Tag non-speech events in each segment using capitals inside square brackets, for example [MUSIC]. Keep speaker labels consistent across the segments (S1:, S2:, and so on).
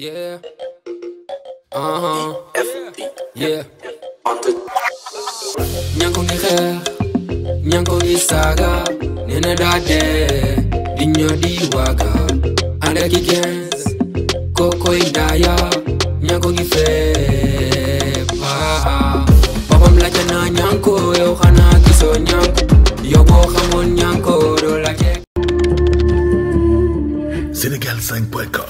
S1: Yeah. Uh-huh. Yeah.
S2: Nyanko ni khe, nyanko ni saga, nene dade, dinyo diwaga, anda ki gens, koko indaya, nyanko ni pa.
S3: Papa mlacha na nyanko, yo khana kiso nyanko, yo bo khamon nyanko, do la Sénégal5.com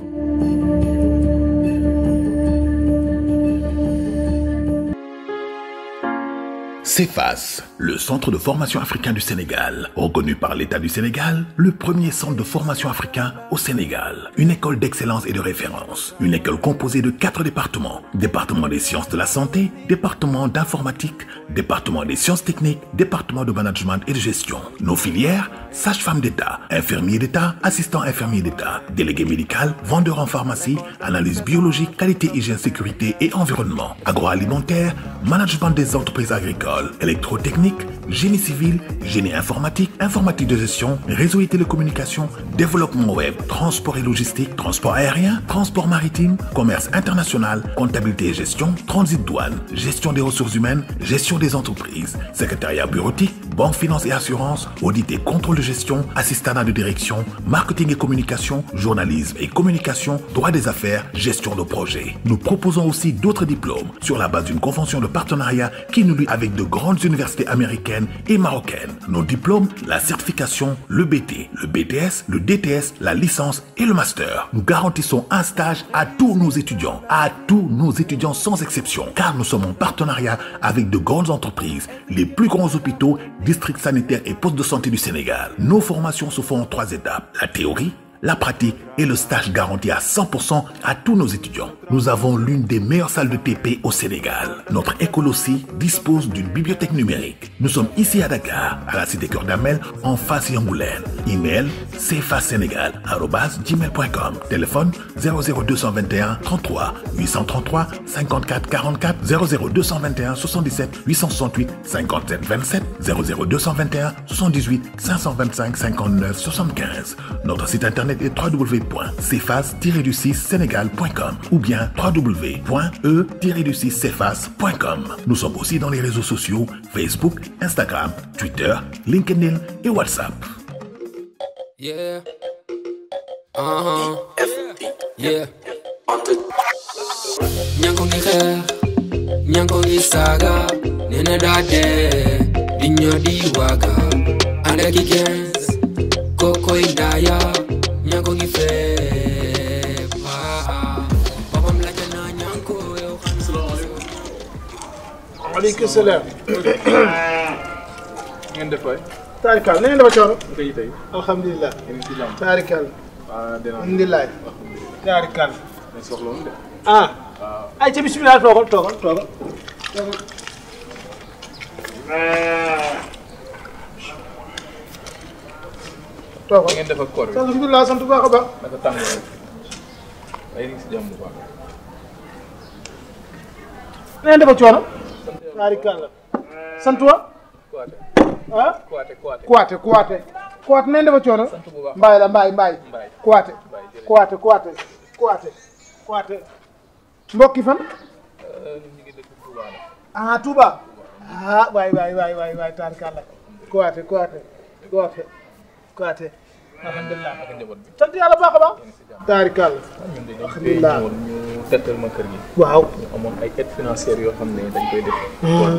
S4: CEFAS, le centre de formation africain du Sénégal, reconnu par l'État du Sénégal, le premier centre de formation africain au Sénégal, une école d'excellence et de référence, une école composée de quatre départements, département des sciences de la santé, département d'informatique, département des sciences techniques, département de management et de gestion. Nos filières, sage-femme d'État, infirmier d'État, assistant infirmier d'État, délégué médical, vendeur en pharmacie, analyse biologique, qualité, hygiène, sécurité et environnement, agroalimentaire, management des entreprises agricoles, électrotechnique, génie civil, génie informatique, informatique de gestion, réseau et télécommunications, développement web, transport et logistique, transport aérien, transport maritime, commerce international, comptabilité et gestion, transit douane, gestion des ressources humaines, gestion des entreprises, secrétariat bureautique, banque finance et assurance, audit et contrôle gestion, assistante de direction, marketing et communication, journalisme et communication, droit des affaires, gestion de projet. Nous proposons aussi d'autres diplômes sur la base d'une convention de partenariat qui nous lie avec de grandes universités américaines et marocaines. Nos diplômes, la certification, le BT, le BTS, le DTS, la licence et le master. Nous garantissons un stage à tous nos étudiants, à tous nos étudiants sans exception, car nous sommes en partenariat avec de grandes entreprises, les plus grands hôpitaux, districts sanitaires et postes de santé du Sénégal. Nos formations se font en trois étapes. La théorie, la pratique et le stage garantis à 100% à tous nos étudiants. Nous avons l'une des meilleures salles de TP au Sénégal. Notre école aussi dispose d'une bibliothèque numérique. Nous sommes ici à Dakar, à la cité Cœur d'Amel, en face E-mail Email cfasénégal.com. Téléphone 00221 33 833 54 44 00221 77 868 57 27 00221 78 525 59 75. Notre site internet et www.cefas-du6sénégal.com ou bien wwwe du Nous sommes aussi dans les réseaux sociaux Facebook, Instagram, Twitter, LinkedIn et WhatsApp.
S1: Yeah. Uh-huh.
S2: yeah. ñanko gi fépp waaw boppam la ca naa
S5: ñanko yow xanaa. waaleykum salaam. ngeen def waay. taarikaal na ngeen dafa coono. tey tey. Ah, alhamdulilah. taarikaal. alhamdulilah. taarikaal. soxla woon de. ah. waaw ah. ay ca bisimilah toogal toogal toogal. Eh. toogal ngeen def ak koor bi. alhamdulilah sant bu baax a baax. naka tàngoor ay ngi si jàmm bu baax. ngeen def ah? la mbaay mbaay. mbaay kuwaate. kuwaate kuwaate kuwaate kuwaate. mbokki fan. Euh, ñu ngi dëkk Touba la. ah Touba. ah waay waay waay waay waay alhamdulilah ak njaboot bi. sant a baax. taarikal. Ah, alhamdulilah ñun tettal ma kër gi. waaw ñu amoon ay aide financière yoo xam ne dañ koy def. Hmm.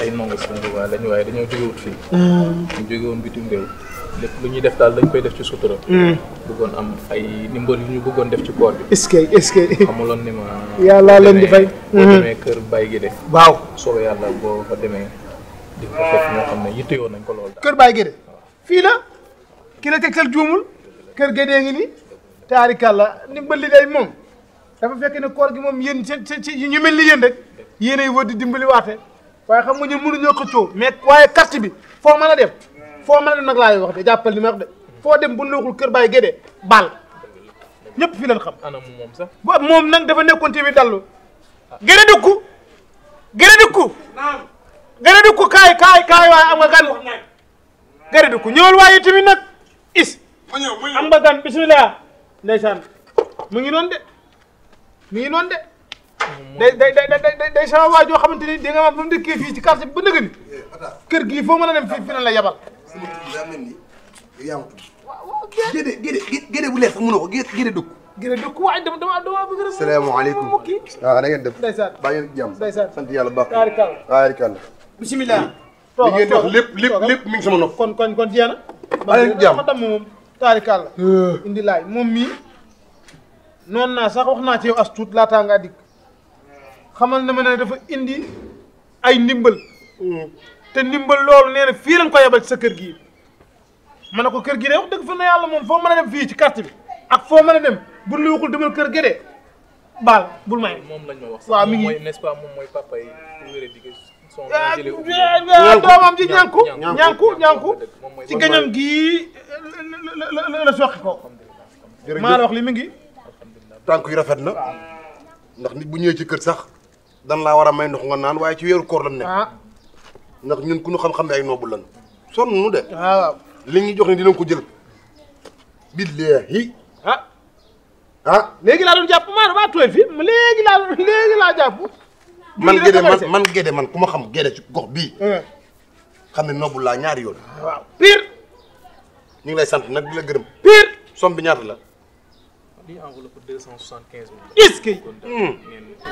S5: ay nongo suñu tubaab lañu waaye dañoo jóge fii. Hmm. ñu jóge woon bitim lu ñuy def daal dañ koy def ci sutura. Hmm. bëggoon am ay ndimbal yu ñu bëggoon def ci koor bi. est-ce que est-ce que. xamaloon ni ma. yàlla leen di fay boo demee kër Baye Guédé. waaw solo yàlla boo fa demee. di nga fekk ñoo xam ne yittewoo nañ ko lool. kër Baye Guédé fii la. ki la tegtal juumul kër ga dee ngi ni taarikàlla ni mbali day moom dafa fekk ne koor gi moom yéen ci ñu mel ni yéen rek yéenay wër di dimbali waate waaye xam nga ñu mënuñoo xëccoo mais waaye carte bi foo mën a dem foo mën a dem nag laay wax de jàppal ni ma wax de foo dem bu ñu kër Baye Guédé baal ñëpp fi leen xam.
S6: ana moom sax
S5: ba moom nag dafa nekkoon tamit dallu Guédé dëkku Guédé
S7: dëkku.
S5: kaay kaay kaay waaye am nga gan. Guédé dëkku ñëwal waaye tamit nag. is ambatan, bismillah ndeysaan mu ngi noonu de Dai ngi noonu de day day day day sama di nga ma ba mu dëkkee ci quartier bi ba nëgë ni eh, kër gii dem fii fi la yabal gédé gédé gédé bu leer sax mënoo ko gédé dëkk gërë dëkk dama dama dama bëgg rek ah, ngeen def ngeen sant bismillah li ngeen mi ngi sama kon kon kon jeex na bale jàmm ma damm moom taarikaal la eh. indi laay sax wax ci yow as tuut laataa ngaa dikk xamal na ma ne dafa indi ay ndimbal hmm. te ndimbal loolu nee na fii lañ ko yebal ci sa kër gi ma kër gi de wax fa na yàlla moom foo mën dem fii ci carte bi ak foo mën dem buñ la waxul demal kër gi de baal bul may moom lañ ma wax waaw mi ngi n'est-ce pas moom mooy papa yi Eh, eh, doomam ji ñànku ñànku ñànku ci gañam gii la la soqi ko maa la wax li mi ngi tànk yu rafet na ndax nit bu ñëwee ci kër sax dan la war a may ndox nga naan waaye ci weeru koor lan nekk ah. ndax ñun ku ñu xam-xam ne ay noobu lan sonn nu de ah, waaw li ñu jox ni dinañ ko jël billahi ah. ah léegi laa doon jàpp maa damaa tooy fi léegi laa jàpp
S6: man Guédé man
S5: man Guédé man ku ma xam Guédé ci gox bii. xam ne nobbu laa ñaari yoon. waaw pire. ñu ngi lay sant nag di la gërëm. pire somme bi ñaata la. lii enveloppe deux cent soixante quinze mille. ci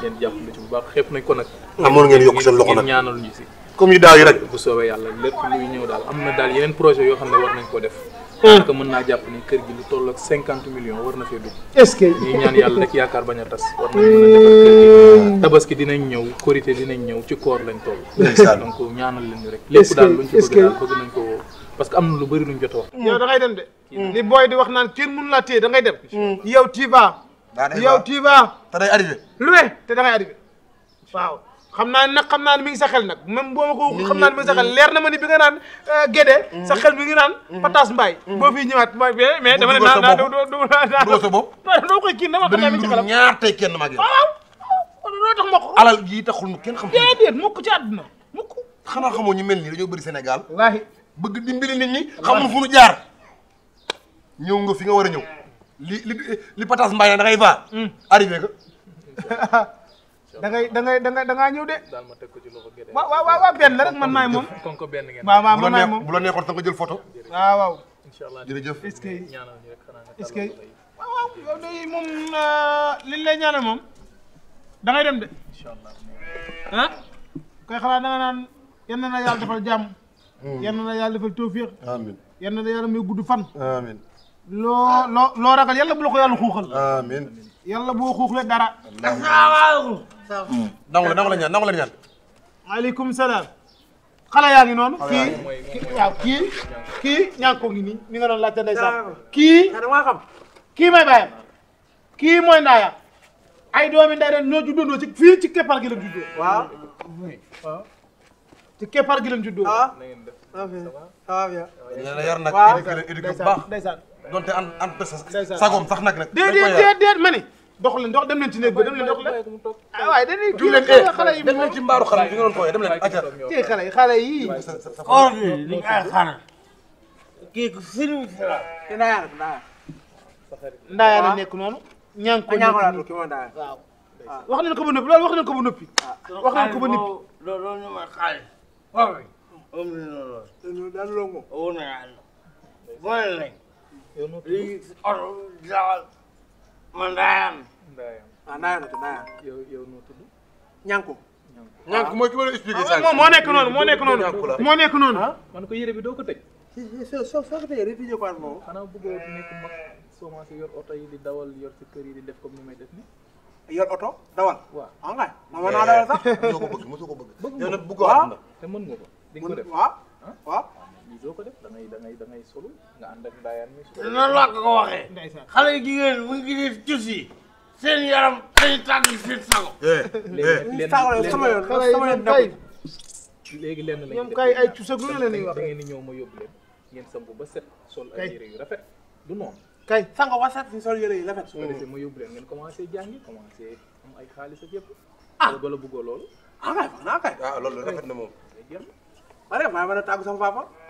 S5: bu baax xeeb nañ ko nag. amoon ngeen yokk seen loxo nag ñaanal ñu si. comme yu daaw yi rek. bu soobee yàlla lépp luy ñëw daal am na daal yeneen projet yoo xam ne war nañ koo def. daanaka euh. mën naa jàpp ni kër gi lu toll ak cinquante millions war na fee dugg. est que ñuy ñaan yàlla rek yaakaar bañ a tas. war nañ mën a defar euh. dinañ ñëw korité dinañ ñëw ci koor lañ toll. donc ñaanal leen ñu rek. lépp daal luñ ci bëgg daal bëgg nañ ko parce que am na lu bëri luñ jot a wax. yow da naan kenn mënu laa téye da ngay dem. Mm. yow tu vas. yow tu te day arrivé. lu ne te da ngay xam nak nag xam mi ngi sa xel nag même boo ma ko xam naa mi ngi sa xel leer na ma ni bi nga naan euh, Gédé. sa xel mi ngi naan mm-hmm. Patas Mbaye. Mm-hmm. boo fi ñëwaat mais dama ne naan naan dugg sa bopp [LAUGHS] doo koy kii dama xam naa mi ci xelam ñaar tey kenn mag yow waaw loo tax ma alal jii taxul nu kenn xam déedéet mukk ci àdduna mukk xanaa xamoo ñu mel nii dañoo Sénégal wallaahi bëgg dimbali nit ñi xamul fu nu jaar ñëw nga fi nga war a li li Patas da ngay mm. arrivé [LAUGHS] da ngay da ngay da ñëw de. daal ma teg ko ci loxo Guédé. waaw waaw waaw benn moom. kon ko benn ngeen. waaw waaw man maay moom bu la neexoon sax nga jël photo. waaw waaw. incha allah jërëjëf waaw moom euh, liñ lay ñaanal moom da ngay dem de. incha allah ah. koy xalaat naan yal na yàlla defal jàmm. Hmm. yal na yàlla defal tawfiq. amiin yal na yàlla gudd fan. amiin loo loo loo ragal yàlla bu la ko yàlla xuuxal. amiin yalla bo xuxle dara hmm. nangul nangul la ñaan nangul la ñaan alaykum salam xala yaangi non ki ki ki ñanko ngi ni mi nga don la tay sa ki dama xam ki may bayam ki moy ndaya ay doomi nday ren ñoo juddondo ci fi ci kepar gi la juddo waaw waaw ci kepar gi la juddo ah ça va bien yar nak donte an an sagom sax nak nak dédé dédé mané dox leen dox dem leen ci néeg ba dem leen dox leen ah waaye dañuy kii leen eh xale yi dem leen ci mbaaru xale yi nga doon fooyee dem leen aca ci xale yi xale yi koor bi li nga xana kii ko sëriñ si la ndaaya ndaaya la nekk noonu ñaan ko nekk waaw wax nañ ko ba noppi loolu wax nañ ko ba noppi wax nañ ko ba noppi loolu ñu ma xaalis waaw am na loolu daan longo woon na yàlla boole lañ lii oto daal man Ndaayaan.
S6: Ndaayaan ah Ndaayaan la
S5: Ndaayaan. yow yow noo tudd. Ñanku. Ñanku mooy ki ma la expliqué. sànq moom moo nekk noonu moo nekk noonu. moo nekk noonu. man ko yére ko tëj. soo soo ko tëjee réfugié ko ak moom. xanaa bëggoo nekk mag soo ma yor oto yi di dawal yor ci kër yi di def comme ni may def ni yor oto dawal. waaw ah nga ma mën naa dawal sax. mosoo ko bëgg mosoo ko bëgg. bëgg nga ko yow nag bëgg mën nga ko di nga ko def waaw lii doo ko def da ngay da solo nga ànd ak ndaayaan mi solo noonu laa ko ko waxee xale yu jigéen mu ngi def cus yi seen yaram dañuy tàgg seen sago eh, eh. léegi sama yoon sama yoon kay léegi lenn lañ ñoom kay ay cus ak lu ne la wax da ngeen di ñëw ma yóbbu leen ngeen ba set sol ay yére rafet du noonu kay sango ba set si sol yére rafet su ma yóbbu leen ngeen commencé jàngi commencé am yëpp ah bala bëggoo loolu naa ah, kay waaw ah, loolu rafet na moom ma ne maa mën a tàggu sama papa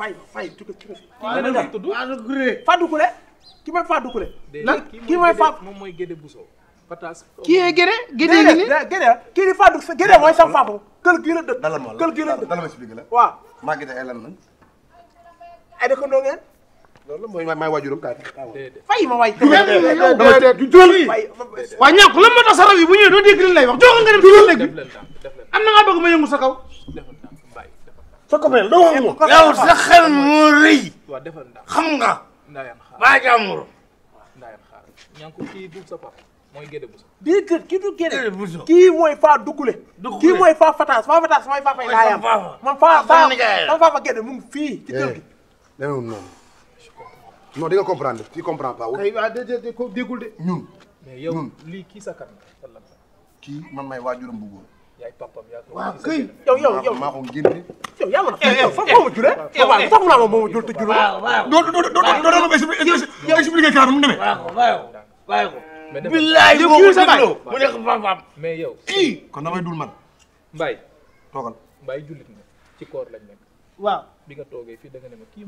S5: fay fay tuka kire nan la tuddu fadu kule ki may fadu kule nan ki may fa mom moy gede buso patas ki e gede gede gede ki di fadu gede moy sam fatu kel gi la deut kel gi la deut dalama expliquer la wa ma gede elan nan ay da ko do ngeen lolu moy may wajurum ka fay ma way
S3: sa copain la doo ko
S5: yow sa xel moo mooy faa duggule. duggule mooy faa fataas faa fataas mooy faa fay laayam. man faa faa fa génne mu ngi fii ci kër gi. Eh, demeewul noonu non di nga comprendre tu comprends pas. kay waa de ñun. mais yow lii kii sa kan. kii man yaay pampam yaa ko waaw kay yow yow yow maa ko génne yow yaa mën a yow fa moo ma jure waaw waaw sax mu naa ma moo ma jur te jur doo doo doo doo doo expliqué kaar mu demee waaw waaw waaw billaay boo ko dégloo mu nekk pampam mais yow kii kon damay dul man mbaay toogal mbaay jullit nga ci koor lañ nekk waaw bi nga toogee fii da nga ne ma kii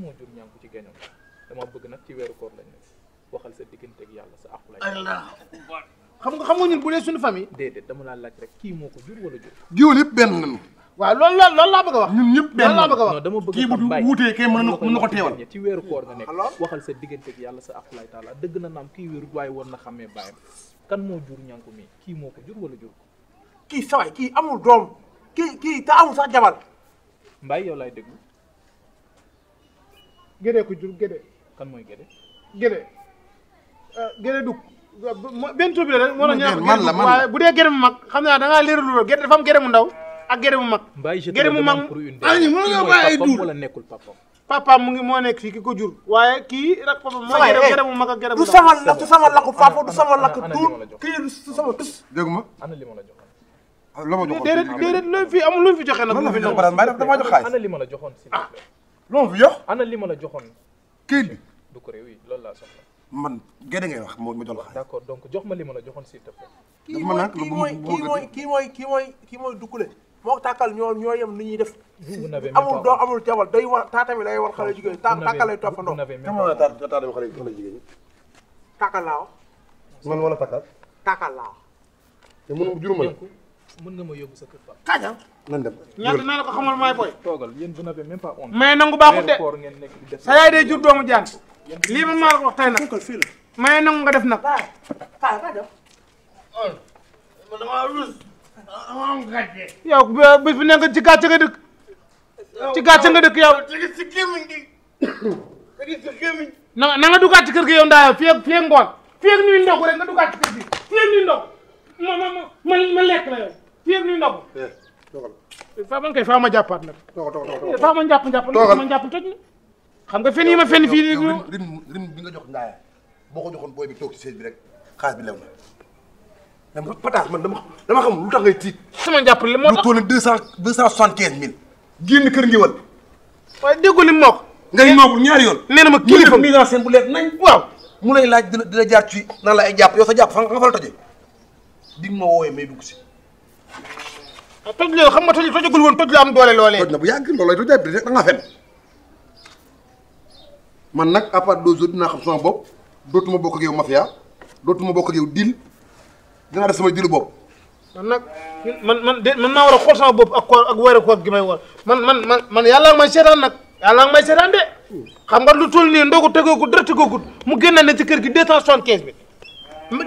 S5: xam nga xam nga ñun bu dee suñu famille déedéet dama laa laaj rek kii moo ko jur wala jur jiwul yëpp benn nañu waaw loolu la loolu laa bëgg a wax ñun ñëpp benn laa bëgg a wax dama bëgg kii bu mën na ko teewal ci weeru koor nga nekk waxal sa diggante ak yàlla sa akulaay taala dëgg na naam kii waaye na bàyyam kan moo jur ñànku mi kii moo ko jur wala jur ko kii saway kii amul doom kii kii te amul sax yow déglu ko jur kan mooy gédee gédee euh, gédee dugg benn tuub bi la moo na ñu man la man la bu dee mu mag xam naa da ngaa leerul loolu gerte dafa am gerte mu ndaw ak gerte mu mag. gerte mu mag ay mu mag du sama la du sama lakku papa du sama lakku duul kii du sama tus dégg ma ana li ma la joxoon la ma joxoon déedéet fi amul lu fi fi nag dama li ma la joxoon si ah loolu fi jox ana la joxoon man gerte ngay wax moom ma jox la xaalis. jox ma li ma la joxoon s'il te plaît. kii mooy kii kii mooy kii mooy kii mooy duggule moo tàkkal ñoo ñoo yem ni ñuy def. amul doo amul jabal day war taata bi lay war xale jigéen ta tàkkal lay toppandoo. dama la taata taata bi xale jigéen ñi. laa wax. man wala tàkkal. tàkkal laa wax.
S8: te mënu juruma la.
S5: mën nga ma yóbbu sa kër fa. kaña ah? nan dem ñaata naa la ko xamal maay boy. toogal yéen vous n'avez même pas honte. mais nangu baaxul de sa yaay day jur doomu jaan lii man maa la ko wax tey nag may nangu nga def nag. waaw waaw nga def. man damaa rus. damaa am gàcce. yow bés bu nekk ci gàcce nga dëkk. ci gàcce nga dëkk yow. ci gémmiñ ci gémmiñ. na nga duggaat ci kër gi yow Ndao fii ak ngoon fii ak ñuy rek nga duggaat ci ma lekk la yow fii ak ñuy ndog. dogal. Eh, faa man kay faa ma jàppaat nag. dogal ma jàpp jàpp. dogal ma jàpp toj xam nga fen yi ma fen fii déglu rim rim bi nga jox ndaaya boo ko joxoon booy bi toog ci bi rek xaalis bi na dama pataas man dama dama xam lu tax ngay sama njàppale moo tax lu toll deux cent cent soixante quinze mille génn kër ngi wal waaye déggu li moo ko nga ñëw ñaari yoon nee na ma kilifa mise en scène bu leer nañ waaw mu lay laaj dina dina jaar ci nan la ay jàpp yow sa jàpp fan nga fa toje di nga ma woowee may dugg si toj loolu xam nga fen man nag à part deux jours xam sama bopp dootuma bokk ak yow mafia dootuma bokk ak yow dil dinaa def sama dilu bopp. man nag man man de man naa war a xool ak koor ak weeru gi may war man man man man yàlla may seetaan nag yàlla may seetaan de. xam nga lu toll nii ndoo ko tegoo ko dara tegoo ko mu génne ne ci kër gi deux cent soixante quinze bi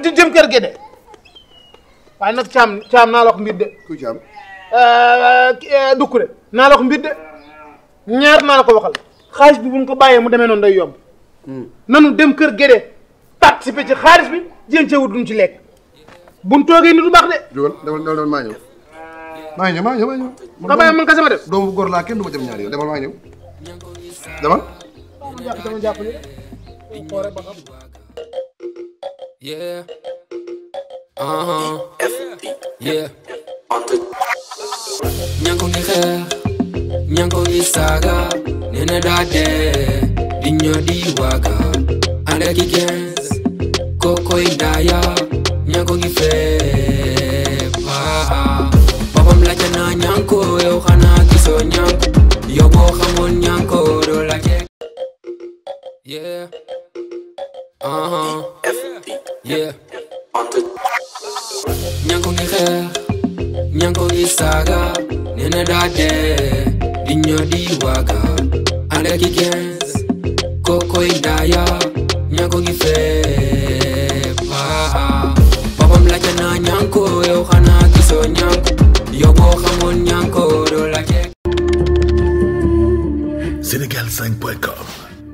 S5: di jëm kër gi de waaye nag caam caam naa mbir de. kuy caam. dukk euh, euh, euh, de naa mbir de ñaar naa la ko waxal. xaalis bi bu ko bàyyee mu demee non day yomb. Hmm. nanu dem kër Gédé participer ci xaalis bi jéem cee duñ ci lek buñ toogee ni du bax de. jógal demal demal maa ñëw. maa ñëw maa ñëw maa ñëw. man man man kasama def. bu gor la kenn duma jëm ñaar yow demal ma ñew demal.
S1: Yeah.
S2: Uh-huh. Yeah. Yeah. Yeah. xeex nyango isaga nene dade dinyo diwaga ande kikens koko indaya nyango gife papa mlacha na nyanko yo khana kiso nyanko yo bo khamon nyanko do la ke yeah uh huh yeah nyango ngi nyango isaga nene dade waga andaki koko indaya nyanko na nyanko yow xana giso nyanko Yo ko
S3: nyanko do sénégal5.com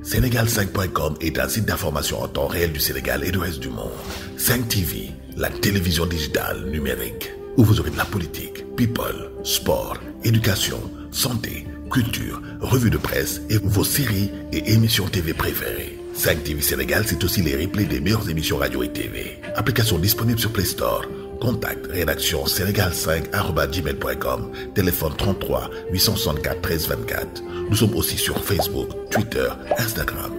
S3: Sénégal5.com est un site d'information en temps réel du Sénégal et du reste du monde.
S4: 5 TV, la télévision digitale numérique, où vous aurez de la politique, people, sport, éducation, santé, culture, revues de presse et vos séries et émissions TV préférées. 5 TV Sénégal, c'est aussi les replays des meilleures émissions radio et TV. Application disponible sur Play Store. Contact rédaction sénégal gmail.com Téléphone 33 864 13 24. Nous sommes aussi sur Facebook, Twitter, Instagram.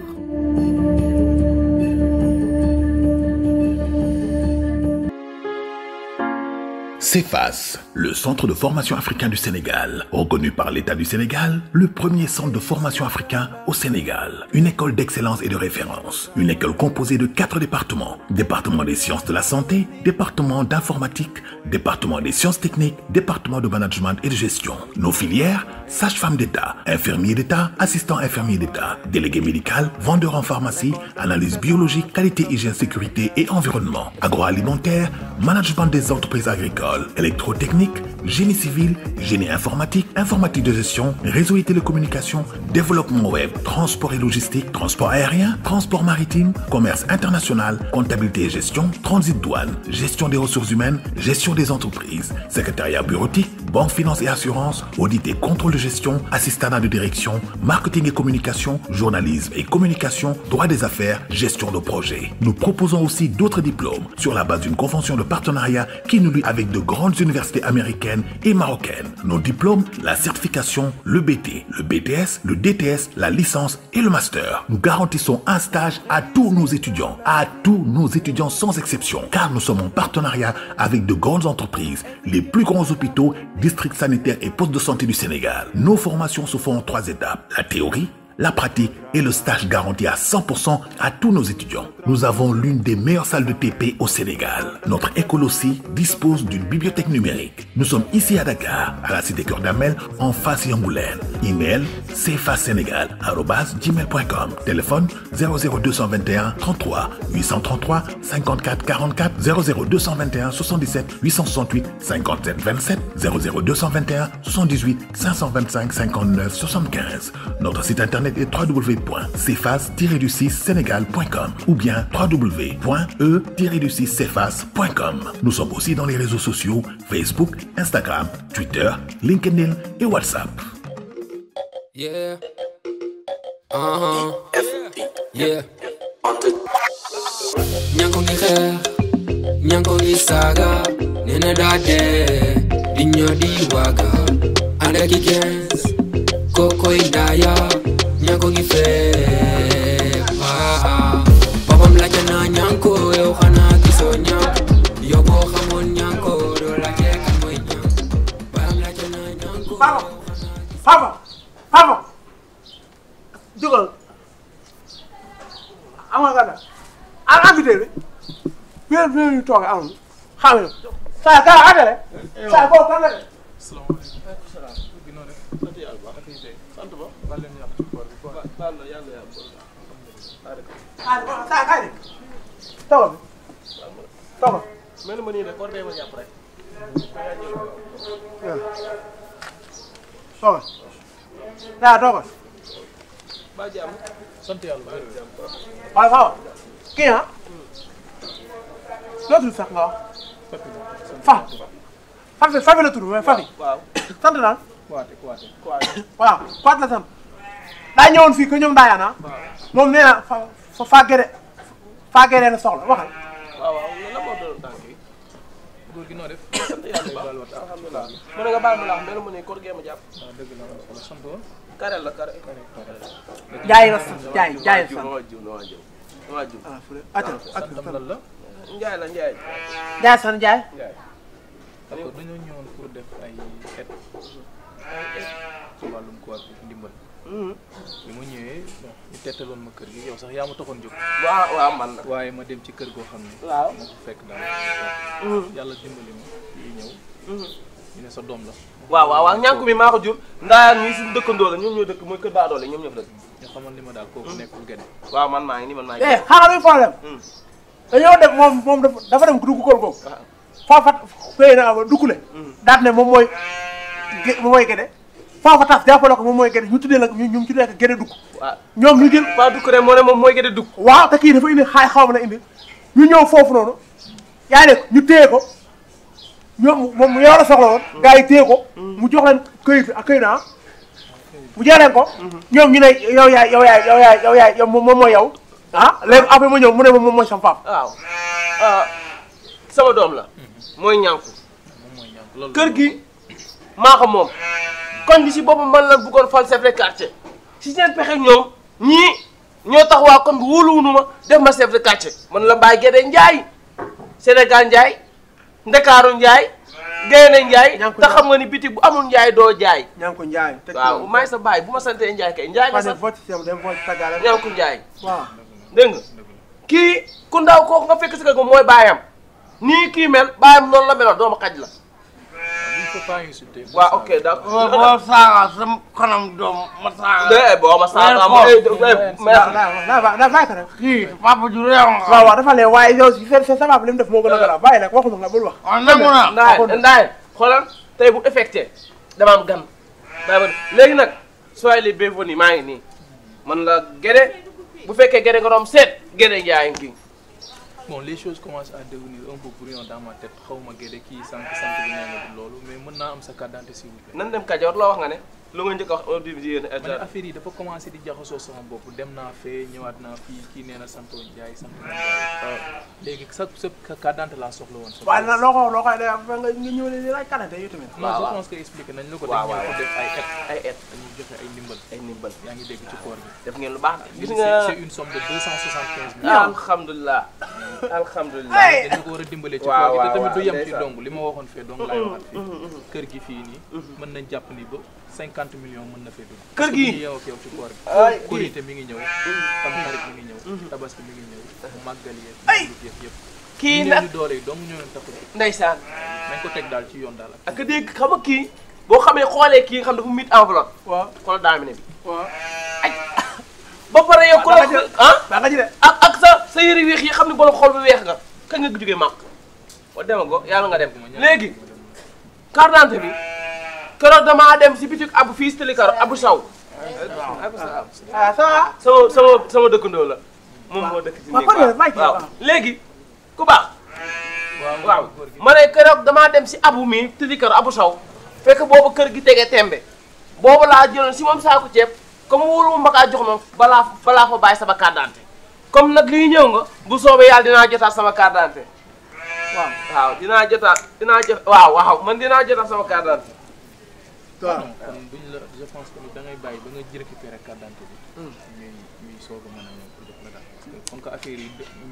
S4: CEFAS, le centre de formation africain du Sénégal, reconnu par l'État du Sénégal, le premier centre de formation africain au Sénégal, une école d'excellence et de référence, une école composée de quatre départements, département des sciences de la santé, département d'informatique, département des sciences techniques, département de management et de gestion. Nos filières sage-femme d'État, infirmier d'État, assistant infirmier d'État, délégué médical, vendeur en pharmacie, analyse biologique, qualité, hygiène, sécurité et environnement, agroalimentaire, management des entreprises agricoles, électrotechnique, génie civil, génie informatique, informatique de gestion, réseau et télécommunications, développement web, transport et logistique, transport aérien, transport maritime, commerce international, comptabilité et gestion, transit douane, gestion des ressources humaines, gestion des entreprises, secrétariat bureautique, banque, finance et assurance, audit et contrôle de gestion, assistant de direction, marketing et communication, journalisme et communication, droit des affaires, gestion de projet. Nous proposons aussi d'autres diplômes sur la base d'une convention de partenariat qui nous lie avec de grandes universités américaines et marocaines. Nos diplômes, la certification, le BT, le BTS, le DTS, la licence et le master. Nous garantissons un stage à tous nos étudiants, à tous nos étudiants sans exception, car nous sommes en partenariat avec de grandes entreprises, les plus grands hôpitaux, districts sanitaires et postes de santé du Sénégal nos formations se font en trois étapes. La théorie, la pratique et le stage garantis à 100% à tous nos étudiants. Nous avons l'une des meilleures salles de TP au Sénégal. Notre école aussi dispose d'une bibliothèque numérique. Nous sommes ici à Dakar, à la cité Cœur d'Amel, en face Yangoulène. Email gmail.com Téléphone 00221 33 833 54 44 00221 77 868 57 27 00221 78 525 59 75. Notre site internet et wwwcefas du 6 ou bien wwwe du 6 Nous sommes aussi dans les réseaux sociaux Facebook, Instagram, Twitter, LinkedIn et WhatsApp.
S1: Yeah.
S2: yeah. ñanko gi fépp waaw ah, ah. boppam laajte naa ñanko yow xanaa gisoo ñanko yow boo xamoon ñanko doo laajte kan mooy ñanko boppam laajte naa ñanko.
S5: Papa papa papa jógal amal nga dara ak ah, invité bi bien bien ñu toog am xam nga saa kaa atale saa koo eh, eh, kan la de. salaamaaleykum. saa kaay de tawa bi tawa mel ma nii de koor bee ma jàpp rek toogal daa toogal ba jàmm sant yàlla waaye faawa kii ah loo tudd sax nga wax fa fa fa la tudd mais fa yi sant daal waaw kuwaat la sant daa ñëwoon fii que ñoom daayaana moom nee na so fàggee fàggee na soxla waxal. waaw waaw lan moo doon tànk yi góor gi noo def. sant yàlla baal ma alhamdulilah. mën nga baal ma laax mbelu ma ne koor gee ma jàpp. waaw dëgg la wala sant woon. kare la kare. jaay la sant jaay jaay la sant. waajur atal atal la. Njaay la Njaay. Njaay sant Njaay. d'accord dañoo ñëwoon pour def ay xeet ci wàllum koor bi ndimbal. Mm-hmm. bi mu ñëwee bon. tettaloon ma kër gi yow sax yaa ma taxoon waaw waaw man la waaye ma dem ci kër goo xam ne waaw ma ko fekk daal mm. yàlla dimbali ma yi ñëw mm. ñu ne sa doom la waaw waaw waaw ñànku mi maa ko jur ndaayaan ñii suñu dëkkandoo la ñoom ñoo dëkk mooy kër ñoom ñoo dëkk xamal ma daal kooku mm. nekkul gene waaw man maa ngi ni man maa ngi eh xaaral problème dañoo def moom moom dafa dem dugg kër googu ah. faafat fëy na dugg le daat ne moom mooy moom mooy gene faafa taas jàppale ko moom mooy gerte ñu tuddee la ñu ñu tuddee ko gerte dugg waaw ñoom ñu jël waaw dugg rek moo ne moom mooy gerte dugg waaw te kii dafa indi xaay xaw ma la indi ñu ñëw foofu noonu yaa nekk ñu téye ko ñoom moom yow la soxla ko mu jox leen këyit ak këyit ah. mu jox ko ñoom ñu ne yow yaay yow yaay yow yaay yow moom mooy yow ah léegi ma ñëw mu ne ma moom mooy sama faam ah, sama doom la mm-hmm. mooy ñànku kër gi maa moom kon gi si boppam man la bëggoon fal chef de quartier si seen pexe ñoom ñii ñoo tax waa kon bu wóoluwunu ma def ma chef de man la Mbaye Guèye Ndiaye Sénégal njaay Ndakaaru Ndiaye Gaynde Ndiaye te xam nga ni biti bu amul Ndiaye doo jaay Ñanko Ndiaye waaw may sa baay bu ma santee Ndiaye kay Ndiaye nga sax Ñanko Ndiaye waaw dégg nga kii ku ndaw kooku nga fekk si ko mooy baayam nii kii mel baayam noonu la meloon doomu xaj la waaw ok daa boo saaga sama kanam doom ma saaga. boo ma saaga ma. papa ju réew nga. waaw waaw dafa ne waaye yow si sa sa papa li mu def moo gën a garaaw bàyyi nag waxuma nga bul wax. Ah, nangu naa ndaay ndaay xoolal tey bu affecté dama am gan. léegi nag sooy li bienvenue maa ngi nii man la géré bu fekkee géré nga doon seet géré yaa ngi bon les choses commencent à devenir un peu brouillon dans ma tête xaw gédé géde kii sànq sant bi nee mais mën am sa carte d'identité s'il vous plaît nan dem kadior lo wax nga né lu nga njëkk wax au début yéen état affaire yi dafa commencé di jaxasoo sama bopp dem naa fee ñëwaat naa fii kii nee na santoo Njaay sant ah. léegi sa sa carte d'identité laa soxla woon sa waaye loo ko loo koy def nga nga ñëw ne laaj kanate yu tamit non je pense que expliqué nañ la ko dañ ñoo ko def ay et ay et dañu joxe ay ndimbal ay ndimbal yaa ngi dégg ci koor bi def ngeen lu baax gis nga c'est une somme de 275 mille alhamdulilah alhamdulilah ko war a ci koor bi tamit du yem ci dong li ma waxoon dong laay waxaat fii mm-hmm, mm-hmm, mm-hmm. kër gi fii nii mën nañ jàpp ni ba cinquante million mën na fee kër gi yow ak yow ci koor mi ngi ñëw. tamxarit mi ngi ñëw. Mhm. tabaski mi kii nag doole yi dong ñoo leen tax ndeysaan. ko teg daal ci yoon daal. ak dégg xam a kii boo xamee xoolee kii nga xam dafa mit enveloppe. waaw xoolal daamine bi. waaw ay. ba pare yow. ko baax nga ah? ak sa sa yëri weex yi xam ne boo xool bu weex nga kañ nga jógee màq. wa dem ko yàlla nga dem léegi carte d'identité bi keroog damaa dem si bitik abu fii si keroog abu saw. Ah, dëkkandoo la. moom moo dëkk ci léegi ku baax. waaw keroog damaa dem si abu mi tëddi kër abu saw fekk boobu kër gi tege tembe boobu laa jëloon si moom saako ceeb comme wóolu ma kaa jox ma balaa balaa fa bàyyi sama carte d'identité comme nag lii ñëw nga bu soobee yàlla dinaa jotaat sama carte d'identité waaw dinaa jotaat dinaa jot waaw waaw man dinaa jotaat sama carte d'identité waaw kon da ngay bàyyi ba nga récupérer carte hmm. a mën a ñëw pour jox la daal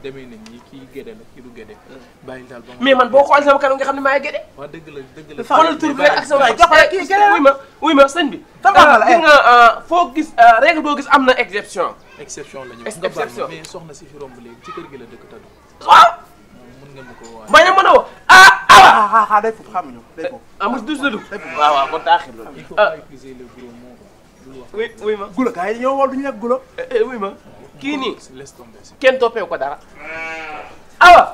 S5: demee nañ ñi kii gédé la kii du gédé. Hmm. bàyyi daal mais man boo xoolee sama kanam nga xam ne maa ngi gédé. waaw dëgg la dëgg la xoolal tur bi rek ak sa waay jox rek kii gédé wuy ma wuy ma sëñ bi. tàmbal gis nga euh, foo gis euh, boo gis am na exception. exception la ñu nga baal mais soxna si fi romb léegi ci kër gi la dëkk tadu. waaw. mën nga ma ko ah ah ah ah ah ah ah ah ah ah ah Ah kon ah ah ah ah oui oui ma. ah ah ah ah ah ah ah ah oui ma ah ah ah ah ko dara. Ah ah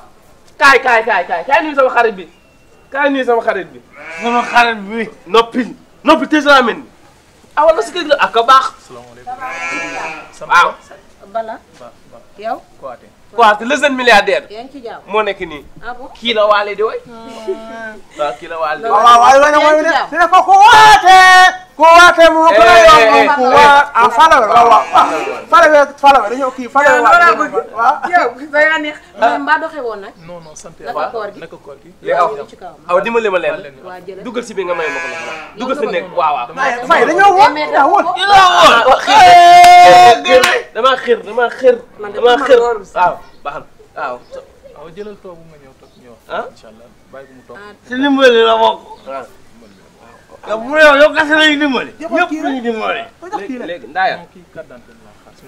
S5: ah ah ah ah ah sama xarit bi ah ah sama xarit bi. sama xarit bi. ah ah te ah Ah ah ah ah ah ak ah Salam. ah ah Bala. ah waaw le jeune milliardaire. la waale di way waaw kii la waale di way
S7: waaw waaye kowa kai mu
S2: kuna yawan kowa a falawar wa
S7: falawar
S5: falawar dañoo kii falawar wa yow da nga neex mbaa doxee woon nag non non sant yàlla naka koor gi naka koor gi léegi aw aw dimbali ma leen dugal si bi nga may ma ko dugal si nekk waaw waaw fay
S7: dañoo woon da woon ila woon
S5: xir dama xir dama xir dama xir waaw baax na waaw waaw jëlal toobu nga ñëw toog ñëw ah inshallah bàyyi ko mu toog si dimbali la bokk yow bu yow yow kese la ñuy dimbali. ñëpp la ñuy dimbali. léegi léegi Ndaya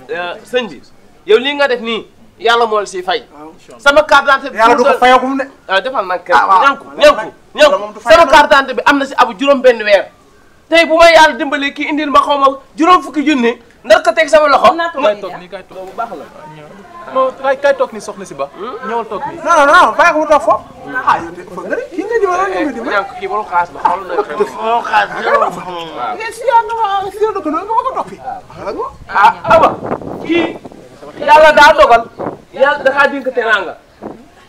S5: euh, sëñ bi yow lii nga def nii yàlla mool la siy fay. sama carte d'identité bi yàlla du ko fayoo kum de. Euh, ah defal nag kër ñanku ñanku ñanku sama carte d'identité bi am na si abu juróom benn weer. tey bu may yàlla dimbali kii indil ma xaw ma juróom fukki jun junni ndar ko teg sama loxo. bu baax la. non kay kay toog ah, ni soxna kii ma si ah, yàlla daa dogal yàlla dafaa dénk teraanga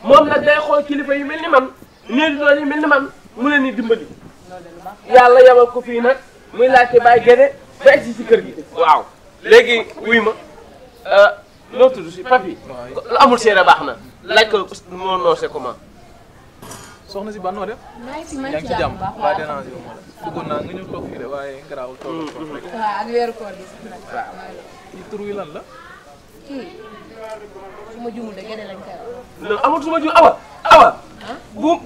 S5: moom nag day xool kilifa yu mel ni man néew doon yu mel ni man mu leen di dimbali. yàlla yabal ko fii nag muy laajte bàyyi gene ba egsi si kër gi. léegi wuy ma. Euh, noo tudd si papi lu amul seere baax na laaj ko moo noose comment. soxna si ban noo def. maa ngi si maa ngi ci jàmm baax waaw yaa ngi ci jàmm bëggoon naa nga waaye garaawul mm, toog rek.
S9: waaw ak weeru koor gi sax la. kii su ma juumul de gën lañ koy wax.
S5: non amul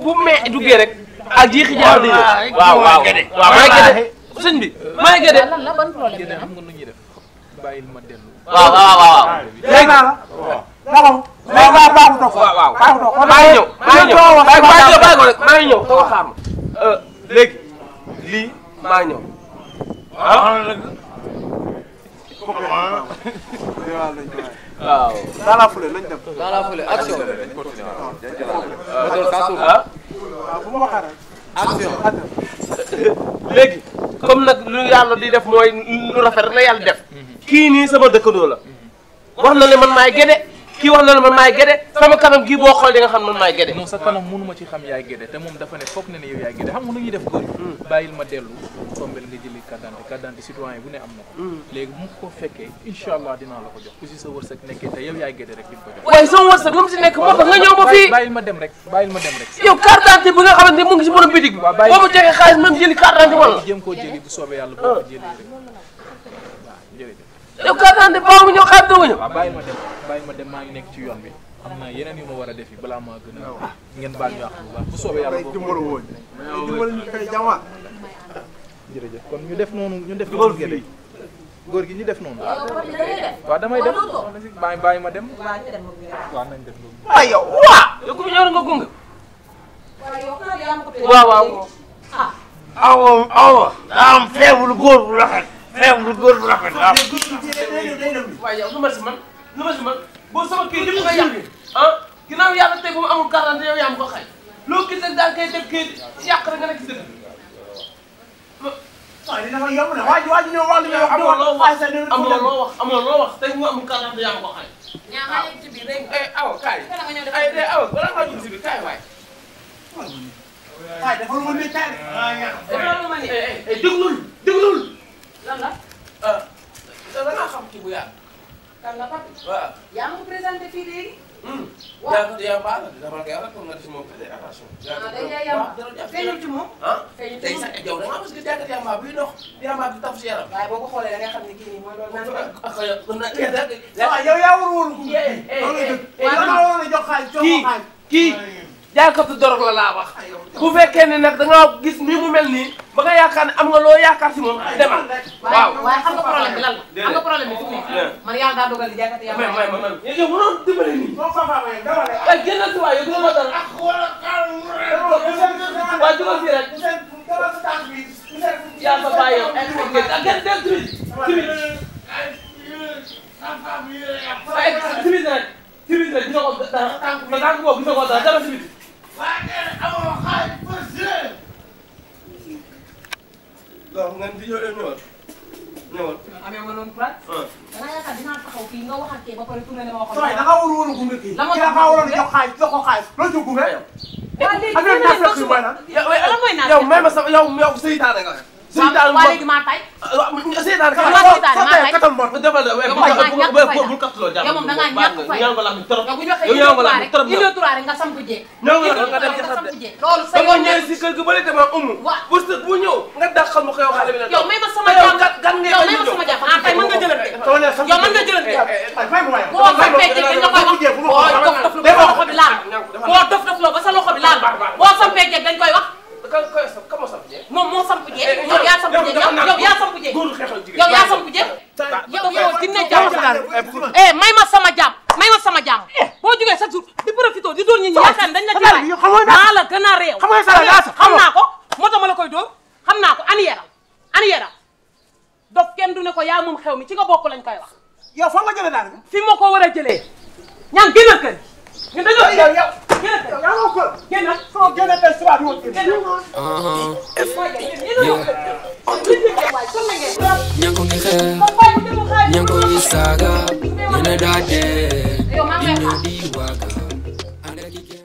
S5: bu mee duggee rek. ak jiixi jaar di waaw waaw waaw maa ngi bi maa ngi gëdde lan la ban problème la ñuy def bàyyil ma waaw waaw waaw. léegi ñëw. maa ñëw maa a xaar ma. Euh, léegi lii maa ngi ñëw. Ah? waaw. daanaka euh, ah? ah, nag lu yàlla di def mooy lu rafet rek la def. kii nii sama dëkkandoo la wax na ne man maay gede kii wax na ne man maay gede sama kanam gii boo xool di nga xam man maay gede non sa kanam mënu ne foog na ne yow hmm. hmm. fekkee incha allah dinaa la ko jox ku si sa wërsëg nekkee ngi si borom bitig bi boo ma xaalis même jëli carte d'identité wala
S6: yow carte d'identité boobu ñëw xaar
S5: dëgguñu. waaw bàyyi ma dem bàyyi ma dem maa ngi nekk ci yoon bi xam na yeneen yu ma war a def yi balaa maa gën a. ngeen baal ñu wax bu baax bu soobee yàlla boobu dimbalu woon kon ñu def noonu ñu def noonu gerte góor gi ñu def noonu. waaw damay def bàyyi bàyyi ma dem. waaw nañ def loolu. waaw yow waaw. yow ku ñëw nga gunge. waaw waaw. ah awo awo. am feebul góor bu rafet. xew nga góor bu rafet la waaye yow lu ma si man lu ma si man boo sama kii lépp nga yàq ah ginnaaw yàlla tey bu ma amul quarante yow yaa ma ko xay loo gis rek daal kay def kay yàq rek nga nekk si dëkk waaye dina ma yomb na waa ji waa ji ne waa li wax amoo loo wax amoo loo wax amoo loo wax tey bu ma amul quarante yaa ma ko xay ñaamaa yëg ci biir rek ay aw kaay ay day aw bala ngaa dugg si biir kaay waay waaye dafa lu ma métti dafa lu ma ni déglul déglul lan la. ah da ngaa xam kii bu yaatu. kan la papi. waaw yaa ma ko présenté fii léegi. waaw yaa ko yàmbaa la dama la koy wax pour nga def moom
S7: fële attention. ah
S5: dañu la yàmba feeñul ci moom. feeñul ci moom ah tey sax yow da ngaa parce que jàkkat yàmbaa buy dox yàmbaa bi tax si yaram. waaye boo ko xoolee da ngay xam ne kii nii mooy loolu naan. ak yow yaa warul woon. loolu la jox xaalis jox ko xaalis kii kii. jaaykatu dorog la laa wax bu fekkee ne nag da nga gis ni mu mel nii ba nga yaakaar ne am nga loo yaakaar si moom demal waaw waaye xam nga problème bi lan la am nga problème bi fu mu ne man yàlla daa dogal di jaaykatu yàlla ma man yow si waay ma dal waaye dugal fii rek yaa sa bàyyi yow ak gën dem timide timide waaye timide rek waaw man di ñëw rek eh, ñëwal ñëwal. amee ma noonu quoi. Ah. da nga yaakaar dinaa taxaw fii nga
S9: wax ak kii ba pare tourné dama waxoon. waaw da nga
S5: waroon a gunge kii. la ma waroon a jox xaalis jox ko xaalis loo ci gunge yow. waaw léegi yow may ma sa yow yow seytaane nga seytaane moo léegi maa tay seytaane ka tay katam mor fa defal bu bu kaxlo jàmm yow moom da nga ñàkk fay yow la mi torop yow yow la mi torop yow
S9: turare nga samp jeek ñoo nga dem
S5: jaxat loolu sa yoon ñëw ci kër gi bari dama umu bu se bu ñëw nga daxal mu koy waxale mi yow may ma sama jàmm gan ngay yow may ma sama jàmm ah tay mën nga jëlante yow mën nga jëlante
S7: fay mu waay boo fay jeek nga koy wax boo
S5: dof dof lo ba sa loxo bi laal boo dof dof lo ba sa loxo bi laal boo sampee jeek dañ koy wax kamo samp jé moom moo samp jé yow yaa samp jé yow yaa samp jé yow yaa samp jé yow yow eh may eh, eh, eh, ma sama jàmm may ma sama jàmm boo jugee chaque jour di profito di dóor ñi ñi yaakaar dañ la ci maa la gën a réew xam nga sa la xam naa ko moo tax ma la koy dóor xam naa ko ani yaram ani yaram dof kenn du ne ko yaa moom xew mi ci nga bokk lañ koy wax yow yow n y a n k o n g i k u i
S2: saga, nana dade,
S1: ino diwaga, a n d kike.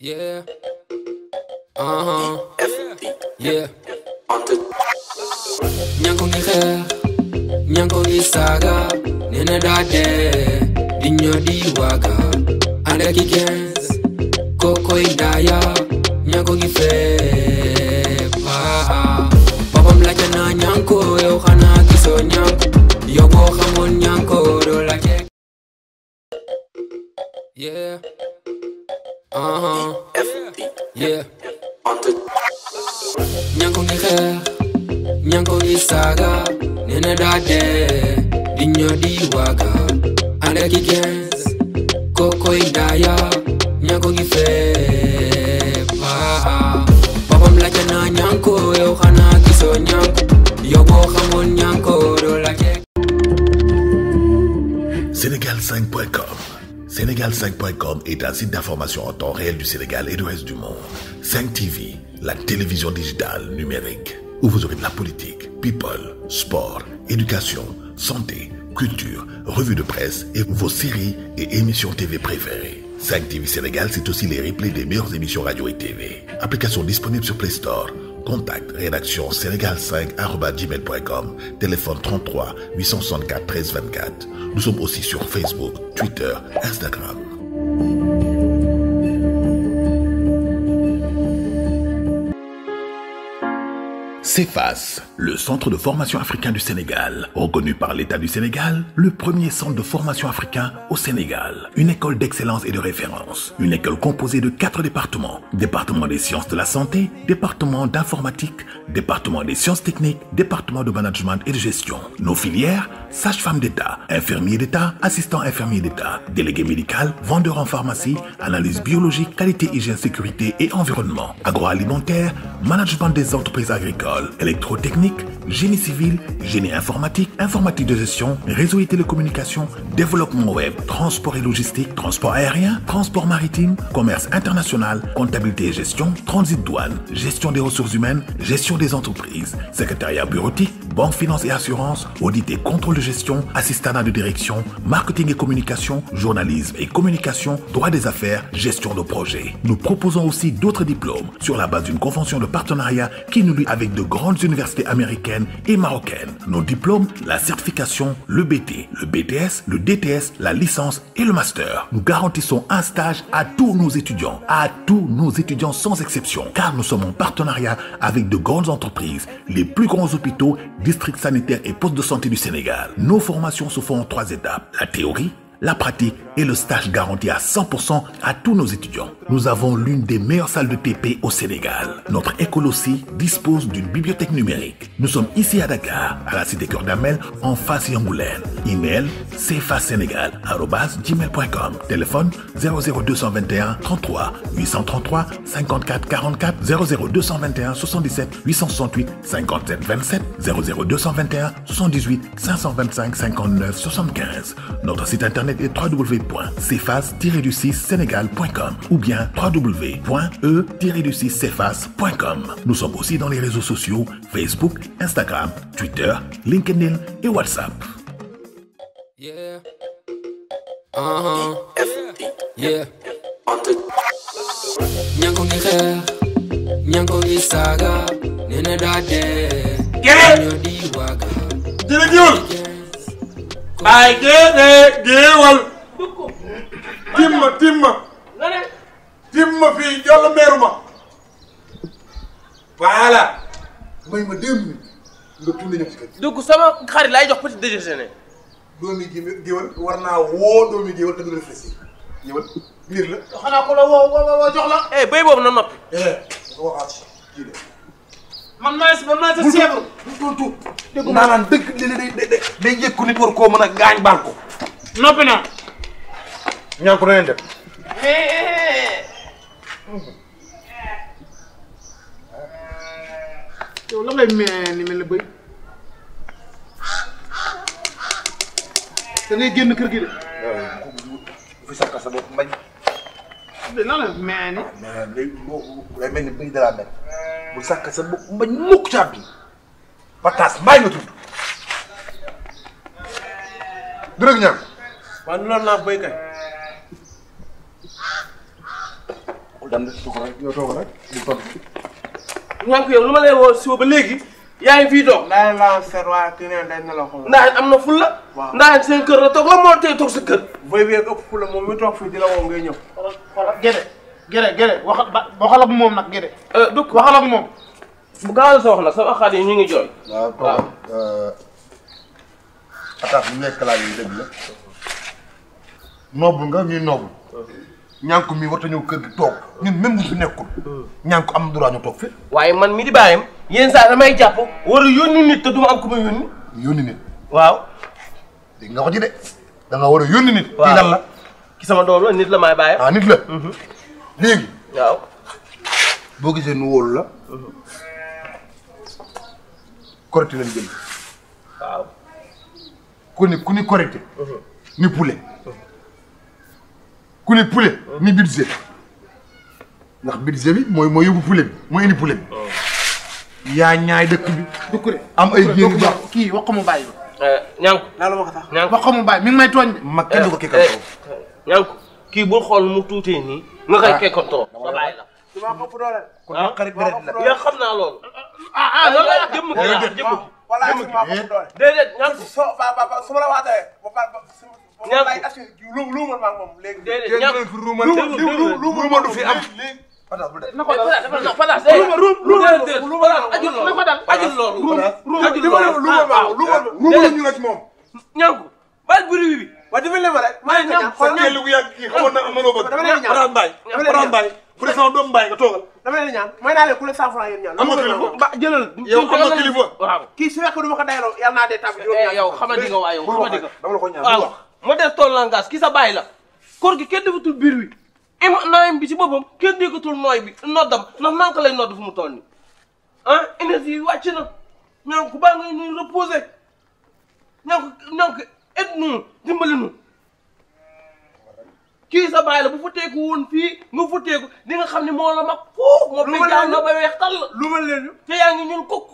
S1: Yeah, uh huh, yeah.
S2: Nyankungi he, nyankungi saga, n e n a dade, d ino y diwaga. anakigenza koko indaya nyanko ngifepa papa mlaja na nyanko yohana kiso nyanko yobohamon nyanko dolake yeah uh-huh. yeah nyanko ngihe nyanko ngisaga nene dade dinyo diwaga anakigenza koko in
S3: Sénégal5.com Sénégal5.com est un site d'information en temps réel
S4: du Sénégal et du reste du monde. 5 TV, la télévision digitale numérique, où vous aurez de la politique, people, sport, éducation, santé, culture, revue de presse et vos séries et émissions TV préférées. 5 TV Sénégal, c'est aussi les replays des meilleures émissions radio et TV. Application disponible sur Play Store. Contact rédaction sénégal gmail.com, Téléphone 33 864 13 24. Nous sommes aussi sur Facebook, Twitter, Instagram. CEFAS, le centre de formation africain du Sénégal, reconnu par l'État du Sénégal, le premier centre de formation africain au Sénégal, une école d'excellence et de référence, une école composée de quatre départements, département des sciences de la santé, département d'informatique, département des sciences techniques, département de management et de gestion. Nos filières, sage-femme d'État, infirmier d'État, assistant infirmier d'État, délégué médical, vendeur en pharmacie, analyse biologique, qualité, hygiène, sécurité et environnement, agroalimentaire, management des entreprises agricoles, électrotechnique, génie civil, génie informatique, informatique de gestion, réseau et télécommunications, développement web, transport et logistique, transport aérien, transport maritime, commerce international, comptabilité et gestion, transit douane, gestion des ressources humaines, gestion des entreprises, secrétariat bureautique, banque finance et assurance, audit et contrôle de gestion, à de direction, marketing et communication, journalisme et communication, droit des affaires, gestion de projet. Nous proposons aussi d'autres diplômes sur la base d'une convention de partenariat qui nous lie avec de grandes universités américaines et marocaines. Nos diplômes, la certification, le BT, le BTS, le DTS, la licence et le master. Nous garantissons un stage à tous nos étudiants, à tous nos étudiants sans exception, car nous sommes en partenariat avec de grandes entreprises, les plus grands hôpitaux, districts sanitaires et postes de santé du Sénégal. Nos formations se font en trois étapes. La théorie, la pratique et le stage garantis à 100% à tous nos étudiants. Nous avons l'une des meilleures salles de TP au Sénégal. Notre école aussi dispose d'une bibliothèque numérique. Nous sommes ici à Dakar, à la cité Cœur d'Amel, en face Yamboulène. Email cfasénégal.com. Téléphone 00221 33 833 54 44 00221 77 868 57 27 00221 78 525 59 75. Notre site internet et www.cefas-du6sénégal.com ou bien wwwe du Nous sommes aussi dans les réseaux sociaux Facebook, Instagram, Twitter, LinkedIn et WhatsApp.
S1: Yeah.
S2: yeah. baay
S5: géedee géewal timma timma timma fii jolla meeru ma voilà may ma deux minutes nga tuuti ñëw ci kër dugg sama xarit laay jox petit doomi géwal war naa woo doomi géwal te du réfléchir géwal liir la xanaa ko la woo jox la eh béy boobu na noppi eh, man maa man maa sa seetlu bu naan dëgg léeg-léeg day day day yëkku nit war koo mën a gaañ baal ko. noppi naa. ñaan ko na leen def. yow la ngay mee ni mel ne bëy da ngay génn kër gi de. waaw fi sa kasa bopp mbañ. de nan la ah, mais nii. mais léegi boo day mel ni bëy da laa mel bu sàkk sa bopp mbañ mukk ci àdduna Pataas mbaay nga tudd. dërëg ñaar. waaw noonu laa béy kay. yow toog rek rek. yow lu ma lay woo ba léegi. yaa ngi fii toog. ndax laa seet waaye ak yeneen dañ ne la ko. ndax am na ful la. waaw ndax seen kër la toog la moo tey toog sa kër. booy bi ëpp ful la moom mi toog fii di la woo ngay ñëw. xoolal gerte gerte gerte wax waxala bu moom nag gerte. Euh, dëkk waxala bu moom. bu gaawal sa wax nag sama xaar yi ñu ngi jooy. waaw toog euh, attaque bi ñu nekk laa yi dëgg la. noobu nga ñuy noobu. ñànku mii warta ñëw kër gi toog ñun même bu fi nekkul ñànku am droit ñu toog fi waaye man mi di bàyyam yenn saa damay jàpp war a nit te du ma am ku ma yónni yónni nit waaw dégg nga de da war a yónni nit la sama doom la la maay bàyyam ah nit mhm. léegi waaw boo gisee nu wóolu la mhm. korité lañ jël waaw ku ni ku ni korité mhm. kuli poulet ni budget ndax budget bi mooy mooy yóbbu poulet bi mooy indi poulet bi. Oh. yaa ñaay dëkk bi. dëkk am ay géej baax kii wax ko mu bàyyi ba. Eh, ñànku laa la wax a tax wax ko mu bàyyi mi ngi may tooñ de. ma kenn du ko kekkal kaw. ñànku kii bul xool mu tuutee nii. nga koy ah. kekkal kaw. kon nag xarit bëreet la yaa xam naa loolu. ah ah loolu la jëmm gi la jëmm gi. voilà jëmm gi eh? déedéet ñànku. soo ba ba su ma la waxee ba ba lu lu man moom léegi. déedéet ñàkk ruuma du fi am. Fatas bu dee. Fatas eh. ruuma ruuma ruuma ajul loolu ajul loolu. ruuma ruuma ajul loolu ah ruuma ñu nga ci moom. ñànku baal bruit bi. waaw dafa lema rek. maa ngi ñàkk xool lu yàgg kii xamoon na mënoo bëgg. dama leen di ñaan mbaay Fatas mbaay. ku ne sama doom mbaay nga toogal. dama leen di ñaan may naa leen ku ne cent franc yéen ñaan. am nga kilifa ba jëlal. yow am nga kilifa waaw. kii su fekk du ma ko dayloo yàlla naa dee tàmbali. Eh, yow xamadi nga waaw yow xamadi nga. dama la ko ñaan wax ma des tool langage ki sa bàyyi la koor gi kenn defatul biir wi im naayam bi ci boppam kenn déggatul nooy bi noddam ndax nanka lay nodd fu mu toll nii ah énergie yi wàcc na ñoo ko bàyyi nga ñu reposer ñoo ko ñoo ko aide nous dimbali ñu kii sa bàyyi la bu futteeku woon fii nga futteeku di nga xam ne moo la mag foof moo pejaan na ba weex tal la lu ma leen te yaa ngi ñun kukk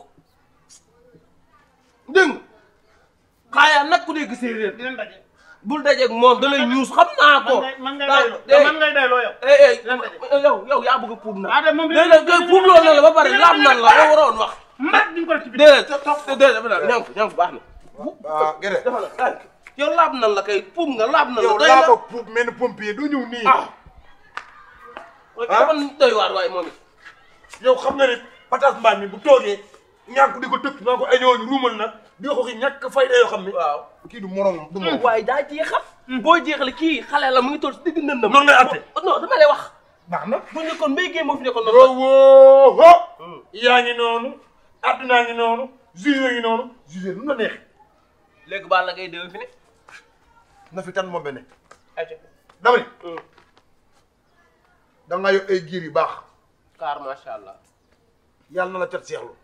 S5: dégg nga xaayaa de ku dégg séeréer bul dajeeg moom da lay ñuus xam naa ko. man ngay dayloo yow. yow a puub na. de kay puub loo na la ba pare laam nan la yow waroon wax. mbaa di nga ko ci biir déedéet toog déedéet fu ñaŋ fu baax na. ah gerte dafa la yow laab nan la kay puub nga laab nan la. yow laaba puub mel ni pompier du ñu nii. a ah. ah. dafa doy waar waaye moom it. yow xam nga ne patas mbaam mi bu toogee ñàkk di ko tëkk naa ko añooñu ruumal nag. di ko ki ñàkk fayda yoo xam ne. waaw kii du moromam du moromam. Mm, waaye daa jeexal. Mm. boo jeexalee kii xale la mu ngi toll si digg ndëndam. noonu ngay atte non dama lay wax. baax na bu nekkoon mbéy gee moo fi nekkoon noonu. robo. Mm. yaa ngi noonu. addinaa ngi noonu. jugee ngi noonu. jugee la neex. léegi baal la ngay déwén fi ne. na fi tan moom benn. ayca dama ni. giir yu baax. kaar macha allah. yàlla na la cat seexlu.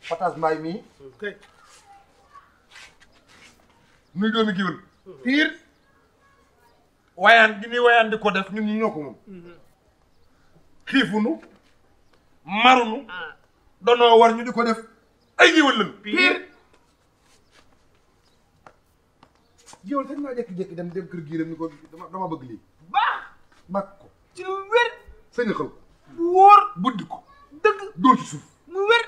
S5: Fatas Mbaye mii. nuy doomi géwél piir mhm. wayaan gi ni wayaan di ko def ñun ñu ñoo ko moom mhm. xiifunu mhm. marunu ah. danoo war ñu di ko def ay géwél lan piir géwél sañ naa jékki-jékki dem dem kër giiram ni ko dama bëgg lii baax bàkk ko ci lu wér sëñ xal ko bu wóor ko dëgg doo suuf mu wér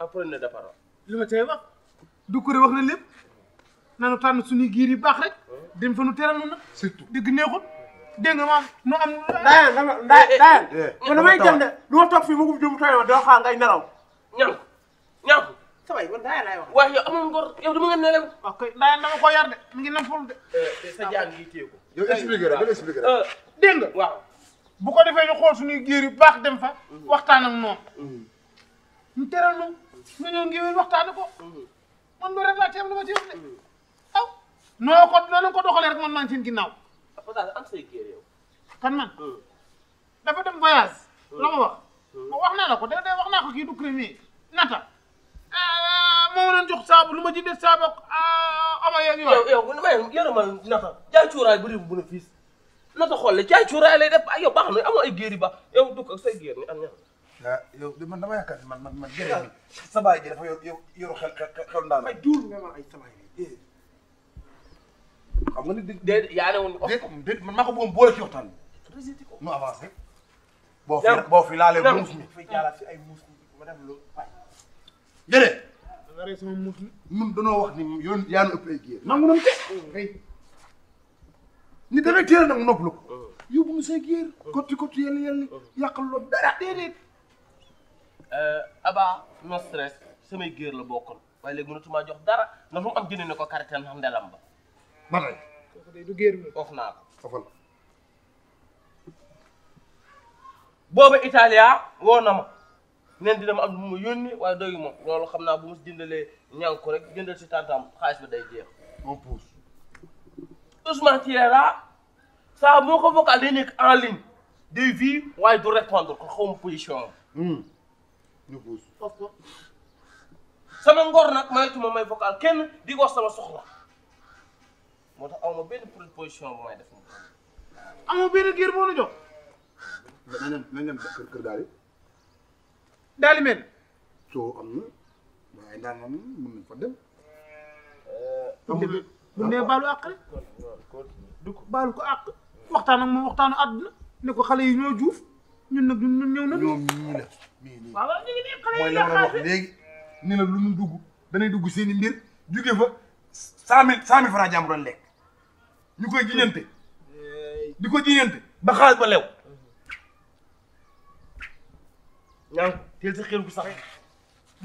S5: apprenez la parole. li ma cay wax du ko wax na lépp nanu tànn suñuy giir yu baax rek dem fa nu teral na surtout digg neexut dégg nu am. Ndayane dama Ndayane. Eh, eh, eh, de lu ma toog fii mu ngi jëm tooy ma doo xaar ngay nelaw. ñànku ñànku. sabay man Ndayane laay wax. waaye yow amul ngor yow dama nga nelaw. waaw kay Ndayane dama ko yar de mi ngi nampul de. te sa jaan gi téye ko. bu ko defee ñu xool suñuy giir yu baax dem fa waxtaan ak ñu teral ñu ñu ñëw ngiwén waxtaane ko man loolu rek laa teem lu ma ci wax de aw noo ko noonu ko doxalee rek man ginnaaw kan man hmm. dafa dem voyage hmm. la wax hmm. ma naa la ko da wax na ko kii du crémier nata ah, moo doon jox saabu lu ma jëndee saabu ak ama ah, yeeg yooyu. yow yow yaramal nata jaay cuuraay bu réew bu bénéfice nata xolle jaay cuuraay lay def ay yow baax na amul ay géer yi yow dugg ak say géer am ñaar ah yow man dama yaakaar man man man jërëjëf sabaay ji dafa yor yor xel xel ndaana. ay duur nga ma ay sabaay yi. xam nga ni déedéet yaa ne woon. déet man maa ko bëggoon boole ci waxtaan bi. mu avancé. boo fi boo fi laalee muus mi. dafay jaalaat si ay muus mi ma def loolu. jërëjëf. da nga rey sama muus mi. ñun dañoo wax ni yoon yaa nu ëpp ay géer. nangu nañu te. ni dafay teel a nangu noppalu ko. Oh. yóbbu mu say géer. Oh. kotti kotti yàlla yàlla oh. yàqal loolu dara déedéet. Euh, Aba no stress samay géer la bokkoon waaye léegi mënatumaa jox dara ndax lu mu am jënd ne ko karitam xam de du géer Italia woo na dina ma am mu yónni waaye doyu ma loolu xam naa bu mu jëndalee ñànk ko rek jëndal si tantam ba day jeex. on pousse. Ousmane Thiera saa moo ko vocal day nekk en ligne day vie waaye du répondre position ñu xuus of ko sama ngor nag maytuma may vocal kenn di wax sama soxla moo tax aw ma benn proposition bu may def moom. amoo benn giir boo nu jox. nañ dem nañ dem kër kër daal yi. soo am na waaye daal moom mën nañ fa dem. tamit eh, bu nee ah. baalu ko baalu ko àq. waxtaan ak moom waxtaanu ne ko xale yi ñoo juuf ñun nag ñun ñëw nañu. ñoom waaw waaw nii la lu ñu dugg danay dugg seen i mbir jugee fa cent mille cent mille franc jàmm doon koy jiñante di ko jiñante ba xaalis ba lew ñaŋ teel sa xel bu sax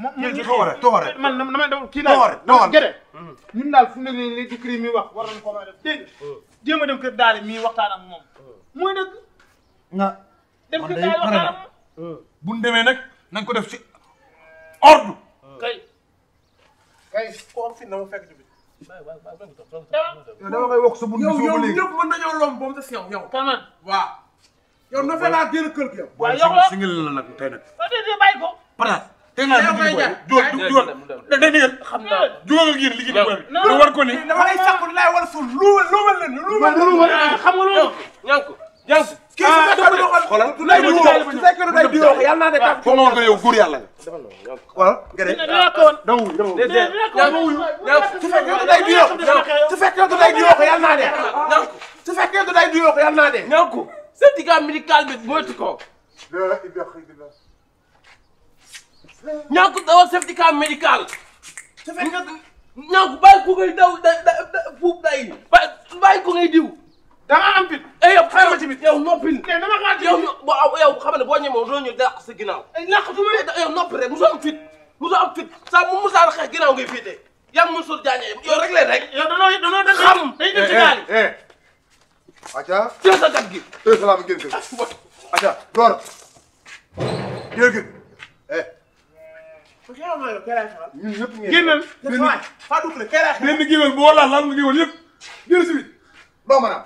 S5: moom moom toore toore man dama dama kii daal dama gëre ñun daal fu li du mi wax war nañ ko ma def hmm. dem kër daal mii waxtaan ak moom hmm. mooy dëgg nga dem kër daale waxtaan bu ñu demee nag nañ ko def ci ordre. kay kay ku am fi na ma fekk ci biir. yow dama koy wax sa buntu soo ko léegi yow yow ñëpp mën nañoo lom ba mu des yow yow. quand même waaw. yow na fee laa génn kër gi yow. waaw yow si ngeen la nag tey nag. ba tey de bàyyi ko. pare tey ngaa liggéey booy bi joo joo da ngeen xam naa joo ngeen liggéey booy bi. war ko ni dama lay sàkku laay war a suul luuma luuma leen luuma leen ah, xam nga loolu ñaan ko jàng kii su fekkee ah, du wax xoolal du lay di woo su fekkee du lay di woo yàlla naa ne taf ko moon ko yow góor yàlla nga waaw nga de dama wuyu dama wuyu dama wuyu su fekkee du lay di woo su fekkee du lay di woo yàlla naa ne su fekkee du lay di woo yàlla naa ne ñanku syndicat médical bi moytu ko ñanku dawal syndicat médical su fekkee ñanku bàyyi ku ngay daw da da fuub day bàyyi ku ngay diw da nga am fit. yow xaaral ma ci bit yow noppil. mais dama xaar ci yow yow xam ne boo ñëwee doo ñëw dàq sa ginnaaw. làqatu ma yow noppi rek muso am fit muso am fit saa mu musaar xeex ginnaaw ngay féetee yaa ngi Mansour Diagne yow rek leen rek. yow danoo danoo da xam dañu dem ci gaal yi. acca. teel sa gat gi. teel sa laam ngeen gën. acca door. jël gi. ñun ñëpp ngeen. génnal génnal. Fadou Kër Kër Aïcha. benn géwél boo laal laal nga géwél yëpp. génn si bit doo mën a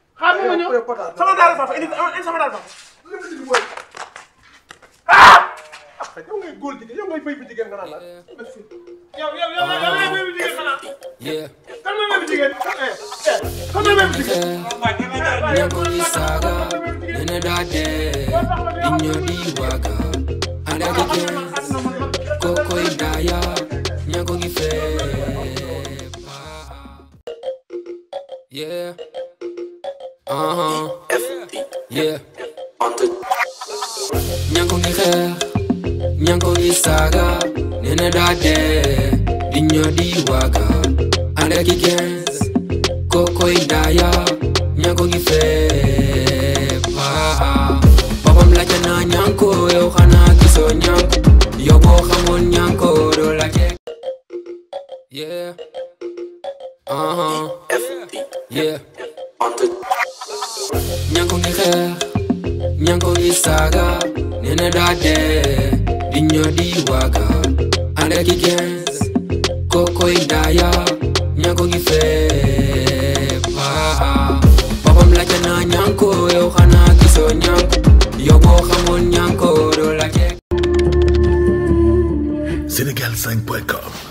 S5: xaar ma sama daal fafa indi sama daal fafa li ma di ah yow ngay góor jigéen yow ngay béy bi jigéen nga la yow yow yow yow ngay béy bi jigéen xanaa kan la bi
S2: kan saga di waga
S1: Yeah. Uh huh.
S2: Yeah. ni nene dade, dinyo diwaga, kikens, koko ni Papa mlacha na yo khana kiso yo bo khamon do Yeah. Uh huh. Yeah. Nyanko ni khe, nyanko ni saga Nene dade, dinyo diwaga Ande kikenz, koko indaya Nyanko ni fe, pa Papa mlache na nyanko,
S3: yo khana kiso nyanko Yo bo khamon nyanko, do lache Sénégal5.com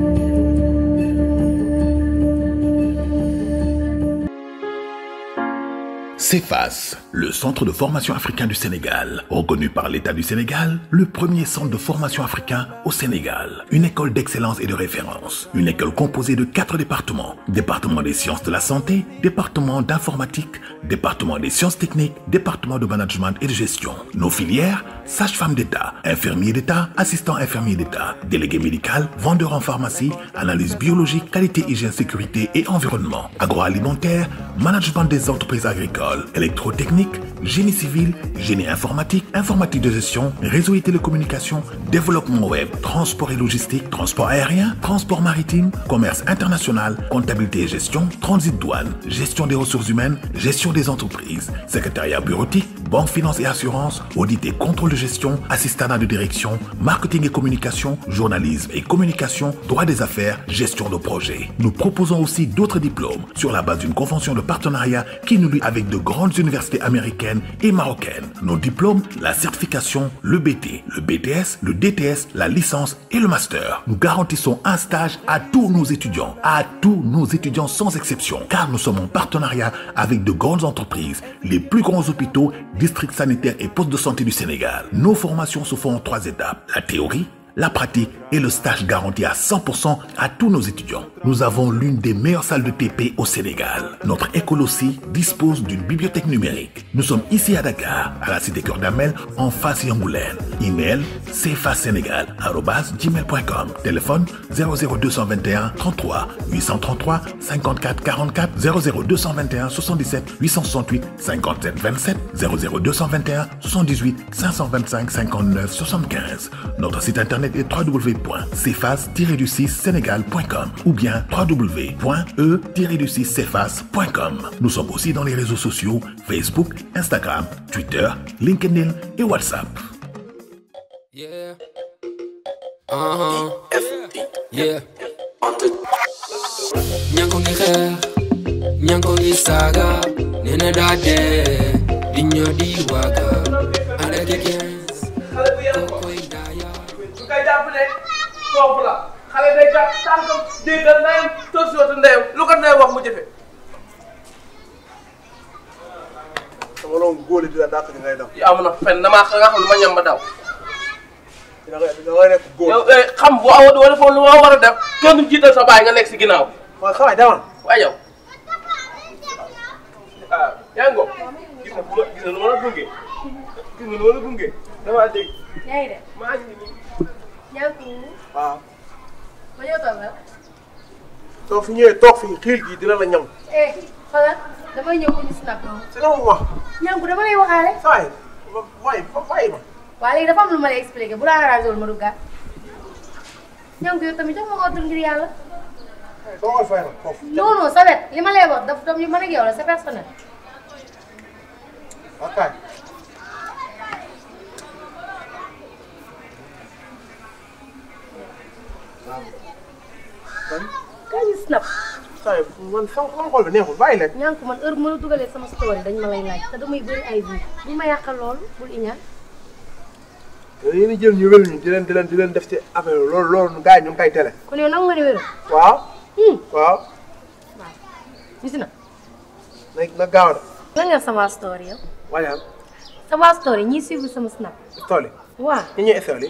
S4: CEFAS, le centre de formation africain du Sénégal, reconnu par l'État du Sénégal, le premier centre de formation africain au Sénégal, une école d'excellence et de référence, une école composée de quatre départements, département des sciences de la santé, département d'informatique, département des sciences techniques, département de management et de gestion. Nos filières, sage-femme d'État, infirmier d'État, assistant infirmier d'État, délégué médical, vendeur en pharmacie, analyse biologique, qualité, hygiène, sécurité et environnement, agroalimentaire, management des entreprises agricoles, électrotechnique, génie civil, génie informatique, informatique de gestion, réseau et télécommunications, développement web, transport et logistique, transport aérien, transport maritime, commerce international, comptabilité et gestion, transit douane, gestion des ressources humaines, gestion des entreprises, secrétariat bureautique, banque, finance et assurance, audit et contrôle de gestion, assistant de direction, marketing et communication, journalisme et communication, droit des affaires, gestion de projet. Nous proposons aussi d'autres diplômes sur la base d'une convention de partenariat qui nous lie avec de grandes universités américaines et marocaines. Nos diplômes, la certification, le BT, le BTS, le DTS, la licence et le master. Nous garantissons un stage à tous nos étudiants, à tous nos étudiants sans exception, car nous sommes en partenariat avec de grandes entreprises, les plus grands hôpitaux, districts sanitaires et postes de santé du Sénégal. Nos formations se font en trois étapes, la théorie, la pratique et le stage garantis à 100% à tous nos étudiants. Nous avons l'une des meilleures salles de TP au Sénégal. Notre école aussi dispose d'une bibliothèque numérique. Nous sommes ici à Dakar, à la cité Cœur d'Amel, en face Yangoulène. Email gmail.com Téléphone 00221 33 833 54 44 00221 77 868 57 27 00221 78 525 59 75. Notre site internet et www.cefas-du6sénégal.com ou bien wwwe du Nous sommes aussi dans les réseaux sociaux Facebook, Instagram, Twitter, LinkedIn et WhatsApp.
S2: Uh-huh.
S5: jàppale foofu la xale day jàpp tànkam déggal ndeyam torsootu ndeyam lu ko ndeyam wax mu jëfe sama góor di la dàq ñu ngay daw. a fen damaa nga xam lu ma ñam ma daw. dina koy dina koy nekk eh, xam bu awoon wala foofu lu ma war a def kenn du jiital sa baay nga nekk si ginnaaw. waaw saa a demal. waaye yow. ah yaa ma gis nga nu ma ma la
S9: gunge Yaakou. waaw. ma ñëw
S5: fi ñëwee gi dina la ñam.
S9: eh xoolal damay ñëw ko ñu snap doon. dama lay waxaale.
S5: saa yi waaye
S9: bàyyi dafa am lu ma lay expliqué bu la arrangé non non sa wet ma c'est personnel. ok.
S5: kaay bi snap. saa yi man sama xool bi neexul bàyyi nag. ñànk man heure bu ma dugalee sama
S9: story dañ ma lay laaj te damay bëri ay vues bu ma yàqal loolu bul iñaan.
S5: yéen a jël ñu wér ñu di leen di leen di leen def ci affaire loolu loolu gars yi ñu ngi koy tele.
S9: kon yow nangu nga ne wér.
S5: waaw. Hmm. waaw. waaw gis na. na na gaaw de.
S9: lan nga sama story yow. wala. sama story ñiy suivre sama snap. story. waaw
S5: ñi ñuy story.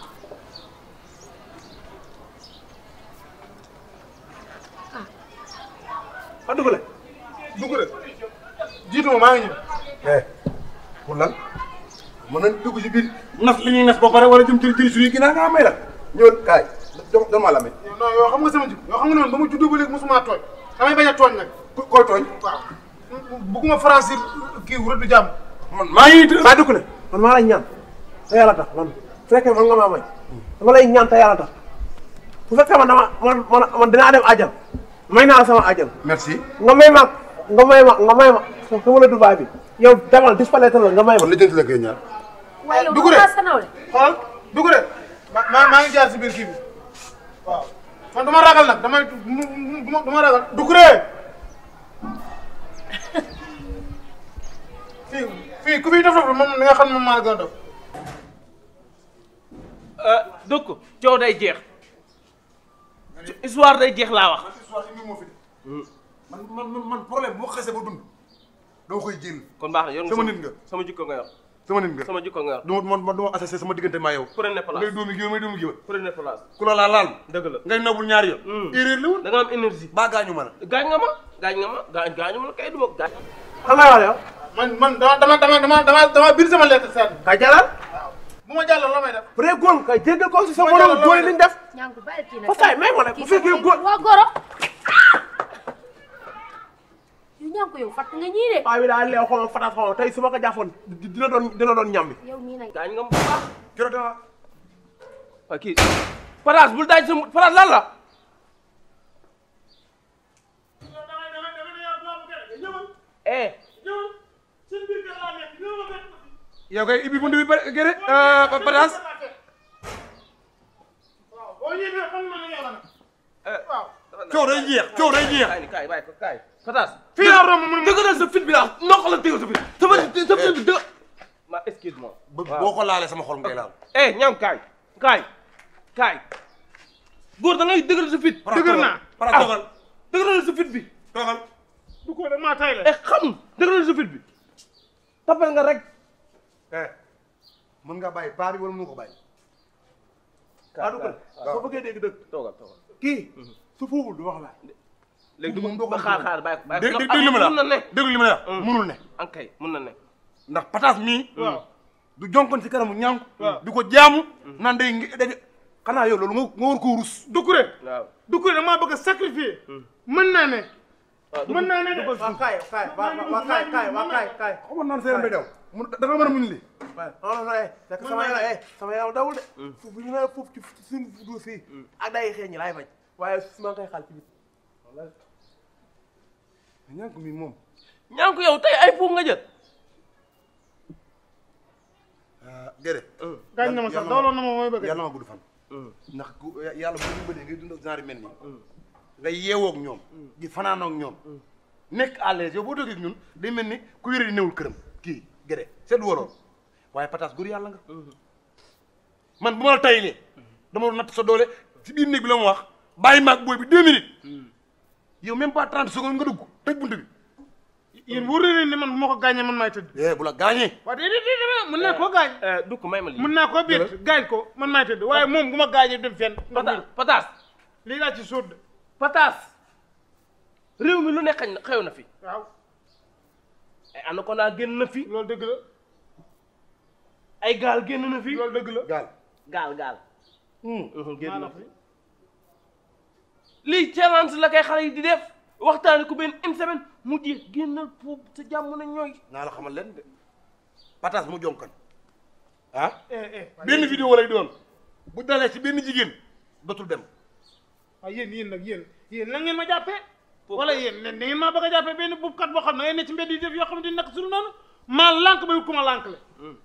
S5: ma ah dugg la. dugg jiitu ma maa ngi ñëw. eh pour lan mën nañ dugg ci biir nas li ñuy nas ba pare wala jëm ci biir suñuy ginnaaw nga may la ñëw kaay jox jox ma la yoo xam nga sama ji yoo xam nga ba mu juddoo ba léegi mosuma tooñ damay bañ a tooñ nag. ku koy tooñ. waaw bëgguma français kii rëdd man maa ngi. maa dugg la man maa lay ñaan te yàlla fekkee man nga maa may hmm. dama lay ñaan te yàlla tax bu fekkee man dama man man dinaa dem àjjal may naa sama ajal. merci nga may ma nga may ma nga may ma sama la Dubaay bi yow demal disparaître la nga may ma. kon lijjanti la koy xool dugg de maa maa ngi ma ragal nag damay du ma ragal dugg de [LAUGHS] fii fii ku fi dof dof moom li nga xam ne moom maa la gën a dof. Euh, dëkk coow day jeex histoire day jeex laa wax. histoire indi moo fi de. Hmm. man man man problème moo xasee ba dund doo koy jël. kon baax na yor nga sama nit nga sama jikko nga yor. sama nit nga sama jikko nga yor. du ma man du ma assassin sama diggante maa yow. prenez place ngay doomi géwél may doomi géwél. prenez place ku la laal laal. dëgg la ngay nabul ñaari yoon. Hmm. erreur la woon da nga am énergie. baa gaañu ma la. gaañ nga ma gaañ nga ma gaañ gaañu ma la kay du sama lettre seen. bu ma jàll loo may def. bu dee góor kay jéggi ko si sa morom góor yi li ñu def. fa saay may ma nag bu fekkee góor. waa goro. ñànku yow fàtt nga ñii de. waaw daal lee xool fatas xool tey su ma ko jaafoon dina doon dina doon ñam bi. yow mii nag gaañ nga mu baax. keroog dama waaw kii Fatas bul daaj sa Fatas lan la. eh. yow kay ibi buntu bi ba gërë pataas. Euh, coow day jeex coow day pataas. fii laa romb mu dëgëral sa fit bi laa noq fit. bi dë. ma excuse moi. boo ko laalee sama xol ngay laal. eh ñaam kaay kaay kaay. góor da ngay dëgëral fit. dëgër naa para toogal ah, fit bi. toogal. du ko eh, fit bi. tapal nga rek. Eh, mën nga bàyyi paa bi wala mënu ko bàyyi. kaa kaa dégg dëgg. toogal toogal kii. Mhm. su fuubul du wax la. léegi du ko xaar xaar bàyyi ko bàyyi ko déglu ah, ne. ok mm. ah, mën na ne. ndax pataas mii. Mm. du jonkoon si kanamu ñànku. du ko jaamu. Mm. naan day dañu xanaa yow loolu nga war koo rus. Doucouré. waaw Doucouré bëgg a sacrifier. mën naa ne. mën naa ne de. waaw kaay mu da nga mën a muñ eh. sama yaram eh. sama yaram dawul de. bu hmm. ñu nee foofu ci suñu hmm. ak day xeeñ ñi laay bañ. waaye su ma koy xaal ci biir. wallaahi. ñànk mi moom. ñànk yow tey ay puuf nga jël. gërëm. Euh, hmm. gaañ na ma sax dawloon na ndax ku eh, yàlla bu ñu mel nii. nga yeewoo ñoom. di fanaanoo ñoom. nekk à l'aise yow boo ñun day mel ni ku yore di newul këram kii. gëre seetlu wóoroon waaye pataas góor yàlla nga mm-hmm. man bu ma la tayilee mm-hmm. dama doon natt sa doole si biir néeg bi la ma wax bàyyi maak booy bi deux minutes mm-hmm. yow même pas trente secondes nga dugg tëj bunt bi yéen wóor ne man bu ma ko gaañee man maay tëdd. Eh, bu la gaañee. waaw mën naa koo gaañ. Eh, eh, dugg may ma lii naa koo ko man maay tëdd waaye moom bu ma gaañee dem fenn. pataas pataas. lii laa ci suur de. pataas réew mi lu ne xew na fi. ay eh, anaconda génn na fi. loolu dëgg la. ay gaal génn na fi. loolu dëgg la gaal. gaal gaal. Hmm. Uh-huh, génn na fi. lii challenge la kay xale yi di def waxtaane ku benn une semaine mu jeex génnal foofu sa jàmm na ñooy. naa la a leen de pataas mu jonkan ah.
S6: Eh, eh. benn
S5: vidéo lay doon bu dalee ci benn jigéen dootul dem. waaye ah, yéen nag yéen yéen na ma jàppee. wala yéen ne ngeen maa bëgg a jàppee benn buubkat boo xam ne ngay ne ci mbedd yi def yoo xam ne di nak suñu noonu maa lànk ba ku ma lànk la hmm.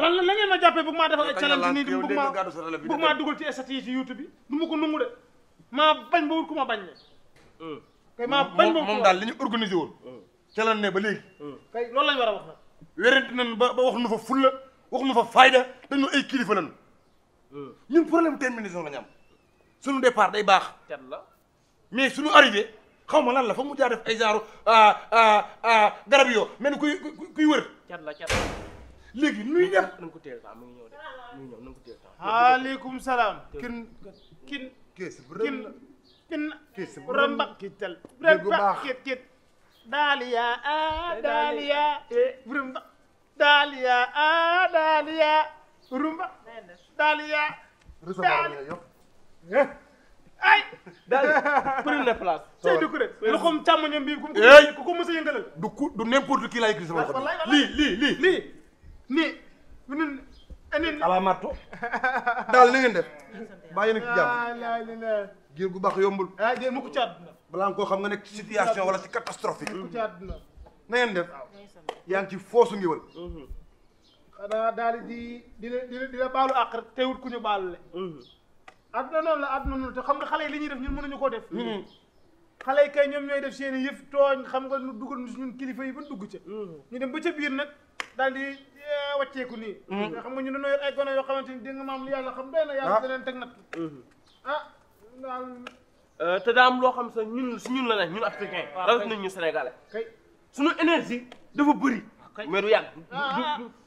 S5: lan la la ngeen ma jàppee bëgg maa ma ko nungu de maa bañ ba wut ku ma bañ ne
S8: hmm.
S5: moom daal li ñu organisé woon hmm. ca lan ne ba léegi kay loolu lañ war a wax nag wérante nañ ba ba wax nu fa fulla wax nu fa fayda dañu ay kilifa lañu ñun problème terminaison la ñu am suñu départ day baax mais suñu arrivé xaw ma lan la fa mu jaar def ay genre ah, ah, ah, garab yoo mel ni kuy kuy wër. cat la cat la léegi nuy def. na nga ko teel temps mu ngi ñëw de mu ngi ñëw na nga ko teel temps. aleykum salaam. kin kin. kees bu rëb la kin kees bu rëb la kiital. bu baax kit kit. daaliya ah eh. daaliya. rumba daaliya ah daaliya. rumba daaliya. daaliya. ay daal [LAUGHS] prenez la place. tey du ko rek loxoom càmmoñam bi ku ko mos a yëngalal. du ku du n'importe qui laa yëkkati sama loxo bi lii lii lii lii nii ñun. alaamaatu. [LAUGHS] daal li def. bàyyi na ci jàmm. giir gu baax yombul. ah déedéet mu ko ci àdduna. balaa nga koo xam nga nekk ci situation wala ci catastrophe. mu ko ci àdduna. def yaa ngi ci foosu ngiwal. xanaa daal di di di la baalu àq rek teewut ku ñu baalu le. àdduna noonu la àdduna noonu te xam nga xale yi li ñuy def ñun mënuñu koo def mm-hmm. xale yi kay ñoom ñooy def seen yëpp yëf tooñ xam nga nu dugal ñun kilifa yi ba dugg ca mm-hmm. ñu dem ba ca biir nag daal di eh, wàcceeku nii mm-hmm. xam ñu dañoo yor ay gone yoo xamante ni dégg nga maam yàlla xam na yàlla ah. da leen teg natt ah euh, loo xam sax ñun su ñun la ne ñun africain ah, rawat nañ ñu sénégalais kay suñu énergie dafa bëri ah, mais du yàgg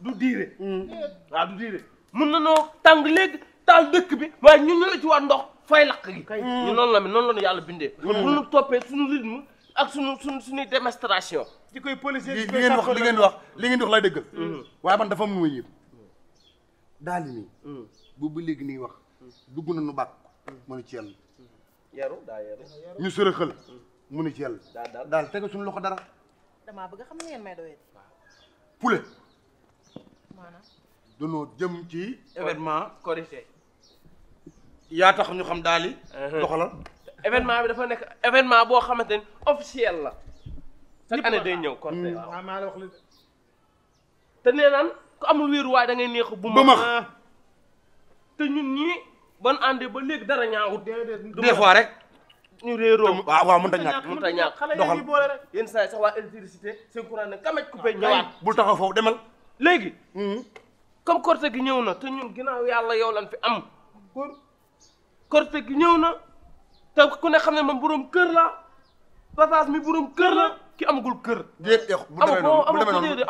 S5: du diire waaw mm. du diire mun na noo tàng léegi daal dëkk bi waaye ñun ñu ci waat ndox fay lakk gi ñu la mi noonu la ñu yàlla bindee bu hmm. ñu toppee suñu rythme ak suñu suñu suñuy démonstration ci koy policier li ngeen wax li ngeen wax li ngeen wax lay dëggal hmm. waaye man dafa mu lu hmm. daal nii boobu léegi nii wax dugg na nu bàkk mënu ci yàlla daa ñu sërëxal mënu ci daal teg suñu loxo dara
S7: damaa bëgg xam ne ngeen may doyee
S5: poulet maanaam jëm ci événement korité yaa tax ñu xam daal di. Uh-huh. doxalal événement bi dafa nekk événement boo xamante ni officiel la. sa année day ñëw kon mm. ah, de waaw maa te nee naan ku amul wéeruwaay da ngay neex bu max te ñun ñii ban àndee ba léegi dara ñaawut. des fois rek. ñu réeroo waaw waaw mënut a ñàkk mënut a ñàkk doxal yenn saa sax waa électricité seen courant ne kamaj coupé ah, ñëwaat. bul taxaw foofu demal. léegi. Mm. comme Korité gi ñëw na te ñun ginnaaw yàlla yow lan fi am. korte gi ñëw na te ku ne xam ne man borom kër la Pataas mi borom kër la ki amagul kër. déet yow bu demee noonu bu demee noonu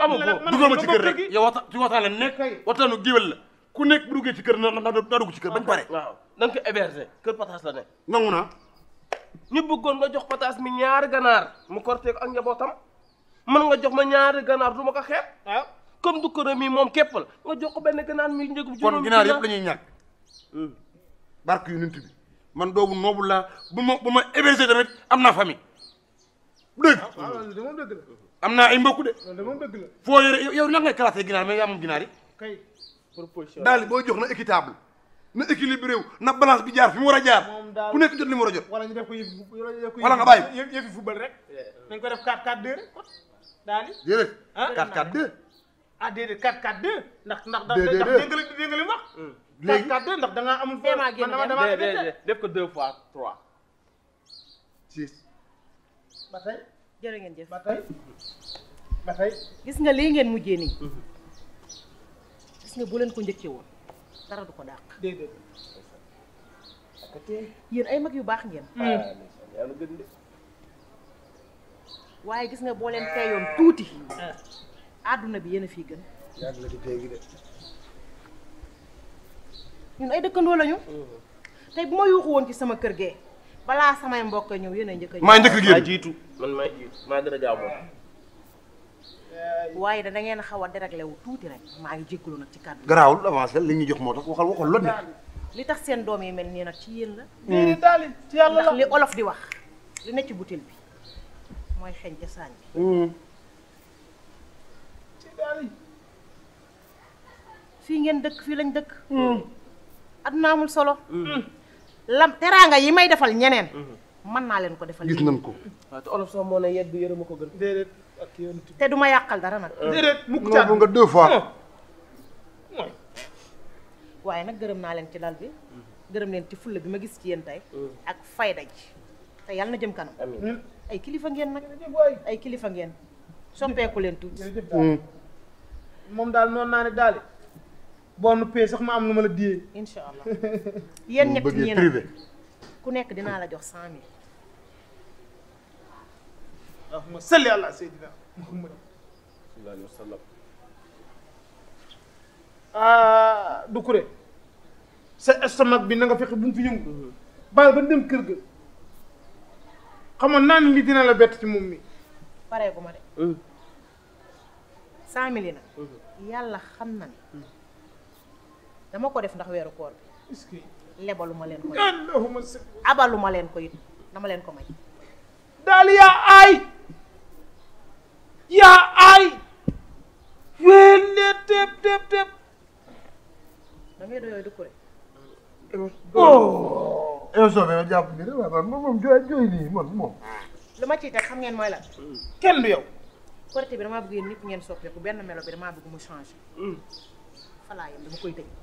S5: amagoo amagoo amagoo dugal ma ci kër rek yow waxtaan ci waxtaan la nekk waxtaanu géwél la ku nekk bu duggee ci kër na na dugg ci kër bañ pare. waaw da nga ko héberger kër Pataas la nekk. nangu naa. ñu bëggoon nga jox Pataas mi ñaari ganaar mu korte ko ak njabootam mën nga jox ma ñaari ganaar du ma ko xeeb. waaw comme du kër mi moom képp la nga jox ko benn ganaar mi njëgu juróomi kon ginaar yëpp la ñuy ñàkk hmm. barke yu nit bi man doomu noobu la bu ma bu ma hébergé tamit am naa famille. Ah, dëgg
S8: am naa ay mbokku
S5: de. foo yore yow nan ngay classé ginaar mais yaa moom ginaar yi. kay proposition daal boo jox na équitable na équilibré wu na balance bi jaar fi mu war a jaar. ku nekk jot li mu war a jot. wala ñu def ko yëf wala nga bàyyi yëf yëf football rek. nañ ko def 4-4-2 rek daal di. déedéet 4-4-2. Ah, ah déedéet 4-4-2. ndax ndax ndax dégg nga li wax. Mm. léegi quatre deux ndax da amul. vraiment génn dama def ko deux fois trois. six.
S7: ba tey. jërë ngeen jëf ba tey. gis nga lii ngeen mujjee
S5: nii. Mhm. gis nga bu leen ko njëkkee woon
S7: dara du ko dàq. déedéet.
S5: yéen ay mag yu baax ngeen. Mm. Ah,
S7: waaye gis nga boo leen teyoon tuuti. Ah. àdduna bi yéen a fii gën. ñun ay dëkkandoo lañu tay bu ma yuuxu woon ci sama kër ge bala sama mbokk ñew yéen a njëkk a ñëw. maa njëkk a man maa
S5: jitu ma dara a
S7: waye da ngeen xawa a déréglé wu tuti rek ma ngi jégalu nak ci kaddu grawul
S5: avancé li ñu jox mo tax waxal waxal loolu
S7: li tax seen doom yi mel ni nak ci yeen la. Hmm. lii daali ci yalla la li olof di wax li ne ci bi
S5: moy xéñ ci sañ bi. ci daali.
S7: fi ngeen dëkk fi lañ dëkk. Hmm. adduna amul solo. Mm. Mm. lam teraanga yi may defal ñeneen. Mm-hmm. mën naa leen ko defal gis nañ ko. waaw te olof sax yàqal dara nag. Mm. déedéet mukk
S5: caa
S7: waaye nag gërëm naa leen ci dal bi. Mm-hmm. gërëm leen ci fulla bi ma gis ci yéen tey. ak fayda ji te yàlla na jëm kanam. ay kilifa ngeen nag ay kilifa ngeen soppeeku leen tuuti.
S5: moom daal noonu naa ne daal. bon nu sax ma am luma la diyee. inshallah yéen ñet ñi nag ku nekk dinaa la jox cent allahumma salli ala sayyidina muhammad. sallallahu alayhi wa ah du kuré sa estomac bi na nga fexe bu fi yëngu. baal ba dem kër ga. xamoon naa ne dina la bett ci moom mi. pareegu ma de. cent mille yàlla xam na ne. dama ko def ndax weeru koor bi lebaluma leen ko it abaluma leen ko it dama leen ko may daal yaa aay yaa aay ween ne tëb tëb tëb
S7: da ngay doyoo dëkku rek
S5: émission bi ma jàpp ni rek waaw moom moom jooy jooy nii man moom lu ma ciy teg xam ngeen mooy lan kenn du yow korité bi damaa bëgg yéen ñëpp ngeen soppeeku benn melo que damaa bëgg mu changé mm. falaa yam dama koy tëj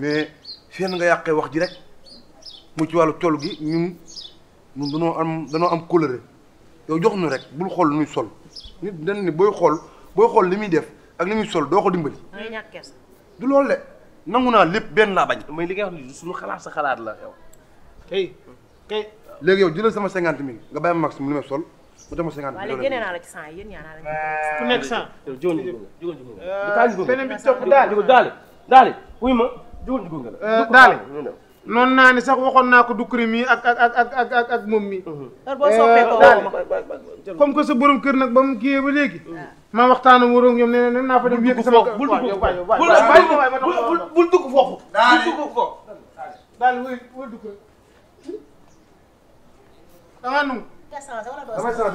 S5: mais fenn nga yàqee wax ji rek mu ci wàllu col gi ñun ñun danoo am danoo am colère yow jox nu rek bul xool lu sol nit dañ ni booy xool booy xool li muy def ak li muy sol doo ko dimbali. day ñàkk kersa. loolu de naa lépp benn laa bañ. mais li nga wax ni suñu xalaat sa xalaat la yow. kay kay. léegi yow jëlal sama cinquante mille nga bàyyi ma mu dem cinquante mille génne naa
S9: la ci cent yéen ñaa
S5: naa la ku ma. Euh, daal noonu naa ni sax waxoon naa ko dukkuri mi ak ak ak ak ak ak moom mi mhm. euh, comme que sa borom kër nag ba mu kiiyee ba léegi ma waxtaan ak waroon ñoom nee naa fa dem yëg sama bul dugg foofu bul dugg foofu daal daal wéy wéy dugg dama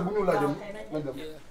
S5: bu ñu laajoon ah,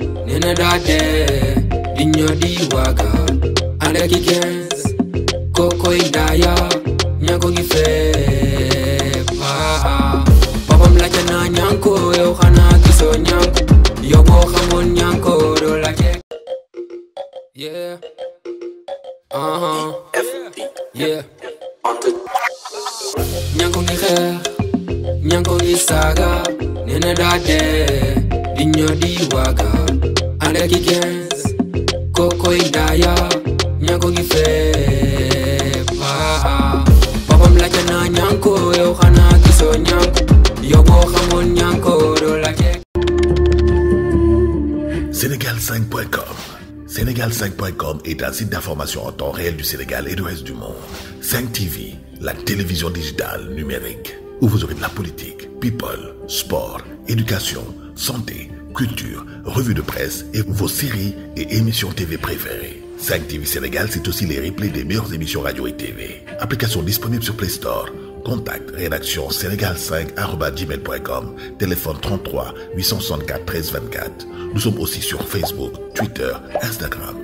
S2: in a day, in your diwaga and a kick
S3: site d'information en temps réel
S4: du Sénégal et du reste du monde. 5 TV, la télévision digitale numérique, où vous aurez de la politique, people, sport, éducation, santé, culture, revues de presse et vos séries et émissions TV préférées. 5 TV Sénégal, c'est aussi les replays des meilleures émissions radio et TV. Application disponible sur Play Store. Contact rédaction sénégal @gmail.com. téléphone 33 864 13 24. Nous sommes aussi sur Facebook, Twitter, Instagram.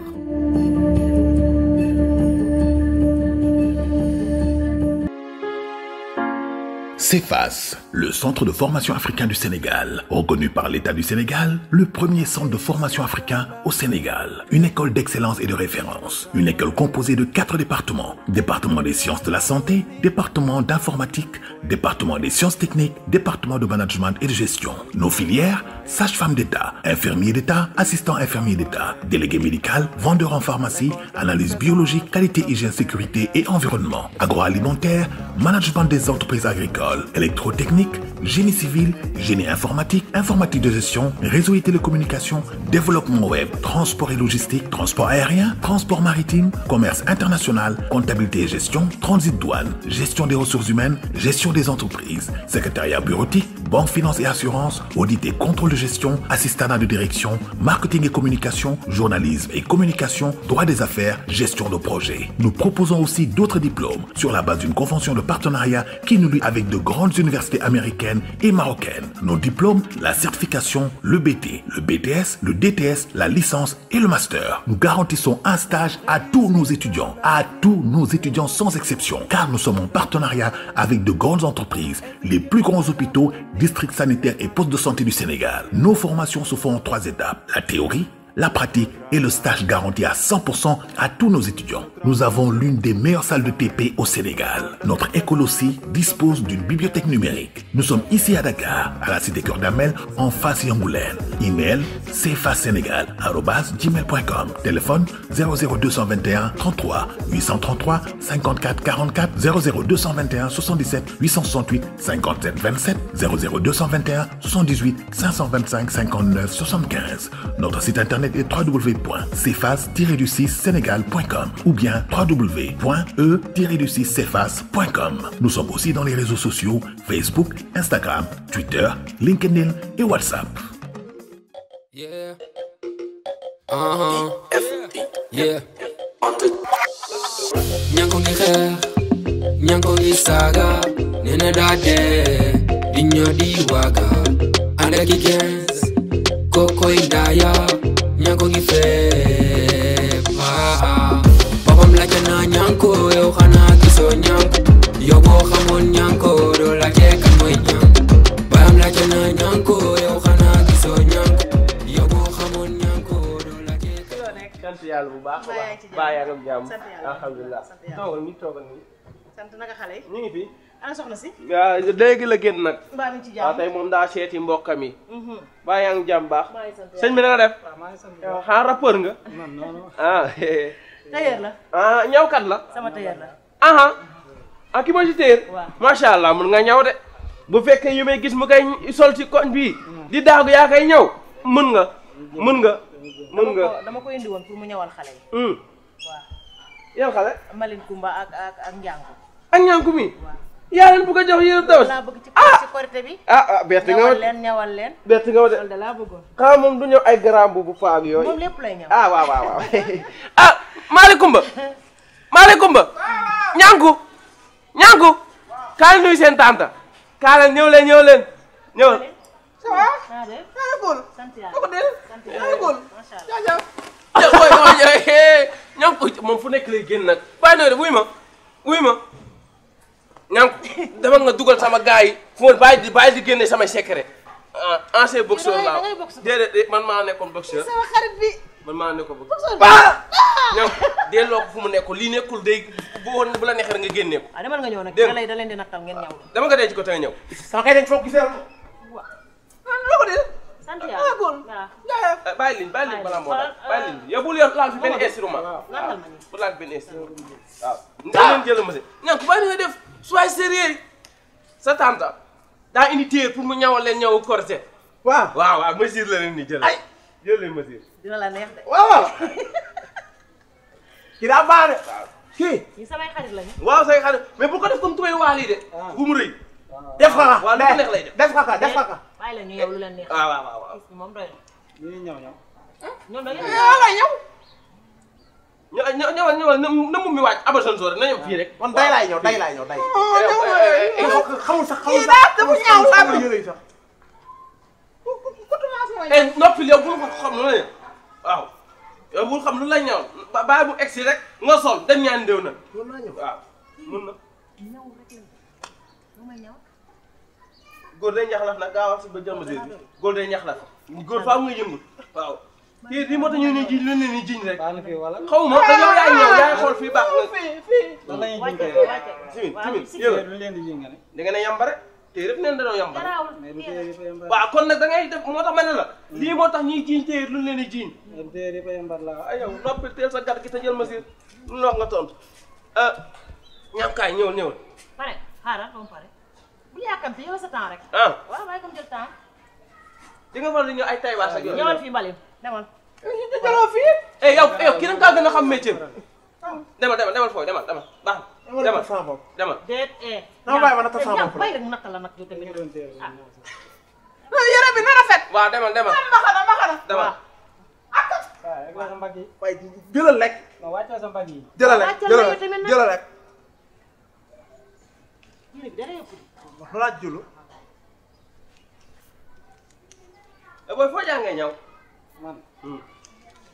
S4: Cefas le centre de formation africain du Sénégal, reconnu par l'État du Sénégal, le premier centre de formation africain au Sénégal, une école d'excellence et de référence, une école composée de quatre départements, département des sciences de la santé, département d'informatique, département des sciences techniques, département de management et de gestion. Nos filières, sage-femme d'État, infirmier d'État, assistant infirmier d'État, délégué médical, vendeur en pharmacie, analyse biologique, qualité, hygiène, sécurité et environnement, agroalimentaire, management des entreprises agricoles, électrotechnique, génie civil, génie informatique, informatique de gestion, réseau et télécommunications, développement web, transport et logistique, transport aérien, transport maritime, commerce international, comptabilité et gestion, transit douane, gestion des ressources humaines, gestion des entreprises, secrétariat bureautique, banque finance et assurance, audit et contrôle de gestion, assistantat de direction, marketing et communication, journalisme et communication, droit des affaires, gestion de projet. Nous proposons aussi d'autres diplômes sur la base d'une convention de partenariat qui nous lie avec de grandes universités américaine et marocaine. Nos diplômes, la certification, le BT, le BTS, le DTS, la licence et le master. Nous garantissons un stage à tous nos étudiants, à tous nos étudiants sans exception, car nous sommes en partenariat avec de grandes entreprises, les plus grands hôpitaux, districts sanitaires et postes de santé du Sénégal. Nos formations se font en trois étapes. La théorie, la pratique et le stage garantis à 100% à tous nos étudiants. Nous avons l'une des meilleures salles de TP au Sénégal. Notre école aussi dispose d'une bibliothèque numérique. Nous sommes ici à Dakar, à la cité Cœur d'Amel, en face Yangoulène. Email cfasénégal.com. Téléphone 00221 33 833 54 44 00221 77 868 57 27 00221 78 525 59 75. Notre site internet et wwwcfas du 6 sénégalcom ou bien wwwe du 6 Nous sommes aussi dans les réseaux sociaux Facebook, Instagram, Twitter, LinkedIn et WhatsApp.
S1: Yeah.
S2: Uh-huh. E e. yeah. ñanko gi fépp waaw boppam laajte naa ñanko yow xanaa gisoo ñanko yow boo xamoon ñanko doo laajte kan mooy ñanko baam laajte naa ñanko yow xanaa gisoo ñanko yow boo xamoon ñanko doo
S5: laajte kan mooy ñanko. sant yàlla bu baax. baax yaa ngi jàmm alhamdulilah toogal ni toogal ni. sant naka xale yi ñu ngi fi. ana soxna si. waaw ah, la génn nag.
S7: mbaa mi ci jàmm waaw ah, tey
S5: moom daa seeti mbokkam yi.
S7: mbaa
S5: mhm. yaa ngi jàmm baax.
S7: sëñ bi na nga def. Ah, nga. non non ah. tailleur la.
S5: ah ñawkat la. sama si téer. waaw macha allah mun nga ñaw de. bu fekkee yu may gis mu koy sol ci koñ bii. Mm. di daagu yaa koy ñaw. mën nga mën nga.
S7: mën nga dama ko indi woon pour mu ñawal xale yi.
S5: Mm. yaa leen bëgg a jox yéen daw
S7: ah ah ah bett nga wut ñawal leen bett nga wut
S5: moom du ñëw ay garaam bu bu faag yooyu moom lépp
S7: lay ñaw ah waaw waaw waaw [LAUGHS]
S5: ah maaleykum ba maaleykum nuyu seen tante kaa leen ñëw leen ñëw leen ñëw
S7: ça va maaleykum
S5: [LAUGHS] moom fu nekk lay génn nag bàyyi na wuy ma wuy ma ñaan ko dama nga dugal sama gars yi fu ma di bàyyi di génne samay secret ah ancien boxeur laa déedéet man maa nekkoon boxeur sama xarit bi man maa nekkoon boxeur
S7: ba ñaan
S5: ko delloo ko fu mu nekkoon lii nekkul day bu woon bu la neexee rek nga génnee ko. ah demal nga ñëw nag da lay
S7: da leen di nattal ngeen ñëw
S5: dama nga denc ko te nga ñëw sama kay dañ foog gisee waaw
S7: ah, loo ko dee sant yàlla ah bon waaw.
S5: Eh, bàyyi liñ bàyyi liñ balaa moo tax ah, ah. benn instrument. waaw bu laal benn instrument waaw. waaw nga leen ma se ñaan ko bàyyi li def. sois sérieux sa tante daa indi téer pour mu ñawal leen ñawu corset. waaw waaw waaw mesure la leen ni jël ay jël leen mesure.
S7: dina la neex de. waaw
S5: [LAUGHS] kii daa baax de. waaw kii. ñi samay xarit lañu. waaw say xarit mais bu ko def comme tubay waal yi de. Ah. bu mu rëy. def ko ka waaw lu neex lay def def ko ka def ko ka. Eh, bàyyi la ñu yow lu la neex. Ah, waaw waaw waaw moom doy na. ñu ñëw ñëw. ñoom da ngeen ñëw. ñu ñëwal ñëwal na mu mi abasan soo rek na ñëw fii rek. kon day laay ñëw day laay ñëw day. Oh, eh, eh, xamul sax xamul sax dafa ñaaw sax eh, yow bul xam lu ne waaw la ñaaw bàyyi bu egsi rek nga sol dem ñaan déw na. waaw mun na. góor day ñax gaaw a ba ñax la nga yëngu waaw. kii bi moo tax ñu ne ji lu ne ni jiñ rek. baal na fi wala xaw ma dañoo yaay ñëw yaay xool fii baax na. fii fii lan la ñuy jiñ kay tamit tamit yéen lu leen di jiñ nga ne. da nga ne yambare téere bi neen da doon yambare. waaw kon nag da ngay def moo tax ma ne la. lii moo tax ñuy jiñ téere lu leen di jiñ. téere ba yambar la ay yow noppi teel sa gàtt gi te jël ma si lu la wax nga tontu ah ñaam kaay ñëwal ñëwal. pare xaaral ba mu pare bu yàkkamti yow sa temps rek. ah waaw waaye comme jël temps. di nga faral di ñëw ay taywaas ak yow ñëwal fii mbalim
S7: demal. ñu jëloo fii.
S5: yow eh, yow kii da nga kaa gën a xam métier demal demal demal fooy demal demal baax na. demal demal. déet eh. na bàyyi ma naka sama bopp la
S7: naka la nag yow
S5: tamit. Ah. Eh, yére bi na rafet. waaw demal demal am ah, mbaxana mbaxana. demal. Ah, waaw mbagg yi. waaye jëlal rek. waaw wàccee sa mbagg yi. jëlal rek jëlal rek wax laaj julu. Eh, booy foo jàngee ñaw. man.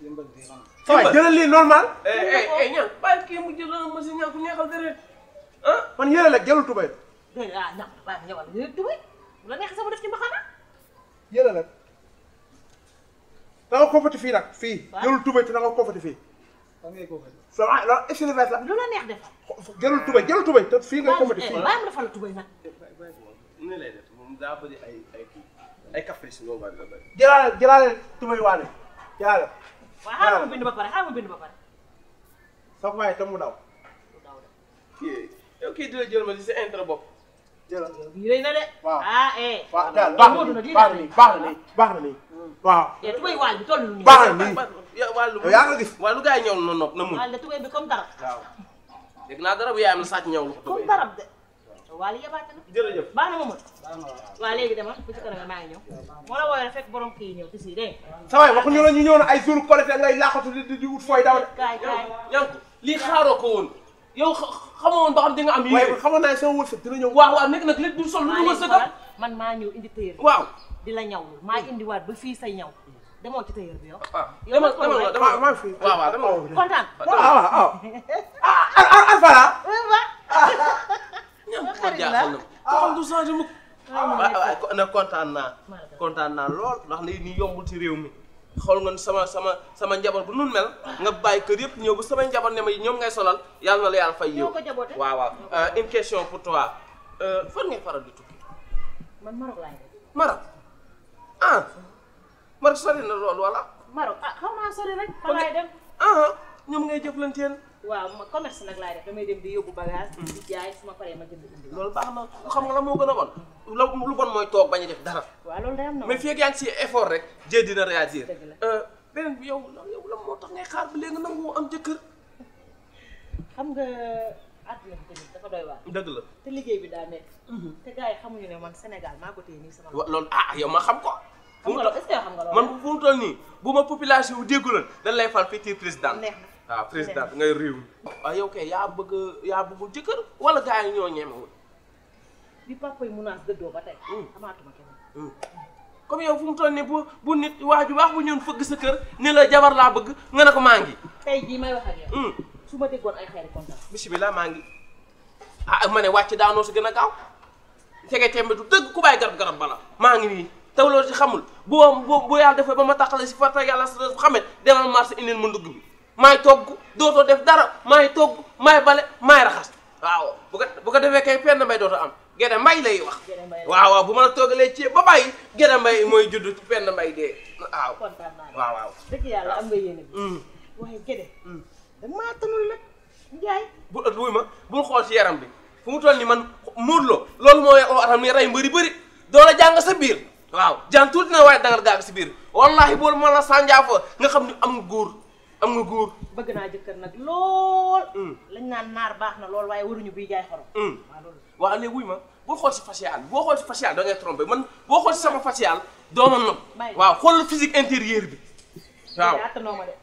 S5: yëmbal bi man. yëmbal jëlal lii normal. eh eh mu jëloon ma si ñaan ku neexal deret ah. man yére la jëlul tubay. doy na ah tubay bu la neexee sama def ci mbaxana. yére la da nga koofati fii nag fii. waaw jëlul tubay te da nga koofati fii. da ngay koofati. ça la neex defal. jëlul tubay jëlul tubay te fii nga koofati fii. waaw waaw waaw waaw waaw waaw waaw ay caprice ñoom waay la bëri. jëlaale jëlaale tubay waane jëlaale. waaw xaaral ma bind ba pare xaaral ma bind ba pare. sax waaye tam mu daw. mu daw de. kii yow kii di la jël ma si sa intérêt bopp. jëlaat yéen na de. waaw ah eh. waaw daal baax na nii baax na nii baax na nii baax na nii. Hmm. waaw. eh tubay waal bi toll nii. baax na nii wàllu. yaa ngi gis wàllu gars yi ñëw na nopp na mu. waaw de tubay bi comme dara. waaw dégg naa dara bu yaayam na sàcc ñëw lu ko. comme dara de.
S7: waa lii yabaate na.
S5: jërëjëf baax na ma
S7: mën. waaw léegi dama bu ci kanam maa ngi ñëw. moo la wooyee fekk borom kii ñëw ci si dégg nga. sa
S5: waay waxuñu la ñu ñëw na ay jour collecté ngay laaxatu di di wut fooy daw de.
S7: kaay kaay yow lii xaaroo ko woon.
S5: yow xamoon ba xam di nga am. yéen waaye xamoon naa sama wërsëg dina ñëw. waaw waaw nekk nag lépp du sol lu mu wërsëg man maa ñëw indi tëyër. waaw di la ñaw maa indi waat ba fii say ñaw. demoo ci tëyër bi yow. Ah, ah. yow dama dama dama maa fi. waaw waaw dama kontaan. waaw waaw waaw. ah, ah xarit la xam du changé mukk. Ah, waaw na kontaan naa. kontaan naa lool ndax lii nii yombul ci réew mi. xool nga sama sama sama njaboot bu nun mel. nga bàyyi kër yëpp ñëw ba sama njaboot ne ma ñoom ngay solal yàlla na la yàlla fay yow. waaw waaw euh, une question pour toi. Euh, fan ngay faral di tukki. man Maroc ah. Maroc sori lool wala.
S7: Maroc ah xam naa sori rek. fa waaw ma commerce nag laa def damay dem di yóbbu bagage. di jaay su ma paree ma jënd indi.
S5: loolu na la moo gën a bon lu bon mooy toog a def dara.
S7: waaw loolu day am na mais fii
S5: ak yaa ngi si euh, yow yow la tax ngay xaar ba léegi nangu am jëkkër. xam
S7: dafa doy waar. dëgg la liggéey bi daa nekk. Mhm. te gars maa ko téye nii sama.
S5: wa ah, yow ma xam ko.
S7: xam nga loolu est nga man
S5: bu bu ma population bi dégguloon dañ lay fal fii ci président neex na Ah, prise date ngay réew. waaw yow kay yaa bëgg yaa bëggul jëkkër wala gars ñoo ñemewul.
S7: bi papa yi mun naa dëddoo ba tey. amaatuma
S5: kenn. comme yow fu mu toll nii bu bu nit waa ju wax bu ñun fëgg sa kër mangi. la jabar laa bëgg nga ne ko maa
S7: ngi. may wax ak yow. ay
S5: ah a gaaw tege tembe du dëgg ku bàyyi garab garab bala maa ngi nii. taw loolu ci xamul bu bu bu yàlla defee ba ma taxalee si farata yàlla si xamet marché bi may togg doto def dara may togg may balé may raxas waaw bu ko bu ko defé kay fenn may doto am gëna may lay wax. waaw waaw bu ma la toogalee ceeb ba bay gëna may moy judd ci fenn may dé waaw waaw waaw.
S7: dëgg yalla am nga yéne bi. hmm waaye gerte. Mm. da maa tanul nak ndjay
S5: bu ëtt wuy ma bul xool ci yaram bi fu mu toll ni man murlo lool moy o atam ni ray mbëri bëri do la jang sa biir. waaw jang tout na way da nga gaag sa biir wallahi boolu ma la sànjaa fa nga xamni am góor. am nga góor. bëgg naa jëkkër nag lool. Mm. lañ
S7: naan naar baax na lool waaye waruñu buy jaay xorom.
S5: waaw loolu la waaw léegi wuy ma boo xool si facial boo xool si facial da ngay trompé man boo xool si sama facial doo ma nopp. waaw xool physique intérieure bi. waaw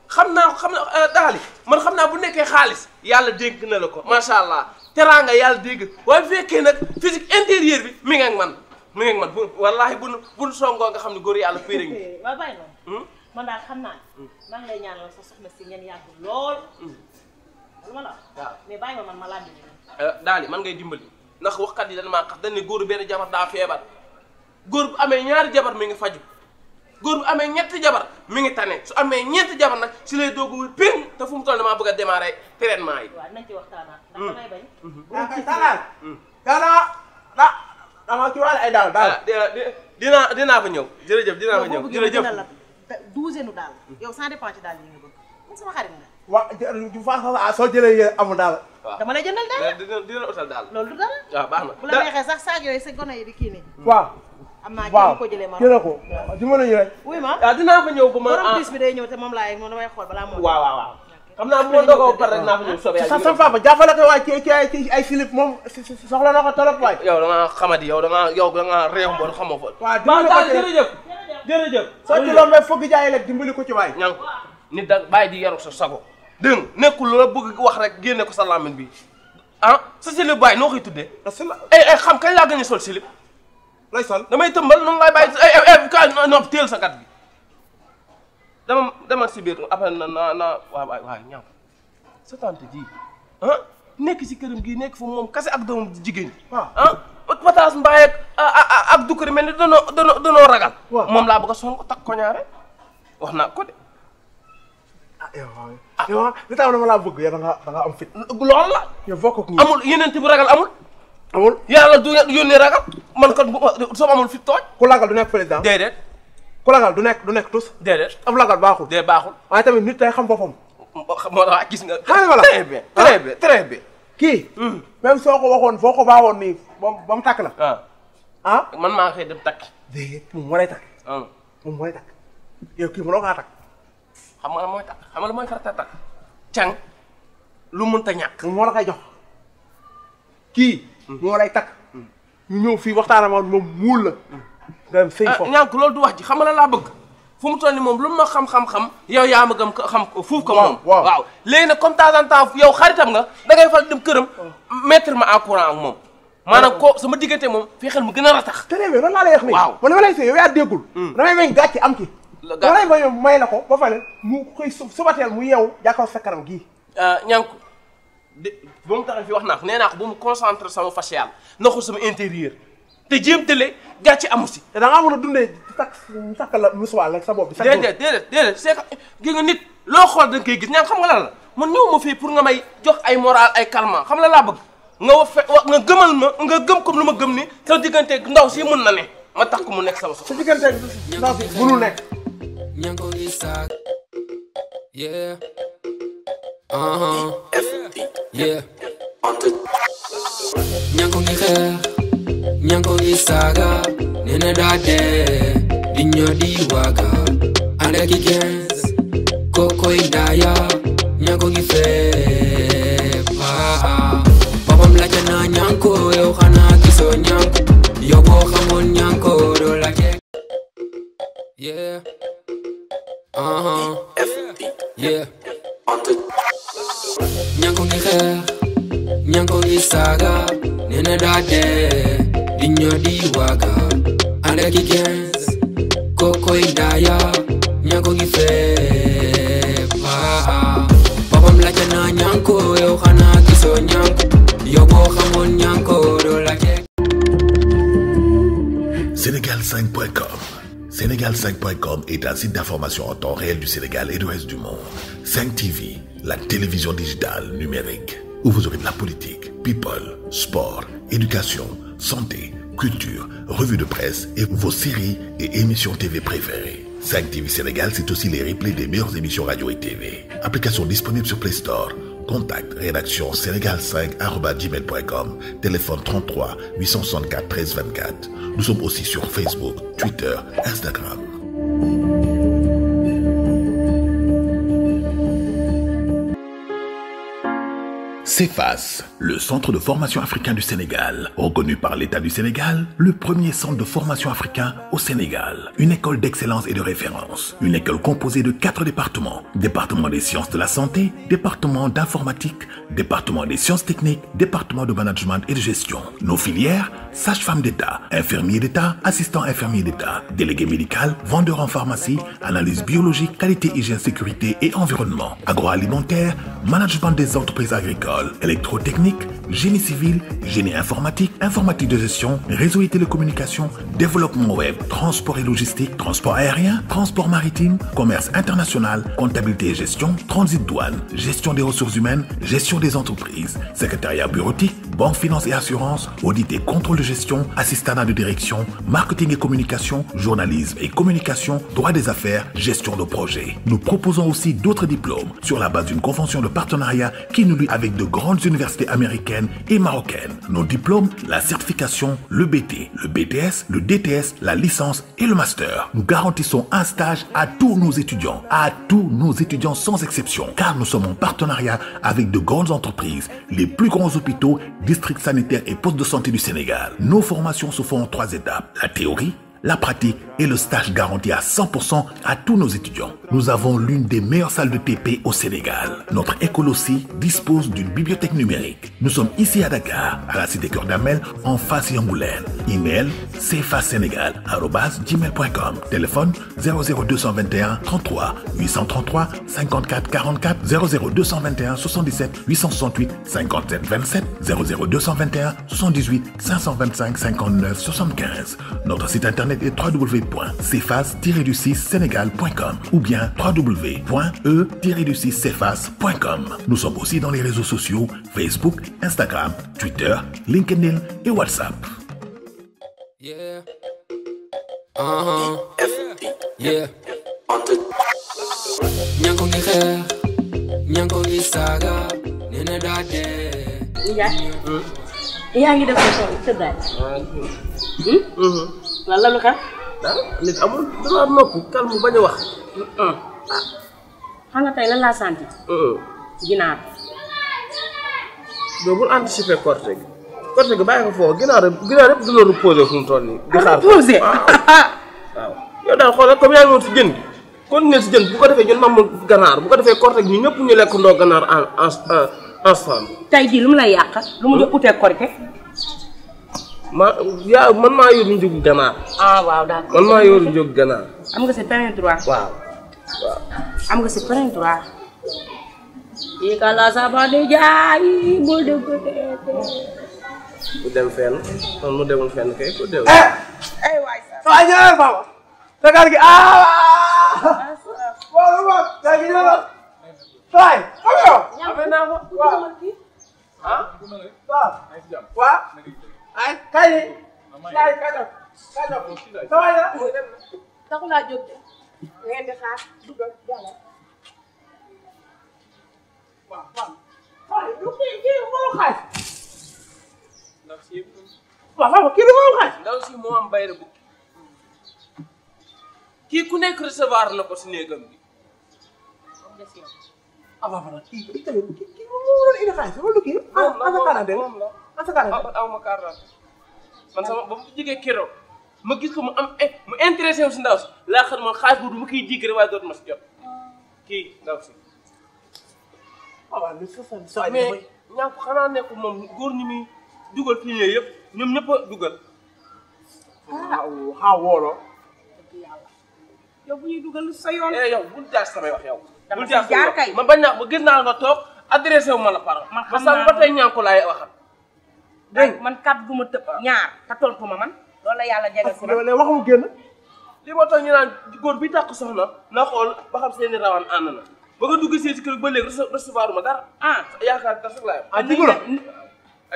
S5: xam naa xam naa eh, daali man xam naa bu nekkee xaalis yàlla dénk na la ko macha allah teraanga yàlla dégg waaye bu fekkee nag physique intérieure bi mi ngi ak man mi ngi ak man bu wallaahi bu nu bu nu songoo nga xam ne góor yàlla péréñ.
S7: [LAUGHS] waaw man dal xamna naa lay ñaanal sa soxna si ñen yàgg lool. lu la
S9: mais bàyyi ma man ma laaj
S5: euh daal man ngay dimbali ndax waxkat yi dañ ma xas dañ ne góor ben jabar da febar goor bu amé ñaar jabar mi ngi faju goor bu amé ñetti jabar mi ngi tané su amé ñeenti jabar nah, nak ci lay dogu wul pin te fu mu toll dama bëgg démarrer traitement yi. wa nañ ci waxtaanaat. ndax damay bañ. dala dala dama ci wal ay dal dal dina dina fa ñew jere jërëjëf dina fa jere jërëjëf.
S7: douzaine daal yow sans dépend ci daal yi nga bëgg man sama xarit nga
S5: waaw faa soo jëlee yéen amul daal dama lay jëndal daal dina dina utal daal loolu du dara baax na bu la neexee sax saag yooyu sa gone yi di kii nii waaw am naa jënd ko jëlee ma jëlee ko di ma la ñu rek oui ma ah, ñëw bu ma borom ah. bis bi day ñëw te moom laay moom damay xool balaa moom waaw waaw waaw xam naa bu ma doogoo par rek naa fa ñëw soobee. sa sa papa jàppale ko waay ci ci ay silip moom soxla na ko trop waay. yow da ngaa xamadi yow da ngaa yow da ngaa réew mboon xamoo ko ci jërëjëf jërëjëf. soo ci ko ci waay. ña di yaru sa sago. dégg nga nekkul loola bëgg wax rek génne ko sa làmmiñ bi ah sa silip baay noo koy tuddee. ay ay eh, eh, xam kañ laa gën a sol silip. lay sol damay tëmbal noonu laay bàyyi ay ay ka nopp téel sa kat bi dama dama si biir après na na na waaw sa tante ji ah nekk si këram gii nekk fa moom kase ak doomam jigéen ji ah pataas mbaay ak ah, ah, ah, ak mel ni danoo danoo ragal moom laa bëgg son ko takk ko wax naa ko de ah yow ah laa bëgg yow da nga da fit loolu la yow bokk amul yeneen bu ragal amul amul yàlla du yónnee ragal man kat bu amul fit tooj ku ragal du nekk président ku ragal du nekk du nekk tus. déedéet am ragal baaxul. déedéet baaxul waaye tamit nit day xam boppam. [LAUGHS] moo tax gis nga. xaaral ma la très bien très kii. Hmm. même soo ko waxoon foo ko baaxoon nii ba mu takk la. waaw ah. ah? man maa xëy dem takk. déedéet moom moo lay takk. Ah. takk yow kii mënoo kaa takk. xam nga la mooy takk xam ñàkk. moo la jox kii. Hmm. moo lay hmm. ñëw fii waxtaan ak moom muul dem sëy eh, foofu ñànk loolu wax ji xam nga la laa bëgg fu mu toll nii moom lu ma xam-xam-xam yow yaa ma gëm xam fuuf ko moom waaw léegi nag comme temps en temps yow xaritam nga da ngay fal dem këram oh. mettre ma en courant ak moom maanaam ko sama diggante moom fexeel mu gën a ratax te réew mi noonu laa lay wax nii waaw man dama lay sëy yow yaa déggul hmm. may na ko ba fane mu koy teel mu yeewu jàkkaar sa kanam gi eh, ñànk de ba mu taxaw fi wax naa nee naa ko bu mu concentré sama facial na ko sama intérieur te jéem tële gàcce amu si. te da ngaa mën a dundee takk takk la musuwaal sa bopp. déedéet déedéet déedéet c'est que gis nga nit loo xool da nga koy gis ñaan xam nga lan la man ñëw ma fii pour nga may jox ay moral ay calmant xam la laa bëgg nga wa fe nga ma nga gëm comme lu ma gëm ni sa diggante ndaw si mën na ne ma tax ko mu nekk sama soxla. sa diggante ndaw si mënul nekk. ña ko gis
S2: uh-huh, nyango isaga nene dade dinyo diwaga ande kikens koko indaya nyango gife pa papa mlacha na nyanko yo khana kiso nyanko yo bo khamon nyanko do lake
S1: yeah uh-huh
S2: yeah nyango gihe nyango isaga nene dade Sénégal5.com
S3: Sénégal5.com est un site d'information en temps réel du
S4: Sénégal et de l'Ouest du monde. 5 TV, la télévision digitale numérique, où vous aurez de la politique, people, sport, éducation, santé, culture, revue de presse et vos séries et émissions TV préférées. 5 TV Sénégal, c'est aussi les replays des meilleures émissions radio et TV. Application disponible sur Play Store. Contact rédaction sénégal @gmail.com. téléphone 33 864 13 24. Nous sommes aussi sur Facebook, Twitter, Instagram. CEFAS, le centre de formation africain du Sénégal, reconnu par l'État du Sénégal, le premier centre de formation africain au Sénégal, une école d'excellence et de référence, une école composée de quatre départements, département des sciences de la santé, département d'informatique, département des sciences techniques, département de management et de gestion. Nos filières sage-femme d'État, infirmier d'État, assistant infirmier d'État, délégué médical, vendeur en pharmacie, analyse biologique, qualité, hygiène, sécurité et environnement, agroalimentaire, management des entreprises agricoles, électrotechnique, génie civil, génie informatique, informatique de gestion, réseau et télécommunications, développement web, transport et logistique, transport aérien, transport maritime, commerce international, comptabilité et gestion, transit douane, gestion des ressources humaines, gestion des entreprises, secrétariat bureautique, banque finance et assurance, audit et contrôle gestion, assistante de direction, marketing et communication, journalisme et communication, droit des affaires, gestion de projet. Nous proposons aussi d'autres diplômes sur la base d'une convention de partenariat qui nous lie avec de grandes universités américaines et marocaines. Nos diplômes, la certification, le BT, le BTS, le DTS, la licence et le master. Nous garantissons un stage à tous nos étudiants, à tous nos étudiants sans exception, car nous sommes en partenariat avec de grandes entreprises, les plus grands hôpitaux, districts sanitaires et postes de santé du Sénégal. Nos formations se font en trois étapes. La théorie, la pratique et le stage garantis à 100% à tous nos étudiants. Nous avons l'une des meilleures salles de TP au Sénégal. Notre école aussi dispose d'une bibliothèque numérique. Nous sommes ici à Dakar, à la cité Cœur en face Yangoulène. Email gmail.com Téléphone 00221 33 833 54 44 00221 77 868 57 27 00221 78 525 59 75. Notre site internet internet et www.cefas-6sénégal.com ou bien www.e-cefas.com. Nous sommes aussi dans les réseaux sociaux Facebook, Instagram, Twitter, LinkedIn et WhatsApp.
S5: lan la lu xew. ah nit amul droit nopp calme bañ a wax. ah xam na tey lan laa santi ginaar. doo bul anticiper cortège gi. cortège gi bàyyi ko foofu ginaar ginaar yëpp du loolu posé fu mu toll nii. di xaar posé ah. waaw. yow daal xoolal comme yaa ngi woon si jën kon continuer si jën bu ko defee ñu namm ganaar bu ko defee cortège gi ñu ñëpp ñu lekk ndoo ganaar en en en ensemble. tey jii lu mu lay yàq. lu mu hmm? jëm utee ma ya man maa yor njëgu ganaar.
S9: ah waaw d'accord man maa yor
S5: njëgu ganaar. am
S9: nga tua. plein droit. waaw waaw. am nga sa plein droit. yi ka la sama di jaay mu
S7: dem
S5: mu dem fenn man mu demul fenn kay ku dem. Eh!
S7: ay eh, waay sa. waaw ñëwee Fama. tegal gi ah. waaw
S5: waaw yaa ngi la. xam nga waaw. waaw. ay kay de kay ka toog ka toog sa waay la taxulaa jóg de ngeen di xaar dugal jàllal waaw waaw waaye du kii kii moo xaaj ndaw si waaw waaw kii moo xaaj ndaw si moo am bayra bu kii ku nekk recevoir la ko si néegam bi ah waaw waaw kii kii tamit kii moo waroon indi xaalis wala du kii ah ah parce que aw ma carte man sama ma am mu intéressé wu si ndaw si laa xam man xaalis boobu oh, góor ñi muy dugal fii ñoom ñëpp a dugal. waaw xaa sa yoon. Eh, yow bañ naa ma gis naa nga toog adressé ma la parole. man ko laay waxat. dégg man kat gu ma ñaar te tontu ma man
S9: loolu la yàlla jagal si man
S5: waxuma li moo tax ñu naan góor bi tàkk soxna na xool ba xam seeni na dugg ci kër ba ah yaakaar tas rek laa ah jigul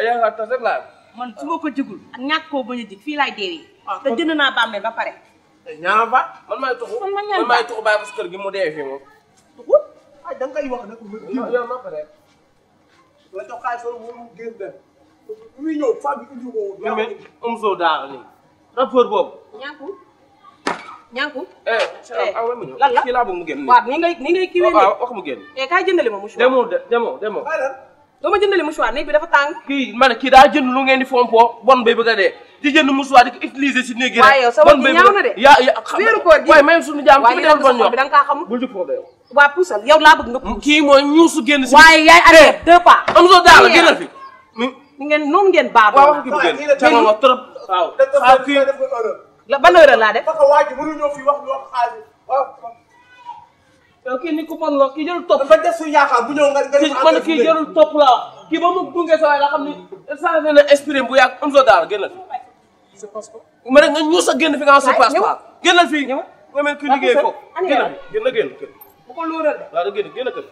S5: yaakaar tas rek laa man
S9: su ko jigul ak ñàkk koo bañ a jig fii
S5: ah, te jënd naa bàmmeel ba pare ñaanal baat man maay tuxu man maay tuxu kër gi mu tuxu ay ma pare la jox xaalis mu génn muy ñëw femme bi indi woo. mais Omzo Daara léegi. rapport boobu. ñànku ñànku. Eh, eh, ah, ah, lan la kii laa bëgg mu dafa tàng. daa jënd lu ngeen di fompoo bon bay bëgg a di jënd mouchoir di ko utiliser si néeg yi rek. waaw yow sa wàllu ñaaw na de. yaa yaa xam waaye même suñu jaam ci mu demoon bon ñoom bi da nga kaa xamul. laa bëgg nga puus. kii mooy ñuusu génn si. waaye yaay arrière eh, deux pas. Omzo Daara génnal fi ni ngeen noonu ngeen baax. waaw kii bu gën ca moom trop. waaw ah kii la parce que waa ji mënuñoo fi wax ñu wax xaalis kii ni ku mën loo kii jëlul topp. dafa des suñu yaakaar bu ñëw nga nga kii ba mu gunge sa waay la ni changé bu yàgg am soo daal génn fi. ma ne nga ñu sa génn fi nga xam ne passe ah, pas génnal fii. nga mel kii liggéey ko génn génn génn kër. bu ko lóoree de. waaw génn génn kër.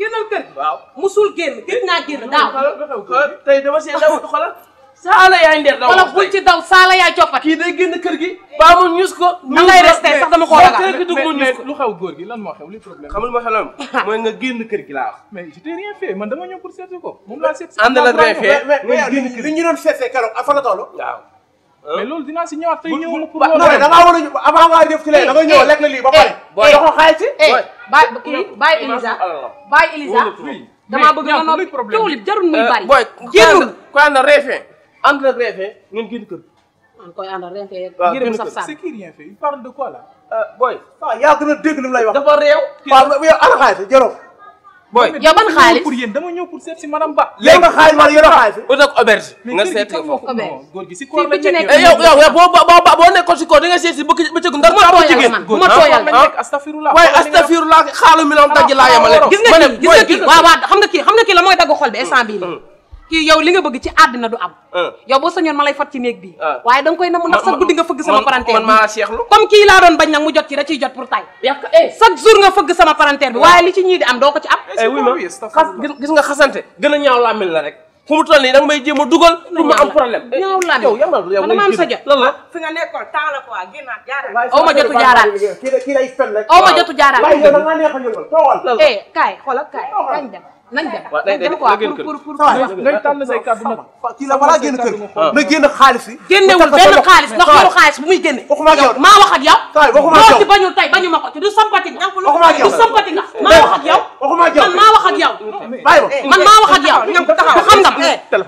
S5: génnal kër gi. waaw musul génn eh, gëj naa génn daaw. tey dama see daw xoolal. [LAUGHS] saala yaay nder daw xoolal bul ci daw saala yaay coppat. kii day génn kër gi. Eh. ba mu ñus ko. da ngay resté sax dama ko ragal mais mais lu xew góor gi lan moo xew li problème xamul ma xelam [LAUGHS] mooy nga génn kër gi laa wax. mais je t'ai rien fait man dama ñëw pour seetlu ko. moom laa seet si ñu doon feesee keroog a fa la toll. waaw. mais loolu dinaa si ñëwaat tey ñëw ma pour. non da ngaa war a ñu avant ngaa def ci lee nga ñëw eh, lekk na lii ba pare. Eh, eh, booy doxul xaalis ci. booy kii bàyyi Elisa bàyyi Elisa. damaa bëgg nga noppi coow li muy bari. booy génnul ko ànd ak reefee. ànd ak reefee ngeen koy ànd ak reefee. waaw génn kër c'est qui rien fait il parle de quoi euh, ah, a dégg dafa réew. waaw yow ana xaalis jërëjëf booy yow ban xaalis pour yéen dama ñëw pour seet si madame Ba. nga seet ko foofu góor si eh, boo boo si koor nga seet si bëgg bëccëgu ndax ma ko jigéen ah, ah. astafirullah waaye mi la daj laa yemale gis nga kii gis nga xam nga kii xam nga kii la mooy dagg xol bi instant ki yow li nga bëgg ci aduna du am. Euh. yow bo soñon malay fat ci neeg bi. Euh. waye dang koy namm nak sa guddi nga fëgg sama palanteer man ma la seexlu comme ki la doon bañ nak mu jot ci da ci jot pour tay yàq eh chaque jour nga fëgg sama palanteer bi waye li ci ñi di am do ko ci am. eh oui ma eh, gis nga xassante gëna a ñaaw làmmiñ la rek. fu mu toll nii danga may jëma duggal du ma am problème ñaaw làmmiñ yow yamal yow man sa jot. lan la ah, fi nga nekkoon
S9: ta la quoi génnaat jaara o ma
S7: jotu jaara ki lay fël rek. o ma jotu jaara waye yow da
S9: ngaa neex a yëngal
S5: toowal. eh kaay xoolal kay kañ dem nañ dem nañ dem quoi pour pour pour. waaw nañ tànn say kàddu nag. kii la balaa génn kër na génn xaalis yi. génnewul benn xaalis ndax yow xaalis bu muy génne. waxuma ak yow maa wax ak yow. waaw waxuma ak yow loo ci bañul tey bañu ma ko ci du sampati nga. waxuma ak yow du sampati nga maa wax ak yow. waxuma ak yow man maa wax ak yow. bàyyi ma man maa wax ak yow. du xam nga ma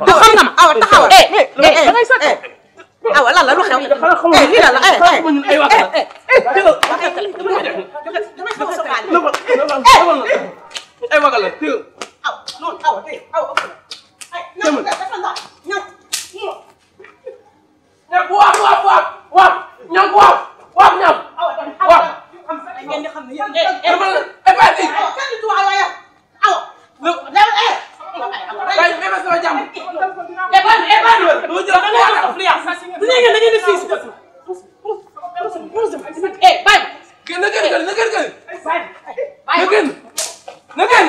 S5: du xam nga ma awa taxawal.
S7: awa lan la lu xew lii lan
S5: la ay wax
S7: la
S5: ay wax la
S7: aw noon awa tey awa ëpp na ay ñoom
S5: dafa laaj ñoom ñoom ne bu waaf waaf waaf waaf ñoom waaf waaf ñoom awa tam waaf ngeen di xam ne yéen hépatite kenn du awa ya awa daw eh bay may ma sama jàmm hépatite hépatite do jël da nga wax af liya bu ñu ngeen da ngeen di fiis ko eh bay na gën na gën na gën na gën na gën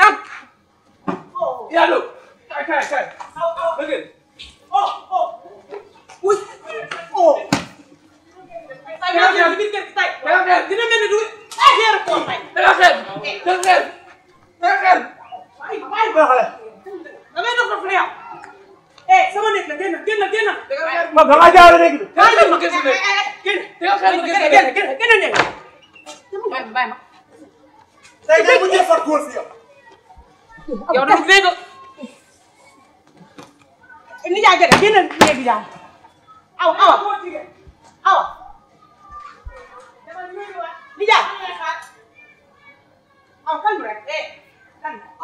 S5: Up. Oh. Yeah, look. Kai, Kai, Kai. Oh, oh. Look at Oh, oh. Wait. Oh.
S6: Tengok dia, lebih dekat kita. Tengok dia,
S5: dia mana duit? Eh, dia ada pon. Tengok dia, tengok dia, tengok dia. Baik, baik berhala.
S7: Nama itu apa dia? Eh, sama ni, kena, kena, kena.
S5: Mak, mak aja ada lagi tu. Kau tu makan sini. Kena, tengok dia, makan sini. Kena, kena,
S7: kena ni.
S9: Baik, baik.
S5: Saya dah punya fakul dia. yow ya da ini do ni
S7: aw aw aw ni jaay aw calme rek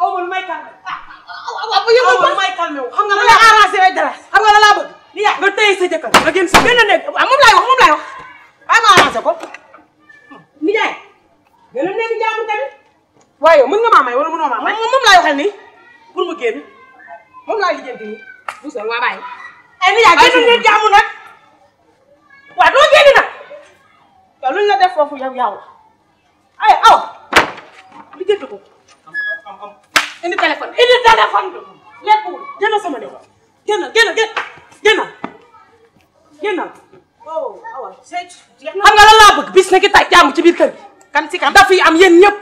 S7: aw ma lu may calme ah aw aw yow ma
S5: may calme xam nga la arrangé ay dara xam nga la laa bëgg ni jaay nga téye sa jëkkër nga génn sa
S9: génn nekk moom laay wax moom laay wax ay ma arrangé ko ni jaay
S5: gën a nekk waaye yow mën nga maa may wala mënoo maa may moom moom laay waxal nii pour mu génn moom laay lijjanti nii bu soobee waa bàyyi. ay nit yaa génn nit jaamu nag waaw doo génn nag yow luñ la def foofu yow yaa wax ay aw lijjanti ko indi téléphone indi téléphone bi lépp génn sama de génn génn génn génn génn.
S7: oh awa seet. xam nga lan laa
S5: bëgg bis na ki tàj jaamu ci biir kër gi. kan si kan dafi am yéen ñep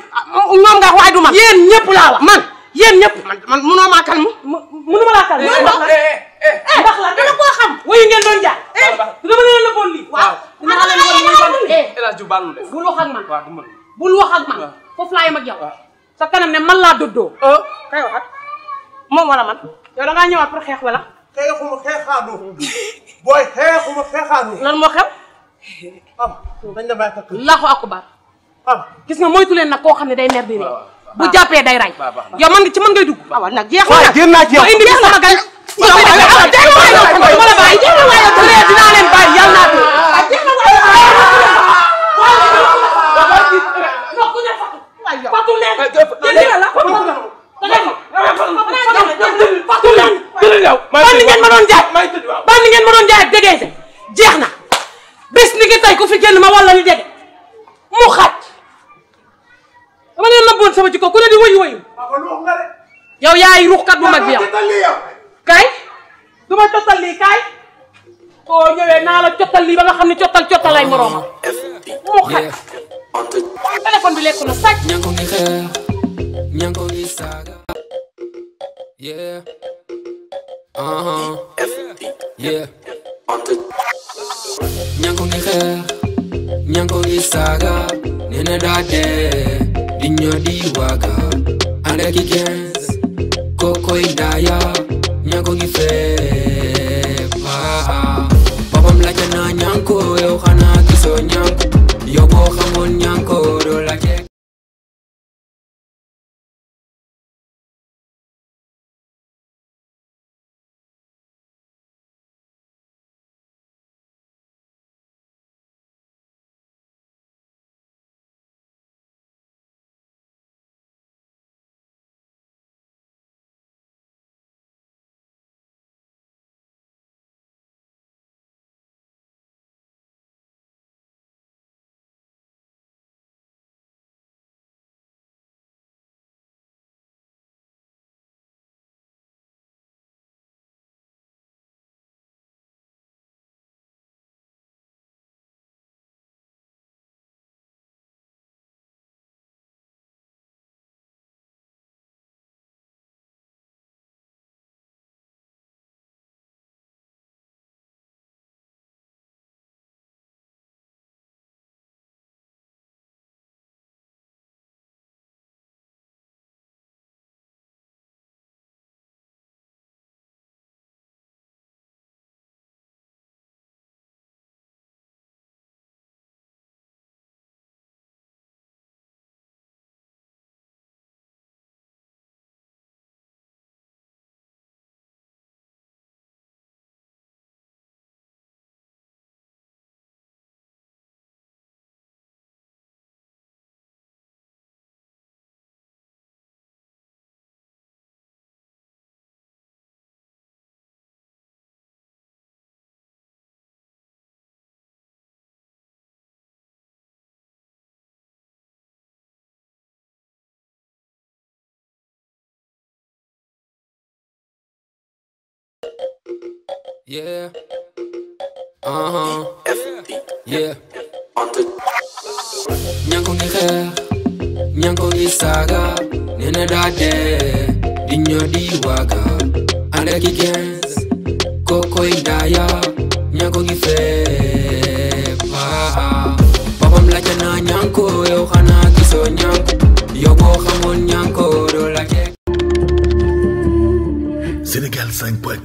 S5: ñom nga waaye du man yéen ñep la wax man. yéen ñep man mëno ma munoo mu mëno ma la kalmu. Eh, eh eh ndax la dama ko xam. wayu ngeen doon eh dama leen la bon li waaw dama leen lëppoon lii. El Hadj Ba lu de. bul wax ak man waaw du bul wax ak man foofu laa yem ak yow. sa kanam ne man la doddo euh kay wax ak mom wala man. yow da nga ñëwaat pour xex wala. xeexuma xeexaanu. booy xeexuma xeexaanu. lan moo xew. ah dañ la bàyyi takk. laaxu akubar. Ah. gis nga moytu len nak ko xamne ne day merdi ni bu jappé day ray yow man ci man ngay dug ah, waaw nak jeex na génn naa ci yow indi bi sama gan yow ay dégg nga waay yow dama la bàyyi dégg nga waay yow tëlee dinaa leen bàyyi yàlla naa tudd ah, bandi ngeen ma doon jaay bandi ngeen ma doon jaay ak dégeese jeex na bés ni ngi tey ku fi génn ma walla ni dege mu xaj dama leen la sama ci ko ku ne di wayu wayu yow yaay ruxkat bu mag bi kay duma total li kay ko ñewé na la total li ba nga xamni total total lay ay moroomam xat téléphone bi lekk na sàcc ñanko ngi xeex ñanko ngi saaga
S1: yeah
S2: uh -huh. yeah ñanko ngi xeex ñanko ngi saaga nee na daa dee Inyadi waga Andaki kikens, Koko indaya Nyanko gifepa Papa mlaja na nyanko Yo khana kiso nyanko Yo bo nyanko
S6: Yeah. Uh huh.
S2: Yeah. Nyango ni khe, nyango ni saga, nene dade, dinyo waga, ande ki kikens, koko indaya, nyango ni fepa. Papa mlacha na nyanko, yo khana kiso
S3: nyanko, yoko khamon nyanko, do la Sénégal 5.com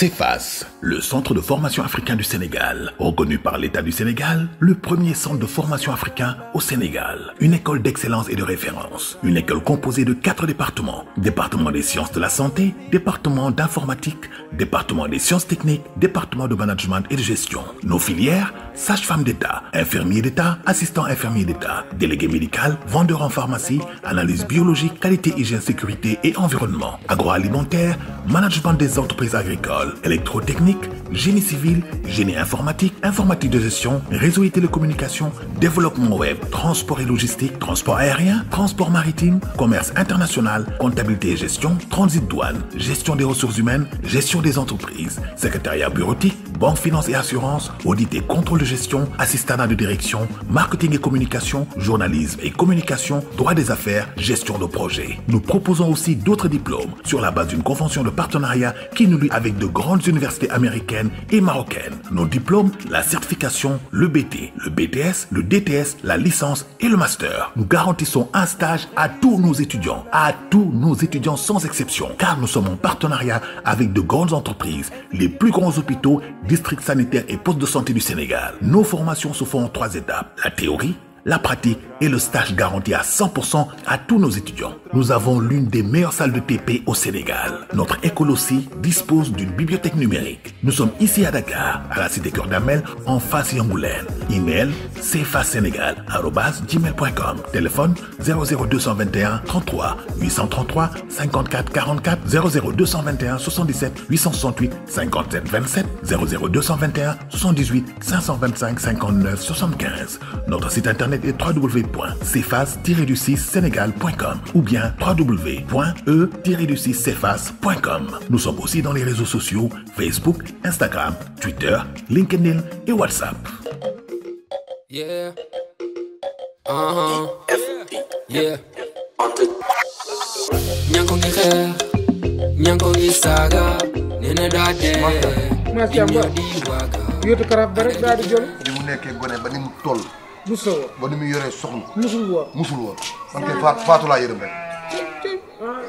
S4: CEFAS, le centre de formation africain du Sénégal, reconnu par l'État du Sénégal, le premier centre de formation africain au Sénégal, une école d'excellence et de référence, une école composée de quatre départements, département des sciences de la santé, département d'informatique, département des sciences techniques, département de management et de gestion. Nos filières sage-femme d'État, infirmier d'État, assistant infirmier d'État, délégué médical, vendeur en pharmacie, analyse biologique, qualité, hygiène, sécurité et environnement, agroalimentaire, management des entreprises agricoles, électrotechnique, génie civil, génie informatique, informatique de gestion, réseau et télécommunications, développement web, transport et logistique, transport aérien, transport maritime, commerce international, comptabilité et gestion, transit douane, gestion des ressources humaines, gestion des entreprises, secrétariat bureautique, banque finance et assurance, audit et contrôle de gestion, assistante de direction, marketing et communication, journalisme et communication, droit des affaires, gestion de projet. Nous proposons aussi d'autres diplômes sur la base d'une convention de partenariat qui nous lie avec de grandes universités américaines et marocaine. Nos diplômes, la certification, le BT, le BTS, le DTS, la licence et le master. Nous garantissons un stage à tous nos étudiants, à tous nos étudiants sans exception, car nous sommes en partenariat avec de grandes entreprises, les plus grands hôpitaux, districts sanitaires et postes de santé du Sénégal. Nos formations se font en trois étapes. La théorie, la pratique et le stage garantis à 100% à tous nos étudiants. Nous avons l'une des meilleures salles de TP au Sénégal. Notre école aussi dispose d'une bibliothèque numérique. Nous sommes ici à Dakar, à la cité Cœur d'Amel, en face Yangoulène. Email cfasénégal.com. Téléphone 00221 33 833 54 44 00221 77 868 57 27 00221 78 525 59 75. Notre site internet internet et www.cefas-du6sénégal.com ou bien www.e-du6cefas.com. Nous sommes aussi dans les réseaux sociaux Facebook, Instagram, Twitter, LinkedIn et WhatsApp.
S1: Yeah.
S2: Uh -huh. E yeah. ñanko ngi xeex ñanko ngi saaga nene daa dee ma di waaga yóotu karab ba rek daa di jël li mu nekkee toll
S5: musul woon ba ni muy yoree soxna. musul woon musul woon. man kay Fatou Fatou laa yërëm rek.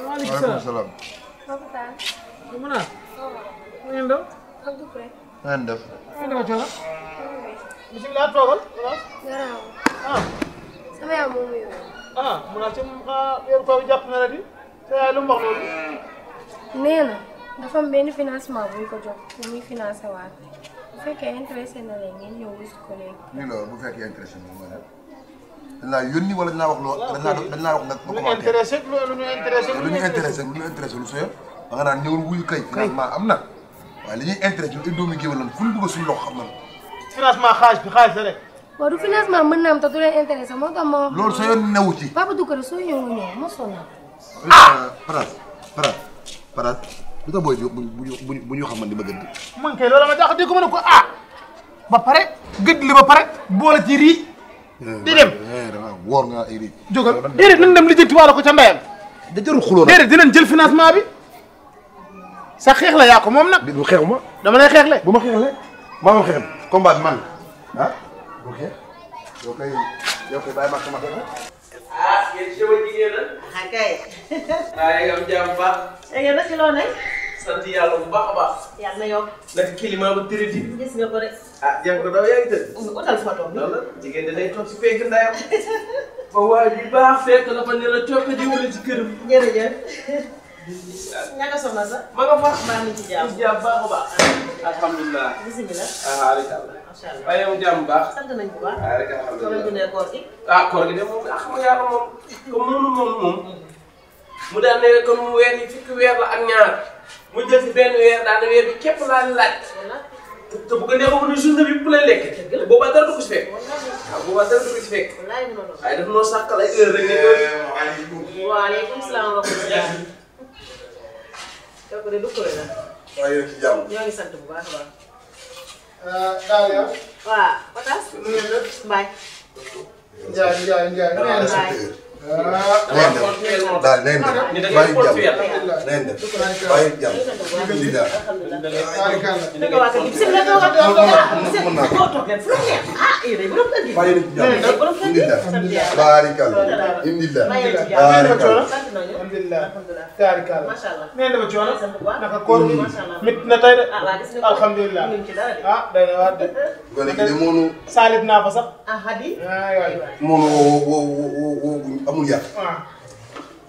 S5: waaleykum salaam.
S1: mën naa. mu ngi ndaw.
S5: na ngeen
S6: def. na ngeen def
S9: coono. bisimilah toogal. ah. sama yaay moom
S5: ah di. sa yaay lu mu wax loolu.
S9: nee na dafa am benn financement bu bu fekkee intéressé na leen ngeen ñëw wis ko léegi.
S5: ni loolu bu fekkee intéressé na moom la. dañ laa yónni wala dañ laa wax loo dañ laa dañ laa wax nga. lu ñu intéressé lu ñu intéressé lu ñu intéressé lu ñu intéressé lu sooy ba nga naan ñëwul wuyu kay. financement am na waaye li ñuy intéressé ñun doomi géwél lan fu ñu bëgg suñu loxo xam na. financement xaalis bi xaalis la rek. waaw du financement mën
S9: naa am te du leen intéressé moo tax moo. loolu soo yoon newu ci. Papa Doucouré soo ñëwul ñëw ma sonal.
S5: ah Faras Faras Faras lu bu bu bu ñu xam man li kay loolu ma jaaxal ko ma ne ko ah ba pare gëj li ba pare boole ci rii. Eh, di dem eh, woor nga ay rii. jógal déedéet nañ dem li jënti waalo ko ca ndeyam. da jarul xuloo déedéet dinañ jël financement bi sa xeex la yaa ko moom nag. du xeexu ma dama lay xeexle. bu ma xeexle maa ma xeexle combat bi man la ah bu xeex yow kay yow kay bàyyi ma sama xeex
S7: ah yéen jigéen la. ah kay.
S5: waaye ah, nga am jàmm bu baax.
S7: dégg nga naka loo ne.
S5: sant yàlla bu baax a baax. yàlla na yo nag climat bu tërëti. gis nga ko rek. ah jàng ko daw yaa ngi tëdd. utal photo bi. loolu la jigéen da day toog si pegg ndayam. [LAUGHS] ba waa bi baa fekk na fa ne la coppe jiwale ci këram. jërëjëf. [LAUGHS] ñaka soxna sax. ma nga fa. maa ngi ci jàmm ci jàmm baax a baax. alhamdulilah. bisimilah. ah alika allah. macha allah waaye yow jàmm baax. ah rek alhamdulilah soo ah koor gi de moom ah xam nga yàlla moom. comme moom [LAUGHS] mu daan ne comme weer yi la ak ñaar mu jël si benn weer daal weer bi képp laa laaj. te bu ko neexoon ne journée bi bu lay lekk. dëgg la boobaa dara du ko si fekk. waaw boobaa dara du ko si fekk. walaay dina doon waaye daf noo sàkkal ay heure rek ne eh, loolu. waaleykum salaam wa rahmatulah.
S6: donc de dugg la daal. waaw yéen a ngi ci jàmm.
S5: ñoo ngi sant bu baax a baax. Euh, daal yow. waaw Fatas. nu ngeen def. Mbaye. Ndiaye Ndiaye Ndiaye. daal nañ def bàyyi jàmm nañ def bàyyi
S3: jàmm lii daal. bàyyi jàmm
S5: indi la
S8: baarikal indi la baarikal.
S5: alhamdulilah. naka koor bi mit na tey de. alhamdulilah ah day na waar de. gone gi de moonu. saalit naa fa sax. moonu woo woo woo woo amul yar.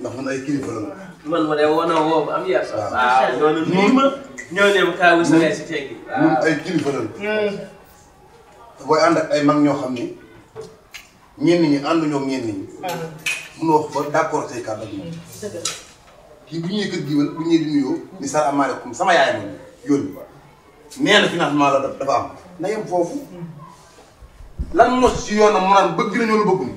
S5: ndax man ay kilifa la. man ma de woo na woo ba am yar. waaw ah, nii ma. ñoo dem kaawu sa ngay si teggi. ñun ay kilifa la. Hmm. booy ànd ak ay mag ñoo xam ni ñenn ñi ànduñoo ak ñenn ñi. Hmm. mun wax hmm. kii bu ñuy kër giiwal bu ñuy di nuyoo. ni salaamu aleykum sama yaay ma yónni. nee na financement la dafa am. na yem foofu. lan mos si yoonam mu naan bëgg nañoo lu bëgguñu.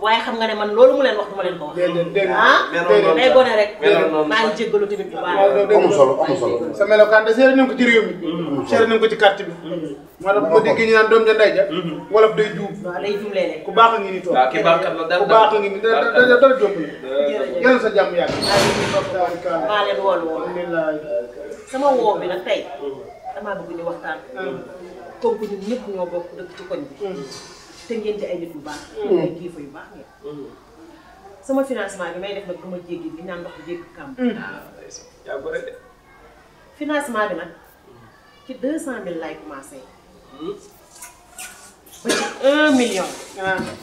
S5: waaye xam nga ne man loolu mu leen wax du ma leen ko wax. déedéet déedéet ah day gone rek. maa ngi jéggalu tamit bu baax. amul solo amul solo. sa melokaan de seere nañ ko ci réew mi. seere nañ ko ci carte bi. maa ngi ko déggee ñu naan doom ja ndey ja. Mhm. wolof day juum. waaw day juum léeg-léeg. ku baax a ngi nii toog ku baax a ngi nii dara dara
S8: dara jomb la. yàlla sa jàmm
S5: yàgg. maa leen woolu woon. sama woo bi
S7: nag tey mhm. damaa bëgg ñu waxtaan. comme que ñun ñëpp ñoo bokk dëkk ci koñ bi mhm. te ngeen di ay nit yu baax. Mm. ay kilifa yu baax ngeen.
S5: Mm. sama financement bi may def nag ma jéggi bi naan ndox jéggi kàmb. Mm. Ah, financement bi nag ci deux cent mille laay commencé. ba ci un million. Ah. waaw.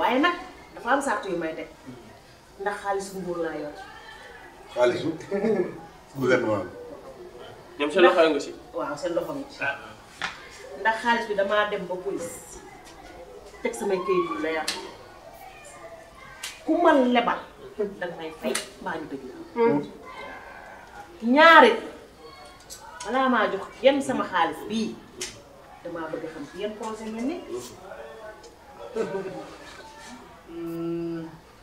S5: waaye nag. dafa am sartu may teg ndax xaalisu nguur laa yor. xaalisu gouvernement bi. ñoom seen loxo nga si.
S7: seen loxo nga ci. Ah. ndax xaalis bi damaa dem ba police teg samay kayit yu la yàq ku ma lebal danga may fay mbaa ñu
S9: dëgg la. ñaari balaa maa jox yenn sama
S7: xaalis bii damaa bëgg xam ci yenn projet ngeen ne.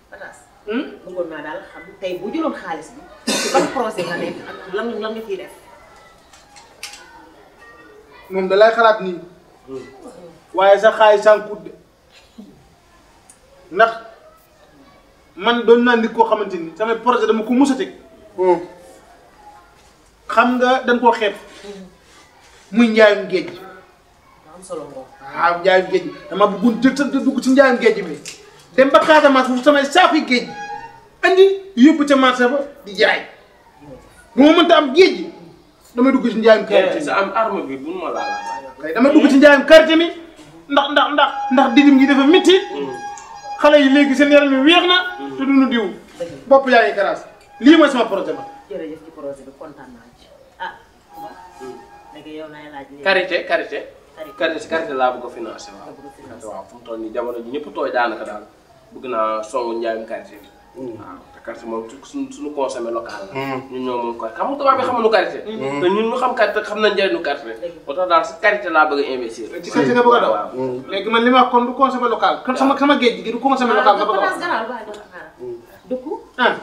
S7: Fatas. Hmm? bëggoon naa daal xam tey bu jëloon
S5: xaalis bi ci ban projet moom da lay xalaat nii hmm. waaye sa xaay sànkut de ndax man doon naa nit koo xamante ni samay projet dama ko mus a teg hmm. xam nga dañ koo xeeb muy njaayum géej am solo waaw njaayum géej gi dama bëggoon jël sa dugg ci njaayum géej bi. dem ba casamance bu samay saafi géej andi yóbbu ca marché ba di jaay bu ma mënta am géej gi dugg ci njaayam quartier ya, mi am arme bi bu ma laa damay dugg ci njaayam quartier mi ndax ndax ndax ndax didim gi dafa métti xale hmm. yi léegi seen yaram mi weex na hmm. te duñu diw bopp yaa ngi garaas lii mooy sama projet ma
S7: jërëjëf ci projet bi kontaan naa ci ah hmm. léegi yow
S2: naa laaj karité
S5: karité karité karité laa bëgg a financé waaw waaw fu mu toll nii jamono ji ñëpp tooy daanaka daal bëgg naa songu njaayum karité bi. Mm. waaw te karité moom suñ suñu consommé local la. Mm. ñun ñoo moom ko xam nga tubaab bi xamuñu karité. Mm. te ñun ñu xam karité xam nañ njëriñu karité. ba tax daal si karité laa bëgg a investir. ci karité nga bëgg a daw waaw. léegi man li ma wax kon du consommé local. kon sama sama géej gi du consommé ah, local nga bëgg a wax. ah.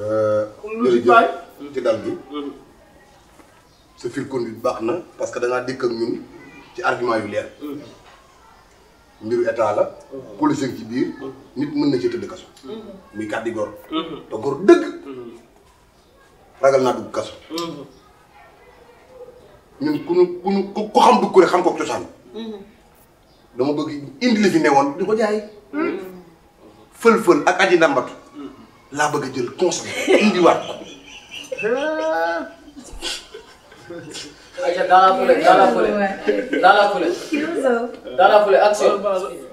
S5: Euh, jërëjëf ci dal bi. sa fil conduite baax na parce que da ngaa dikk ak ñun ci argument yu leer. mbiru état la. police ci biir. nit mën na ci tëdd kaso mhm. muy kàddi gor mhm. te gor dëgg mhm. ragal naa dugg kaso ñun ku ñu ku ñu ku xam dugg rek xam ko cosaan dama bëgg indi li fi newoon di ko jaay fël-fël ak aji ndàmbatu laa bëgg a jël conseil ko aja dans la foulée dans la foulée dans la foulée dans la foulée action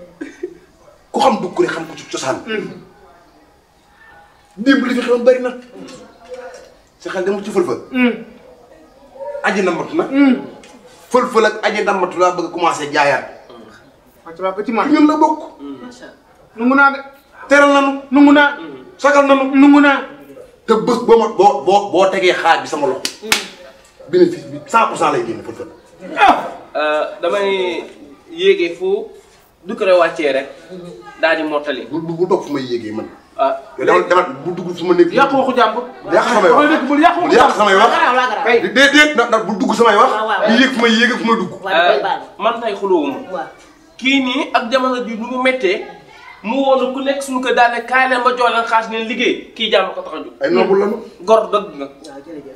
S5: ko xam dugg rek xam ko ci ciosan démb li fi xam bari na. sa xal demul ci fulfa hmm. aji namatu na. fulfa hmm. fël ak aji namatu la bëgg commencé jaayaat. waaw ba ci ma ñun la bokk. macha allah nungu naa de. teral nanu nungu naa. sagal nañu nungu naa. te bëss bo bo bo boo xaar bi sama lox hmm. bénéfice bi 100% lay génn fulfa ah! euh damay yégué fu. du ko wàccee rek daal di mottali. bu bu bu doog fu man. ah dama dama bu dugg su ma nekk. yàq waxu jàmbur. yàq samay wax yàq samay wax. déedéet ndax bu dugg samay wax. di yéeg fu may yéegee fu may dugg. Eh, man tay xulóowuma. kii nii ak jamono ji nu mu mettee mu woon ku nekk suñu ko daanee kaay leen ma jox leen xaalis liggéey kii jàmm ko tax a jóg. ay noobu lanu. gor dëgg nga.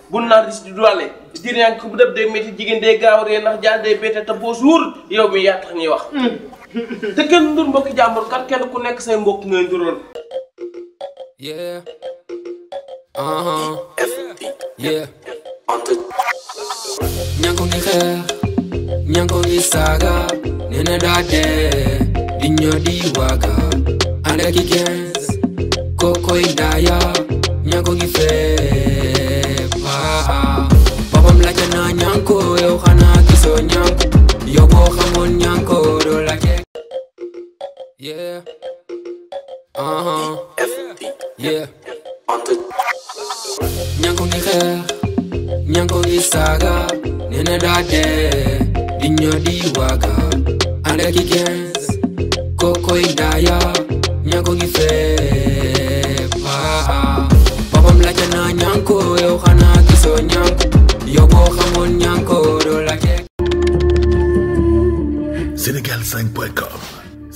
S5: bu naan di doole. diir yaa ngi ko bu def day métti jigéen day gaaw ree ndax jaar day bette te boo suur yow mi yaa tax ñuy wax hmm. te kenn ndur mbokki jàmbur kat kenn ku nekk say mbokk ngay nduroon. yeah.
S2: Uh-huh. yeah. ña ko ngi xeex ña ko ngi saaga nee daa dee di ñoo di waaga ànd ak i gens kookoy daaya ña ko ngi feepa boppam laajte naa ña ko yow xanaa gisoo ña ko yow boo xamoon ña ko Yeah. Uh-huh. Yeah. Nyanko di xeex Nyanko di saaga Nene daa dee Di ñoo di waaga Ànd ak i gens Kokoy ndaaya Nyanko gi feeb Boppam la ca
S3: naa Nyanko Yow xanaa gisoo Nyanko Yow boo xamoon Nyanko doo la Sénégal5.com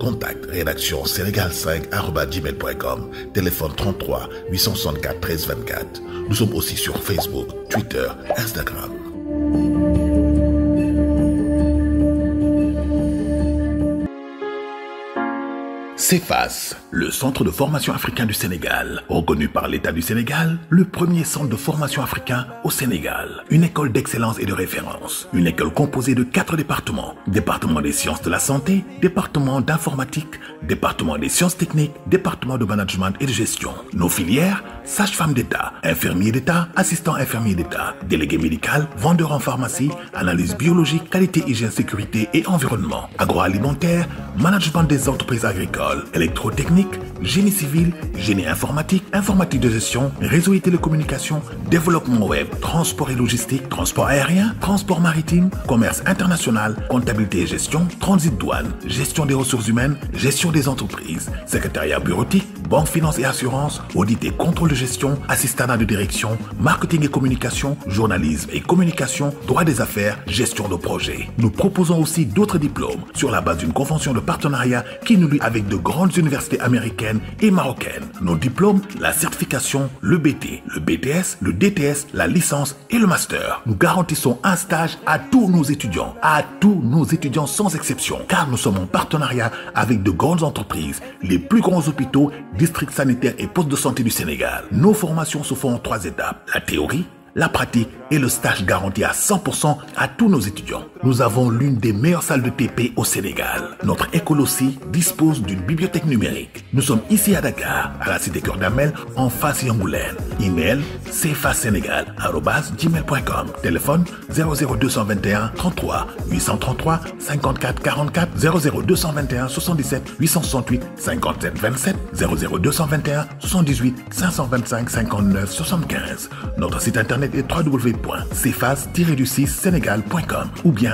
S4: Contact rédaction sénégal 5gmailcom téléphone 33 864 1324 Nous sommes aussi sur Facebook, Twitter, Instagram. CEFAS, le centre de formation africain du Sénégal, reconnu par l'État du Sénégal, le premier centre de formation africain au Sénégal, une école d'excellence et de référence, une école composée de quatre départements, département des sciences de la santé, département d'informatique, département des sciences techniques, département de management et de gestion. Nos filières, sage-femme d'État, infirmier d'État, assistant infirmier d'État, délégué médical, vendeur en pharmacie, analyse biologique, qualité, hygiène, sécurité et environnement, agroalimentaire, management des entreprises agricoles, électrotechnique, génie civil, génie informatique, informatique de gestion, réseau et télécommunications, développement web, transport et logistique, transport aérien, transport maritime, commerce international, comptabilité et gestion, transit douane, gestion des ressources humaines, gestion des entreprises, secrétariat bureautique, banque finance et assurance, audit et contrôle de gestion, assistant de direction, marketing et communication, journalisme et communication, droit des affaires, gestion de projet. Nous proposons aussi d'autres diplômes sur la base d'une convention de partenariat qui nous lie avec de grandes universités américaines et marocaines. Nos diplômes, la certification, le BT, le BTS, le DTS, la licence et le master. Nous garantissons un stage à tous nos étudiants, à tous nos étudiants sans exception, car nous sommes en partenariat avec de grandes entreprises, les plus grands hôpitaux, districts sanitaires et postes de santé du Sénégal. Nos formations se font en trois étapes, la théorie, la pratique et le stage garanti à 100% à tous nos étudiants nous avons l'une des meilleures salles de TP au Sénégal. Notre école aussi dispose d'une bibliothèque numérique. Nous sommes ici à Dakar, à la cité Cœur d'Amel, en face Yangoulène. Email gmail.com Téléphone 00221 33 833 54 44 00221 77 868 57 27 00221 78 525 59 75. Notre site internet est www.cfas-sénégal.com ou bien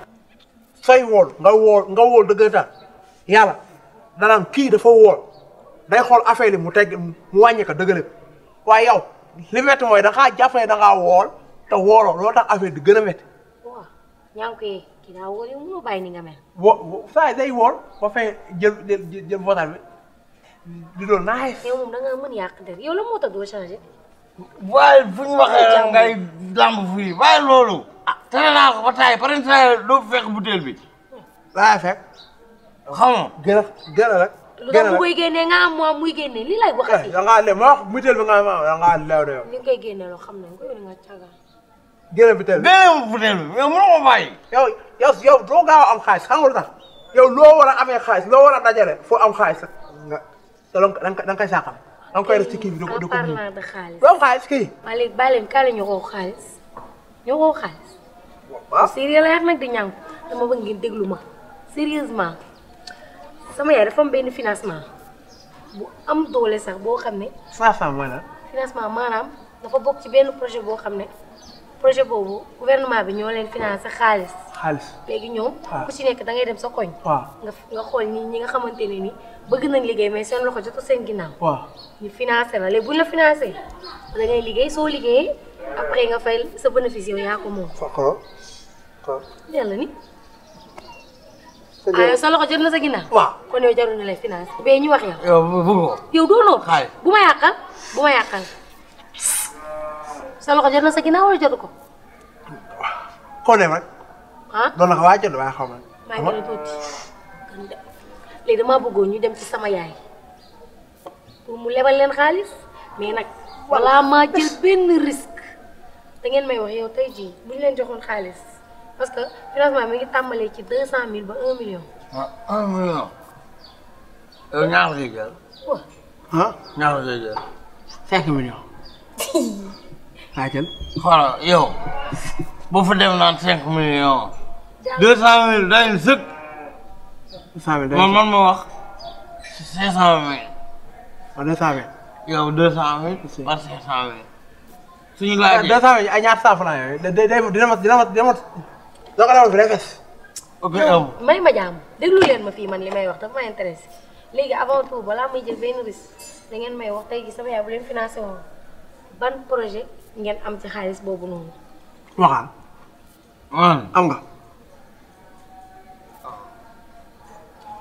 S5: sooy wool nga wool nga wool dëggantaan yàlla danaan kii dafa wool day xool affaire yi mu teg mu wàññi ko dëgg waaye yow li mooy da ngaa jàpp ne da ngaa wool te wooloo loolu tax affaire di gën a métti.
S9: waaw ñaaw kay kii daa wool yow mënoo bàyyi ni nga mel.
S5: wo saa day wool ba fay bi di doon naaj. yow
S9: moom da ngaa mën yàq der yow moo tax doo changé.
S5: waaye fu ñu waxee lamb fii waaye loolu. tere naa ko ba taay pare saa doo fekk butéel bi. laa fekk. xam nga gën muy
S9: génne nga am moom muy génne lii lay waxati. Eh,
S5: da ngaa le ma wax butéel bi nga am ah, da ngaa lew de loo xam ne nga loo war a amee xaalis am xaalis kii bi
S9: da kii. waaw sérieux la yàq nag di ñànku dama bëgg ngeen déglu ma sérieusement sama yaay dafa benn financement bu am doole sax boo xam ne.
S5: financement maanaam.
S9: financement maanaam dafa bokk ci benn projet boo xam ne projet boobu gouvernement bi ñoo leen financé xaalis. xaalis léegi ñoom. ku ci nekk da ngay dem sa koñ. nga nga xool ñi ñi nga xamante ne ni bëgg nañ liggéey mais seen loxo jotu seen ginnaaw. waaw ñu financé la léegi bu la financé da ngay liggéey soo liggéeyee après nga fay sa bénéfice yow yaa ko moom. yàlla ni. ah sa loxo na sa ginnaaw. kon yow jarul na lay finance wax
S7: yow. ko.
S9: bu ma yàqal bu ma yàqal. na sa ginnaaw wala jotu ko.
S7: koo dem rek.
S5: ah doon na ko waa jot
S9: léegi damaa bëggoon ñu dem ci sama yaay pour mu lebal leen xaalis mais nag. wala maa jël benn risque. da ngeen may wax yow tey jii bu leen joxoon xaalis. parce que financement mi ngi tàmbalee ci deux cent mille ba un million.
S5: ah un million. yow ñaata lay jël. ah ñaata lay jël. cinq millions. naa jël. xoolal yow boo fa dem naan cinq millions. deux cent mille day sëkk.
S7: deux cent mille day man man
S5: ma wax. cinq cent mille. waaw deux cent mille. yow deux cent mille. par cinq cent mille. suñu laajee deux cent mille ay ñaata cent franc yooyu dina ma dina ma dina ma. doo ko demoon fi rek fes.
S9: may ma jàmm déglu leen ma fii man li may wax dafa ma intéressé léegi avant tout balaa may jël benn risque da ngeen may wax tey gi sama yaay bu leen financé woon ban projet ngeen am ci xaalis boobu noonu.
S5: waxaan. am nga.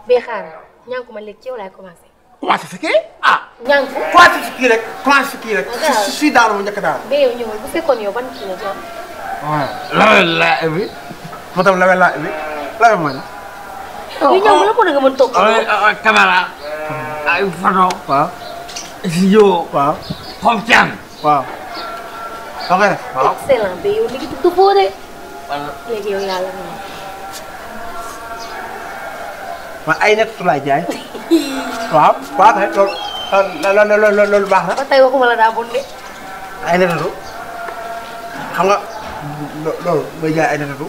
S9: bee xaaral ñànku man léegi ci yow laay commencé. commencé si kii ah. ñànku commencé
S5: si kii rek commencé si kii rek. Ah, si si daara mu njëkk daara. bee Macam level-level ni. Level mana? Ini yang mana
S9: pun dengan bentuk. Oh, kamera.
S7: Inferno. Wow. Leo. Wow. Hong Kong. Wow. Okay. Wow.
S9: Excellent. Bayu ni kita tu boleh.
S8: Lagi yang lain.
S7: Mà ai nét lại vậy?
S5: Quá, quá thế luôn. Lên lên lên lên lên ba.
S9: Bắt tay không là đau bốn đấy.
S5: Ai nét rồi. Không ạ. Rồi bây giờ ai nét rồi.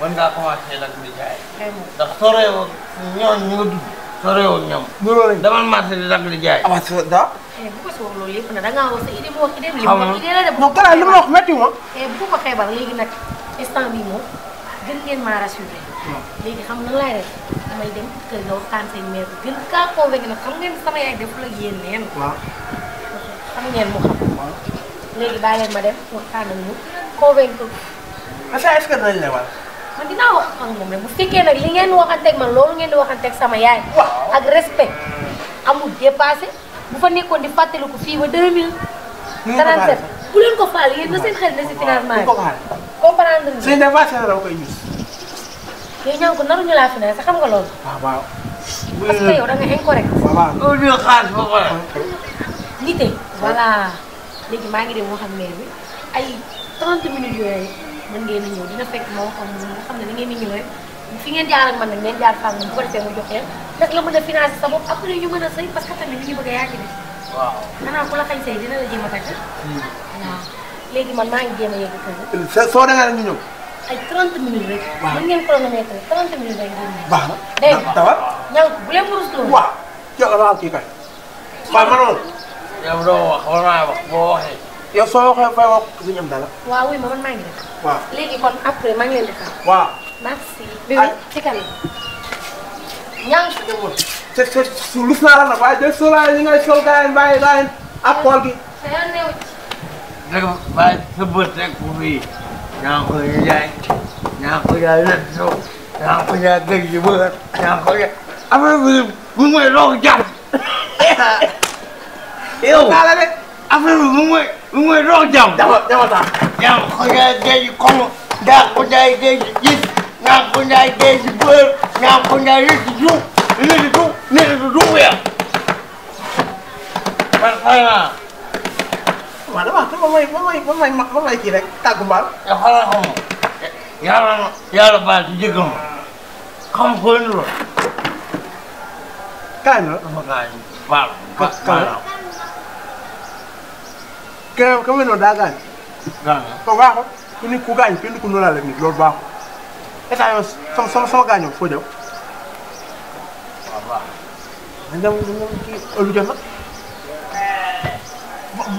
S7: mën ngaa commencé nag di jaay. ndax soo reyoon
S5: ñooñu ñu nga dund. soo reyoon ñoom. mënoo lañ demal marché di nag di jaay. ah waaw da.
S9: bu ko soog loolu yëpp nag da ngaa wax sa idée wax idée li mu wax idée la de. non gannaaw li mu wax métti ma. bu ko xeebal léegi nag instant bii moom gën ngeen maa rassuré. léegi xam nga laay def damay dem kër nga waxtaan seen maire bi gën kaa convaincre nag xam ngeen sama yaay def la yéen neen. waaw xam ngeen mu xam. léegi bàyyi leen ma dem waxtaan ak ñu convaincre.
S7: est-ce que dinañ la wàll.
S9: man dinaa wax ak moom rek bu fekkee nag li ngeen waxanteeg man loolu ngeen di waxanteeg sama yaay. ak respect amul dépassé bu fa nekkoon di ko fii ba deux mille. trente-sept bu leen ko faal yéen yooyu ñoo ko naruñu laa financé xam nga loolu.
S5: waaw waaw.
S7: parce
S9: léegi maa ngi dem moo ne bi ay 30 minutes yooyu. mën ngeen a ñëw dina fekk moo xam nga xam ne ni ngeen di ñëwee fi ngeen jaar ak man nag ngeen jaar fànn bu ko defee mu jox leen nag la mën a financé sa bopp après ñu mën a sëy parce que tamit li ñu bëgg a yaa ci des.
S5: waaw maanaam ku
S9: la xañ sëy dina la jéem a takk.
S5: waaw
S9: léegi man maa ngi jéem a yegg kër.
S5: sa soo demee rek ñu ñëw.
S9: ay 30 minutes rek. waaw mën ngeen chronomètre 30 minutes rek.
S5: baax na dégg nga
S9: ñànk bu leen murus doon. waaw
S5: jox la kii kay. waaw man woon. yow doo wax war naa wax boo waxee. yow soo waxee fay wax suñu am dara.
S9: waaw wuy ma man maa ngi def. waaw léegi kon après maa ngi leen di xaar. waaw merci. bébé ci kanam.
S5: ñaan su demul. te te su lus naa la nag waaye jël solaay ñi ngay sol gars yi bàyyi daa leen ak kool gi.
S9: sa yoon neew ci.
S5: dëgg waaye sa bët rek fu muy ñaa ko
S7: jaay ñaa ko jaay lépp soo ñaa ko jaay dëgg yi bëgg ñaa ko jaay affaire bi bu muy doog jàpp yow. affaire bi bu muy. lu muy doon jàmm. dama dama tax. jàmm ku ñaay géej koŋŋ. jàmm ku ñaay géej gis. jàmm ku ñaay géej bër. jàmm ku ñaay yëkkati jiw. yëkkati du yëkkati du wu ya. man fay naa.
S5: waaw damaa ba may ba may ba may ba may kii rek tàggu mbaal. te xoolal xam nga. yàlla na yàlla baal ci jéggal ma. xam ko ni loolu. kaay na la. dafa kaay baal. kaay keneen ka mel noonu daa gaañ. waaw waaw ku nit ku gaañ kenn du ko nulaale nit loolu baaxul état yow sama sama sama gaañoo foo jëm. waaw waaw. dañ dem dañ dem kii ëllu na.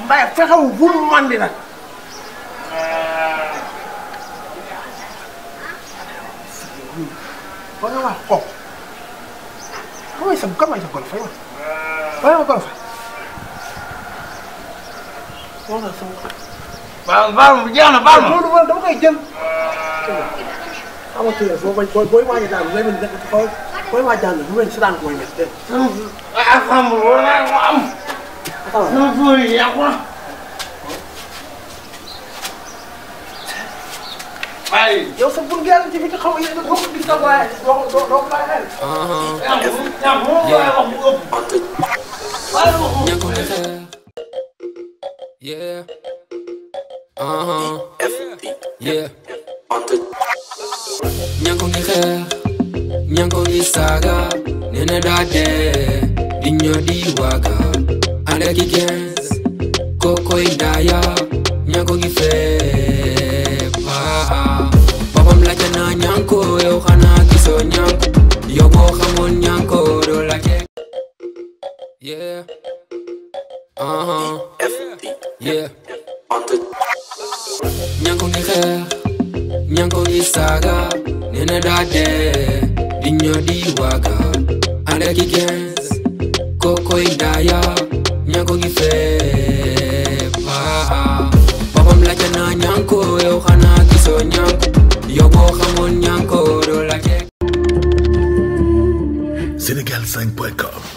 S5: Mbaye fexewu bu mu mën di nag. war soxna su waaw baal ma jeex na baal ma loolu man dama koy jël amatul boo bañ booy booy waaj a daanu ngay mën nekk xaw booy waaj daanu bu mel si daan booy mel dégg nga. alhamdulilah naa ko am. alhamdulilah sama góor yi yàqu na. waaye. yow sa bun gerte gi nga xam ne yéen a bokk gis nga waaye doo ko doo ko bàyyi xel.
S6: yaa ngi ko yaa ngi ko
S5: moo ko
S1: wax bu ëpp.
S5: waaye waxu.
S1: Yeah. Uh huh. Yeah.
S2: Nyango ni khe, nyango ni saga, nene dade, dinyo diwaga, ale kikens, koko indaya, nyango ni fe, pa. Papa mlacha na nyango, yo kiso nyango, yo go nyango, do like
S1: Yeah. Uh huh.
S2: Yeah. Nyanko ni khair, nyanko ni saga, nene dade, dinyo diwaga. Anda kikens, koko idaya, nyanko ki fepa. Papa mlacha na nyanko, yo khana kiso
S3: nyanko, yoko khamon nyanko, do lake. Sénégal5.com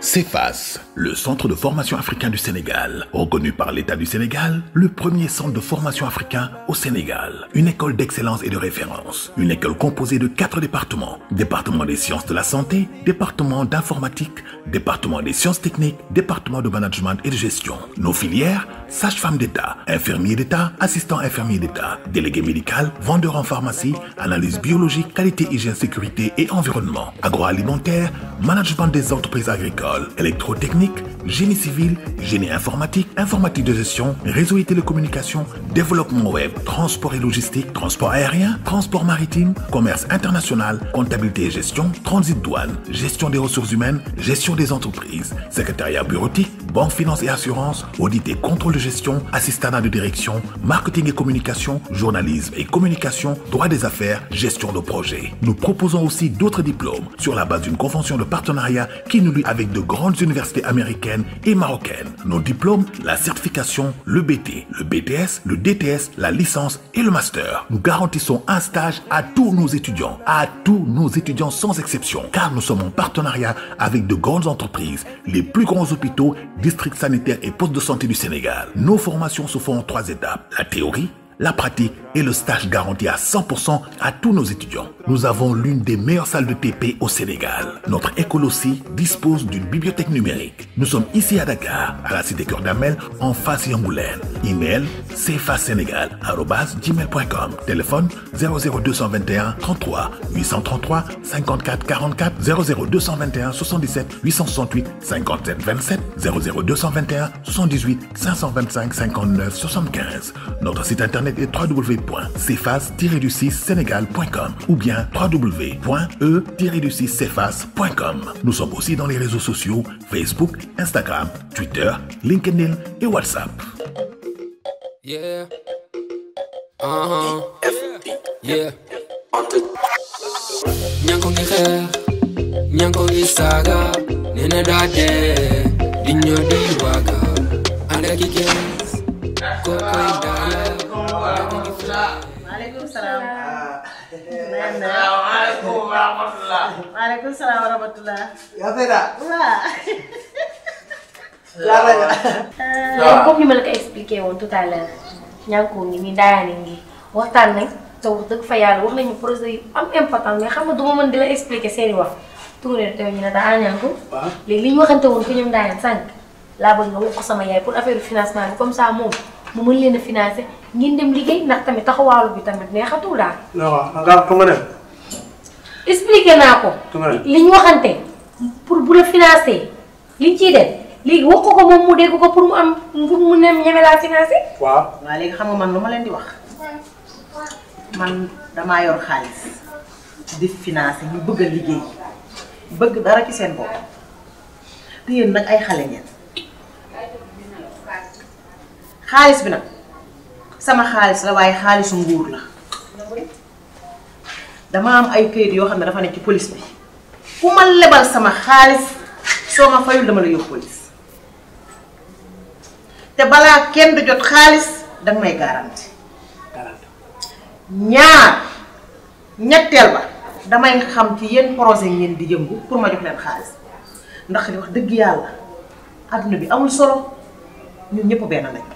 S4: CEFAS, le centre de formation africain du Sénégal, reconnu par l'État du Sénégal, le premier centre de formation africain au Sénégal, une école d'excellence et de référence, une école composée de quatre départements, département des sciences de la santé, département d'informatique, département des sciences techniques, département de management et de gestion. Nos filières, sage-femme d'État, infirmier d'État, assistant infirmier d'État, délégué médical, vendeur en pharmacie, analyse biologique, qualité, hygiène, sécurité et environnement, agroalimentaire, management des entreprises agricoles, électrotechnique, génie civil, génie informatique, informatique de gestion, réseau et télécommunications, développement web, transport et logistique, transport aérien, transport maritime, commerce international, comptabilité et gestion, transit douane, gestion des ressources humaines, gestion des entreprises, secrétariat bureautique, banque finance et assurance, audit et contrôle de gestion, à de direction, marketing et communication, journalisme et communication, droit des affaires, gestion de projet. Nous proposons aussi d'autres diplômes sur la base d'une convention de partenariat qui nous lie avec de grandes universités américaines et marocaine. Nos diplômes, la certification, le BT, le BTS, le DTS, la licence et le master. Nous garantissons un stage à tous nos étudiants, à tous nos étudiants sans exception, car nous sommes en partenariat avec de grandes entreprises, les plus grands hôpitaux, districts sanitaires et postes de santé du Sénégal. Nos formations se font en trois étapes. La théorie, la pratique et le stage garantis à 100% à tous nos étudiants. Nous avons l'une des meilleures salles de TP au Sénégal. Notre école aussi dispose d'une bibliothèque numérique. Nous sommes ici à Dakar, à la cité Cœur d'Amel, en face Yangoulène. Email cfasénégal.com. Téléphone 00221 33 833 54 44 00221 77 868 57 27 00221 78 525 59 75. Notre site internet internet et wwwcefas du 6 senegalcom ou bien www.e-du6cefas.com. Nous sommes aussi dans les réseaux sociaux Facebook, Instagram, Twitter, LinkedIn et WhatsApp.
S1: Yeah.
S2: Uh -huh. yeah. ñaa ngi ko saga, xeex ñaa ngi di ñëw di waaga ànd ak
S7: salaam. asalaamaaleykum wa rahmatulah. waaleykum salaam wa rahmatulah. yow Feda. waaw. laa la la. comme
S9: ni ma la ko expliqué woon tout à l'heure ñàkkoo ngi nii daayaane ngi waxtaan nañ te wax dëgg fa yàlla wax nañu projet yu am important mais xam nga duma mën di la expliqué seeni wax. tuure teew ñu ne daa ñànku. waaw léegi li ñu waxante woon ko ñoom daayaan sànq laa bëgg nga wax ko sama yaay pour affaire financement bi comme ça moom. mu mën leen a financé ngeen dem liggéey ndax tamit taxawaalu bi tamit neexatul daal.
S5: non waaw nga ko nga
S9: naa ko. li ñu waxante pour bu la financé li ñu ciy def léegi wax ko ko moom mu dégg ko pour mu am pour mu nem ñeme laa financé.
S7: waaw waaw léegi xam nga man lu ma leen di wax man damaa yor xaalis di financé ñu bëgg a liggéey bëgg dara ci seen bopp te yéen nag ay xale ngeen. xaalis bi nag sama xaalis la waaye xaalisu nguur la dama am ay kayit yoo xam ne dafa nekk ci police bi ku ma lebal sama xaalis soo ma fayul dama la yóbbu police te balaa kenn du jot xaalis danga may garanti ñaar ñetteel ba damay xam ci yenn projet ngeen di yëngu pour ma jox leen xaalis ndax li wax dëgg yàlla adduna bi amul solo ñun ñëpp benn lañ.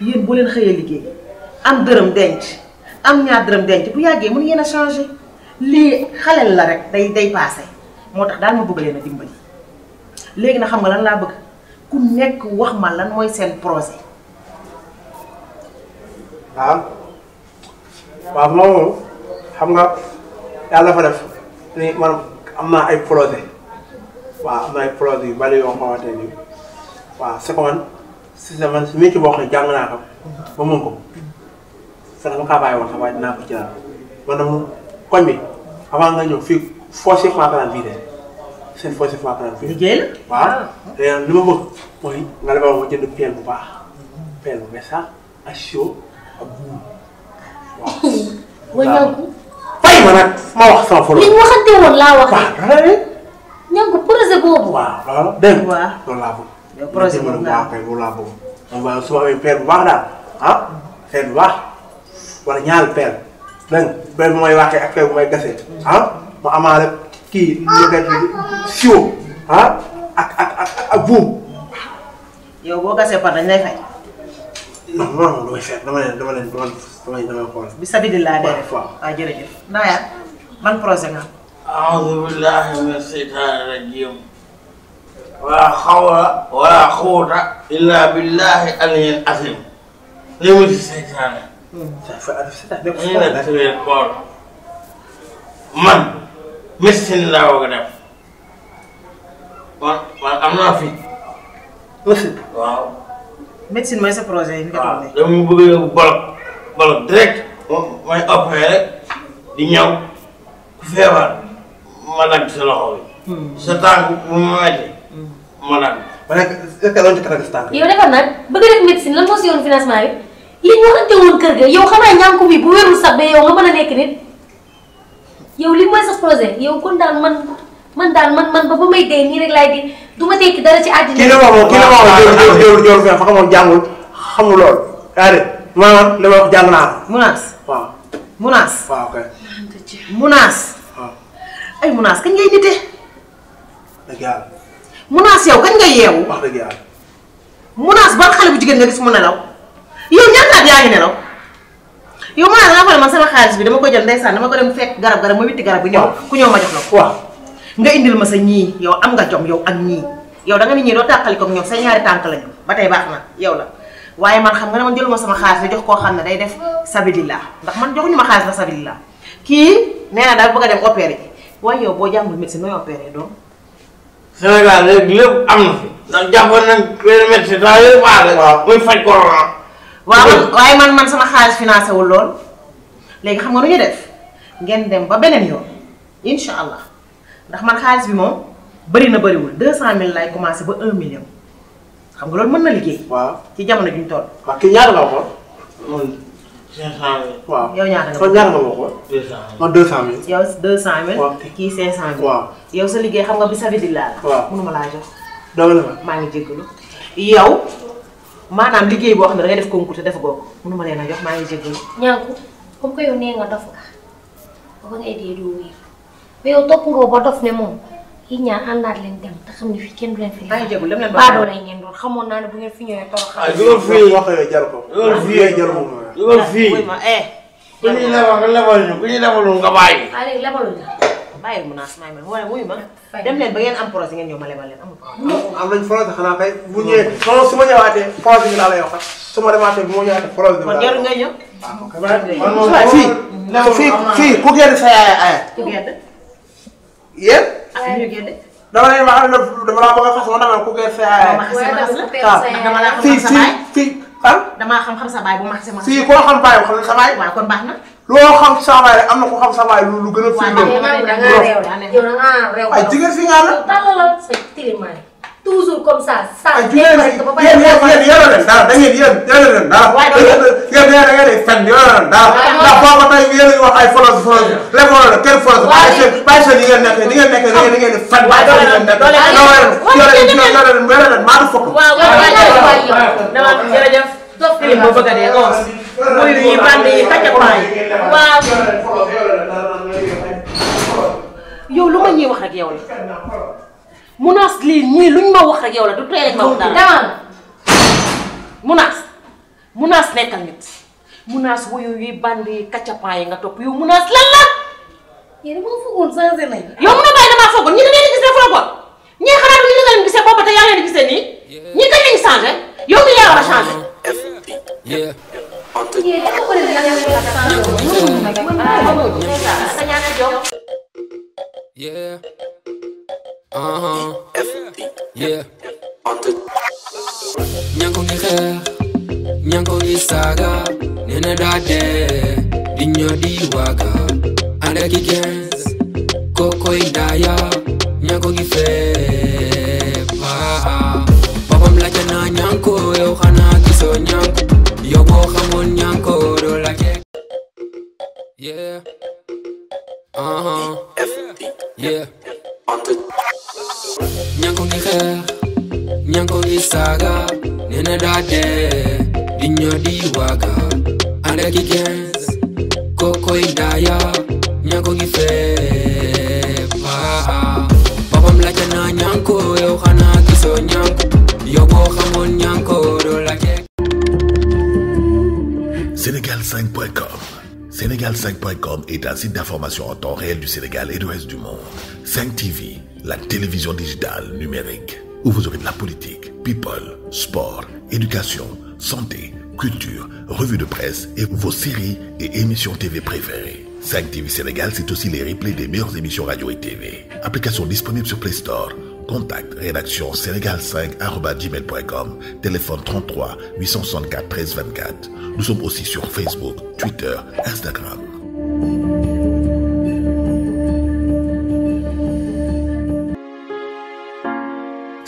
S7: yéen boo leen xëyee liggéey am dërëm denc am ñaar dërëm denc bu yàggee mën ngeen a changé lii xalel la rek day day passé moo tax daal ma bëgg leen a dimbali. léegi na xam nga lan laa bëgg ku nekk wax ma lan mooy seen projet.
S5: ah waaw moom xam nga yàlla fa def am naa ay projet waaw am na ay projet yu bari yoo xamante ni waaw si sa man si métier boo xam ne jàng naa ko ba mën ko sax dama kaa bàyyi woon sax waaye dinaa ko ci daal maanaam koñ bi avant nga ñëw fii fossé Fakalane bii de seen fossé Fakalane fii. liggéey la waaw. léegi li ma bëgg mooy nga lebal ma jënd peel bu baax peel bu bees sax ak ak buum waaw. [LAUGHS] ma nag ma wax sama folo. li
S9: waxante woon laa wax. waaw projet boobu. waaw
S5: waaw dégg nga. waaw loolu laa bëgg. projet boobu laa laa bëgg. xam nga su bu baax daal ah bu baax wala ñaari paire dégg nga bu may waxee ak paire bu may gasee ah ma amaale kii ñu siwo ah ak ak ak ak buum.
S7: yow boo gasee par dañ lay
S5: non non damay fay dama leen dama leen dama damay damay
S7: xool. man projet nga. a'udhu billahi minash shaitanir
S5: rajim wala xawla wala xuuta illa billahi aliyin asim li mu ci seytaane ñu ne tiwee koor man médecine laa bëgg a def man man am naa fi médecine waaw sa projet yi nga doon dama bëgg direct may opéré rek di ñëw ku feebar ma dagg sa loxo hmm. sa tànk bu ma moo naan. ma nekk est-ce que doon ci Kazakhstan.
S9: yow defar naa bëgg def médecine lan moo si yoon financement bi li ñu waxante woon kër ga yow xanaa ñànku bi bu wérul sax ba yow nga mën a nekk nit yow li mooy sa projet yow kon daal man man daal man man ba ba may dee nii rek laay di du ma tekki dara ci àddina.
S5: kii la ma waxoon kii la ma waxoon Dior Dior Dior Dior fa xamoon jàngul lool. ma wax jàng naa ko. munaas waaw munaas. waaw munaas. ay munaas kañ ngay nite. dëgg munaas yow kañ nga yewu wax dëgg yàlla. munaas ban xale bu jigen nga gis mu nelaw yow ñan la yaangi
S9: nelaw yow ma da nga ko man sama xaaliss bi dama ko jël ndaysan dama ko dem fek garab garab ma witti garab bi ñew
S7: ku ñew ma jox la ko. nga indil ma sa ñi yow am nga jom yow ak ñi yow da nga ni ñii doo tàqali ko ñoom sa ñaari tank lañu ba tey baax na yow la waye man xam nga dama jël ma sama xaaliss da jox ko xamne day def sabilillah ndax man joxu ñuma xaaliss la sabilillah ki neena da bëgg dem opéré waaye yow bo jangul médecine nooy opéré do
S5: Sénégal léegi lépp am na ndax jàppoon nañ benn médecin temps yële baax la. muy faj corona. waaw
S7: waaye man
S9: man
S5: sama xaalis financé wul lool léegi xam nga nu ñu def ngeen dem ba beneen yoon incha allah ndax man xaalis bi moom bëri na bëriwul deux cent mille lay commencé ba un
S7: million xam nga loolu mën na liggéey. waaw ci jamono juñ toll. waaw kii ñaar la waxoon. 500000 waaw yow ñaata nga. ñaata nga ma ko. 200000 man 200000. yow 200000. waaw kii 500000. waaw yow sa liggéey xam nga bi safi di laa la. waaw mënuma laa jox. dama maa ngi jégalu. yow maanaam liggéey boo xam ne da ngay def concours te def ko mënuma leen
S9: a jox maa ngi jégalu. ñaanku comme que yow nee nga dof nga ba nga aidé du wér ba dof ne moom yi ñaar àndaat leen dem te xam ne fii kenn du leen fi. maa ngi jégalu dem leen ba. baadoo lay ngeen doon xamoon naa ne bu ngeen fi ñëwee toroxal. ah fii wax
S5: fii jaru dugal fii ma eh. ku ñuy lebal nga lebal ñu ku ñuy lebalul nga bàyyi.
S7: ah léegi lebalul la bàyyi mu naas maa ngi mel wala wuyu ma dem leen ba ngeen am projet ngeen ñëw ma lebal leen amul. Ah, am nañu projet
S5: xanaa kay bu ñëwee non su ma ñëwaatee projet bi laa lay wax su ma demaatee bu ma ñëwaatee projet bi laa lay wax. kon jarul ngay ñëw. waaw ah, fii
S9: fii fii ku gerte sa yaay aya. ku gerte.
S5: yéen. aya ah, ñu gerte. dama leen wax dama laa bëgg a fas ma dama ku gerte sa yaay. waaw fii
S9: fii fii. ah damaa xam-xam sa baay bu ma xasee ma. si koo
S5: xam xam sa baay. waaw kon baax na. loo xam am na ko xam sa baay lu gën a. firndeel waaw da ngaa réew da
S9: ngaa réew ay jigéen fi nga na. toujours comme ça. saa yéen a yéen yéen leen dara da
S5: ngeen yéen yéen leen dara. waaye yéen da ngeen di fenn yéen a leen dara. ndax booba tey yéen a wax ay folos folos lépp loolu la kenn folos. waaye seen bàyyi seen yi ngeen nekkee ni ngeen nekkee da ngeen di fenn. waaw doo leen doo leen yéen yéen yéen leen yéen leen maa ngi fokk. waaw waaw waaw jërëjëf. dof bi boo bëgg a dee onze. muy yi band yi kàccapaa yi. waaw. yow lu ma ñuy wax rek yow la munas li ñii luñ ma wax rek yow la du
S9: tey rek ma wax dara munas munas menace nekkal nit munas woyu yi bandi yi kacapaa yi nga top yow munas lan la yene mo foogoon changé nañ yow mun a bàyyi damaa foogoon ñi da ngeen di gisee foogoon ñi xanaa ñi ñu nga leen gisee boppa te yaa leen gisee
S7: nii ñi ka ñi changé yow mi yaa war a changé
S1: Yeah.
S2: Uh huh. Yeah. Nyango ni khe, nyango ni saga, nene dade, dinyo waga. ande kikens, koko idaya, nyango ni fe, pa. Papa mlacha na nyango, yo khana kiso nyango, yo bo khamon nyango, do lake.
S1: Yeah. Uh huh.
S2: Yeah. On the ñanko di xeex ñanko di saaga na daa dee di ñoo di waaga ànd ak i gens nyanko daaya ñanko gi feeb paa boppam la ca
S3: Sénégal5.com Sénégal5.com est un site d'information en temps réel du Sénégal et
S4: du reste du monde. 5 TV la télévision digitale numérique, où vous aurez de la politique, people, sport, éducation, santé, culture, revues de presse et vos séries et émissions TV préférées. 5 TV Sénégal, c'est aussi les replays des meilleures émissions radio et TV. Application disponible sur Play Store. Contact rédaction sénégal @gmail.com. téléphone 33 864 13 24. Nous sommes aussi sur Facebook, Twitter, Instagram.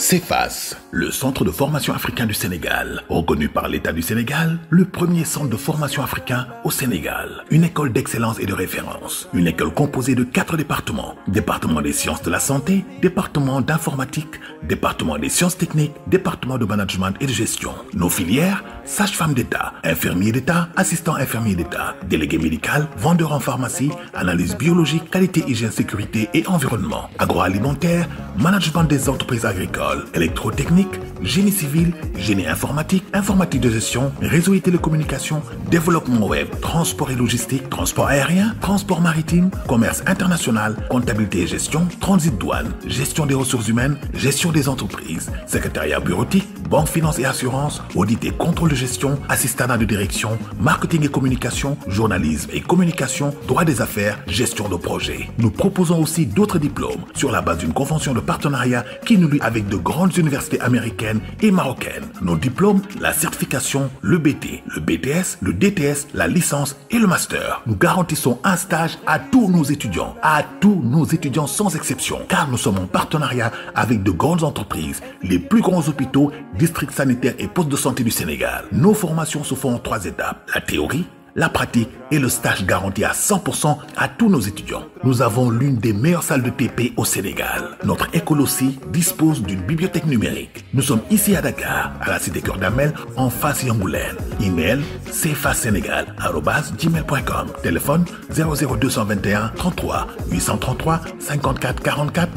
S4: CEFAS, le centre de formation africain du Sénégal, reconnu par l'État du Sénégal, le premier centre de formation africain au Sénégal, une école d'excellence et de référence, une école composée de quatre départements, département des sciences de la santé, département d'informatique, département des sciences techniques, département de management et de gestion. Nos filières sage-femme d'État, infirmier d'État, assistant infirmier d'État, délégué médical, vendeur en pharmacie, analyse biologique, qualité, hygiène, sécurité et environnement, agroalimentaire, management des entreprises agricoles, électrotechnique, génie civil, génie informatique, informatique de gestion, réseau et télécommunications, développement web, transport et logistique, transport aérien, transport maritime, commerce international, comptabilité et gestion, transit douane, gestion des ressources humaines, gestion des entreprises, secrétariat bureautique, banque finance et assurance, audit et contrôle de gestion, assistantat de direction, marketing et communication, journalisme et communication, droit des affaires, gestion de projet. Nous proposons aussi d'autres diplômes sur la base d'une convention de partenariat qui nous lie avec de grandes universités américaines et marocaines. Nos diplômes, la certification, le BT, le BTS, le DTS, la licence et le master. Nous garantissons un stage à tous nos étudiants, à tous nos étudiants sans exception, car nous sommes en partenariat avec de grandes entreprises, les plus grands hôpitaux, districts sanitaires et postes de santé du Sénégal. Nos formations se font en trois étapes. La théorie, la pratique et le stage garantis à 100% à tous nos étudiants. Nous avons l'une des meilleures salles de TP au Sénégal. Notre école aussi dispose d'une bibliothèque numérique. Nous sommes ici à Dakar, à la cité Cœur d'Amel, en face Yamboulen. Email cfasénégal.com. Téléphone 00221 33 833 54 44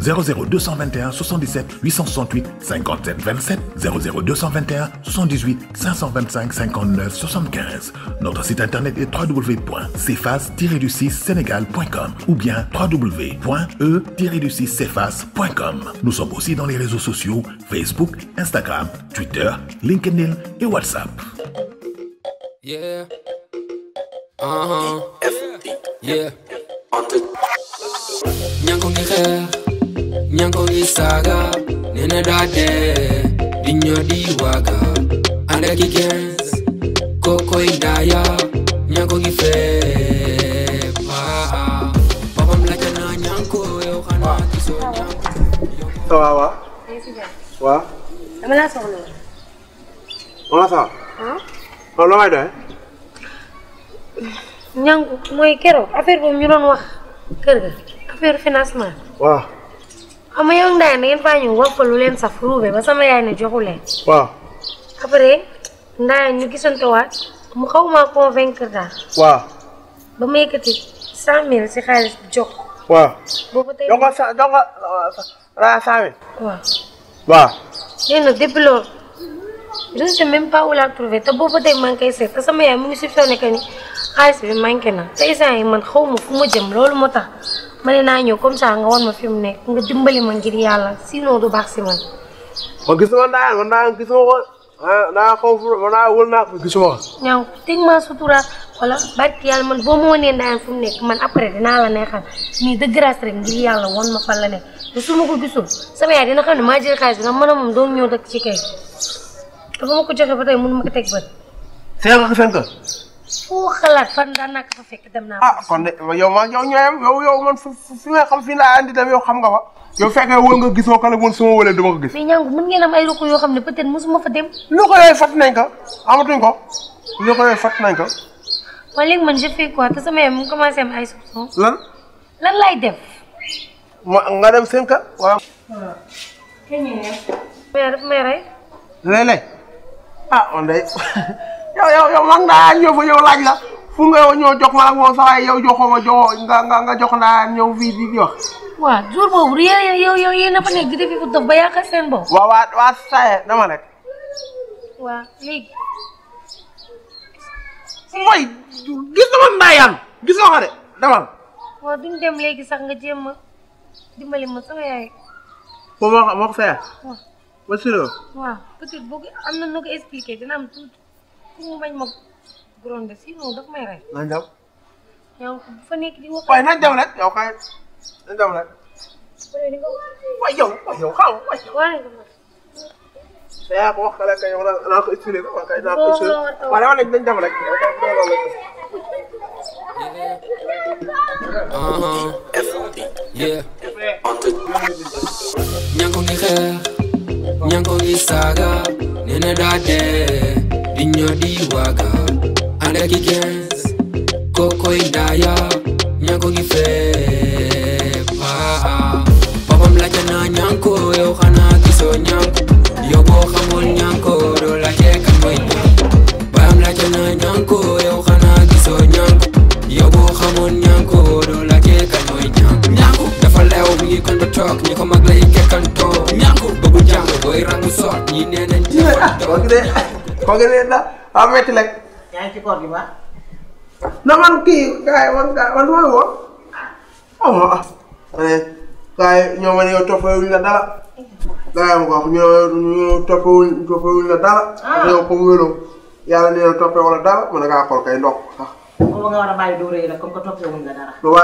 S4: 00221 77 868 57 27 00221 78 525 59 75. Notre site internet et wwwcfas du 6 sénégalcom ou bien wwwe du 6 cfascom Nous sommes aussi dans les réseaux sociaux Facebook, Instagram, Twitter, LinkedIn et WhatsApp.
S1: Yeah.
S2: Uh -huh. yeah. ñanko ngi xeex ñanko ngi saaga na di ñoo di waaga ànd nyanko gi fe pa ah, ah. papam la jana nyanko yow xana
S1: giso nyanko
S5: ça ah, wa wa
S1: dama
S9: la soxlo wala sa hein
S5: eh? lo may doy
S9: ñangu mooy keroog affaire boobu ñu doon wax kër ga affaire financement waaw ama yow ndaay na ngeen faa ñëw wax lu leen saf ruube ba sama yaay ne après ñu gisante waat mu xaw maa convaincre daal. waaw. ba ma yëkkati cent mille si xaalis bi jox. waaw. boobu tey jox ko cent jox ko euh, cent waaw. waaw. na depuis loolu je ne sais même pas où la trouver te boobu tey maa ngi koy seet sama yaay mu ngi soupçonné que ni xaalis bi manqué na te instant yi man xaw ma fu ma jëm loolu moo tax ma ne naa ñëw comme ça nga wan ma fi mu nekk nga dimbali ma ngir yàlla sinon du baax si man.
S5: man gis nga man daa man daa gis nga ko. ah daa xaw ma daa wël naa ko gisuma
S9: ko. maa sutura wala barki yàlla man boo ma wanee ndayam fu mu nekk man après dinaa la neexal mais de grâce rek ngir yàlla won ma fan la nekk te su ma ko gisul sama yaay dina xam ne maa jël xaalis bi nga mën a moom doon ñëw dëkk ci kay dafa ma ko joxe ta tey mënu ma ko teg bët. fenk nga fenk. foo xalaat fan daan naa ko fekk dem naa.
S5: ah kon de yow ma
S9: laa
S5: andi dem xam nga fa. yow fekkee woon nga gisoo kale woon suma wala duma ko gis. mais ñangu mën ngeen am ay ruq yoo xam ne peut-être mosuma fa dem. lu ko yooyu fat nañ ko amatuñ ko lu ko yooyu fat nañ ko.
S9: waa léegi man je fais quoi te sama yaay mu commencé am ay soupçon. lan lan lay def.
S5: ma nga dem seen kër waaw. waaw.
S9: kañ ngeen mais daf may rey.
S5: léeg-léeg ah on day [LAUGHS] yow yow yow man daa ñëw fa yow laaj la. pour nga ñoo jox ma ak moom sax yow joxoo ma joxoo nga nga nga jox laa ñëw fii di di wax.
S9: waaw jour boobu yéen yow yow yéen a fa nekk di def fi dof ba yàq seen bopp. waaw waaw waaw saa dama
S5: nekk.
S6: waaw léegi. mooy
S5: gis nga man ndaayaan gis nga ko de demal.
S9: waaw duñ dem léegi sax nga jéem a dimbali ma sama yaay.
S5: moom moo ko moo ko sa yaay. waaw ba si
S9: waaw peut-être boo ko am na noo ko expliqué dina am tuuti pour mu bañ ma. gronde sinon daf may rey. nañ daw. yaa ngi bu fa nekk di wax. waaye nañ daw nag
S5: yow kay nañ daw nag. waaye yow waaye yow xaw ma waaye. te yaa ko wax ka la yow naa ko expliqué ko kay naa ko expliqué waaye dama nekk nañ daw nag.
S2: ña ko ngi xeex ña ko ngi saaga nee na daa dee di ñoo di waaga. Kanda kikens Koko indaya Nyanko gifepa Papa mlacha na nyanko Yo khana kiso nyanko Yo bo khamol nyanko Do lache kambo nyanko Baya mlacha na nyanko Yo khana kiso nyanko Yo bo khamol nyanko Do lache kambo nyanko Nyanko Dafa leo mingi kondo chok Niko magla ike kanto Nyanko Babu jango Boy rangu sot Nyine nanjiko [LAUGHS] Kogire Kogire na Ametilek
S7: yaa ngi ci koor gi baax.
S5: na man kii gars man gars man du ma la woon. ah ma gars yi ñoo la dara. gars ma ko wax ñoo ñoo toppewuñ toppewuñ la dara. ah yow comme wélo yàlla nee na toppe wala dara mën na kaa kay ndox
S7: sax. nga war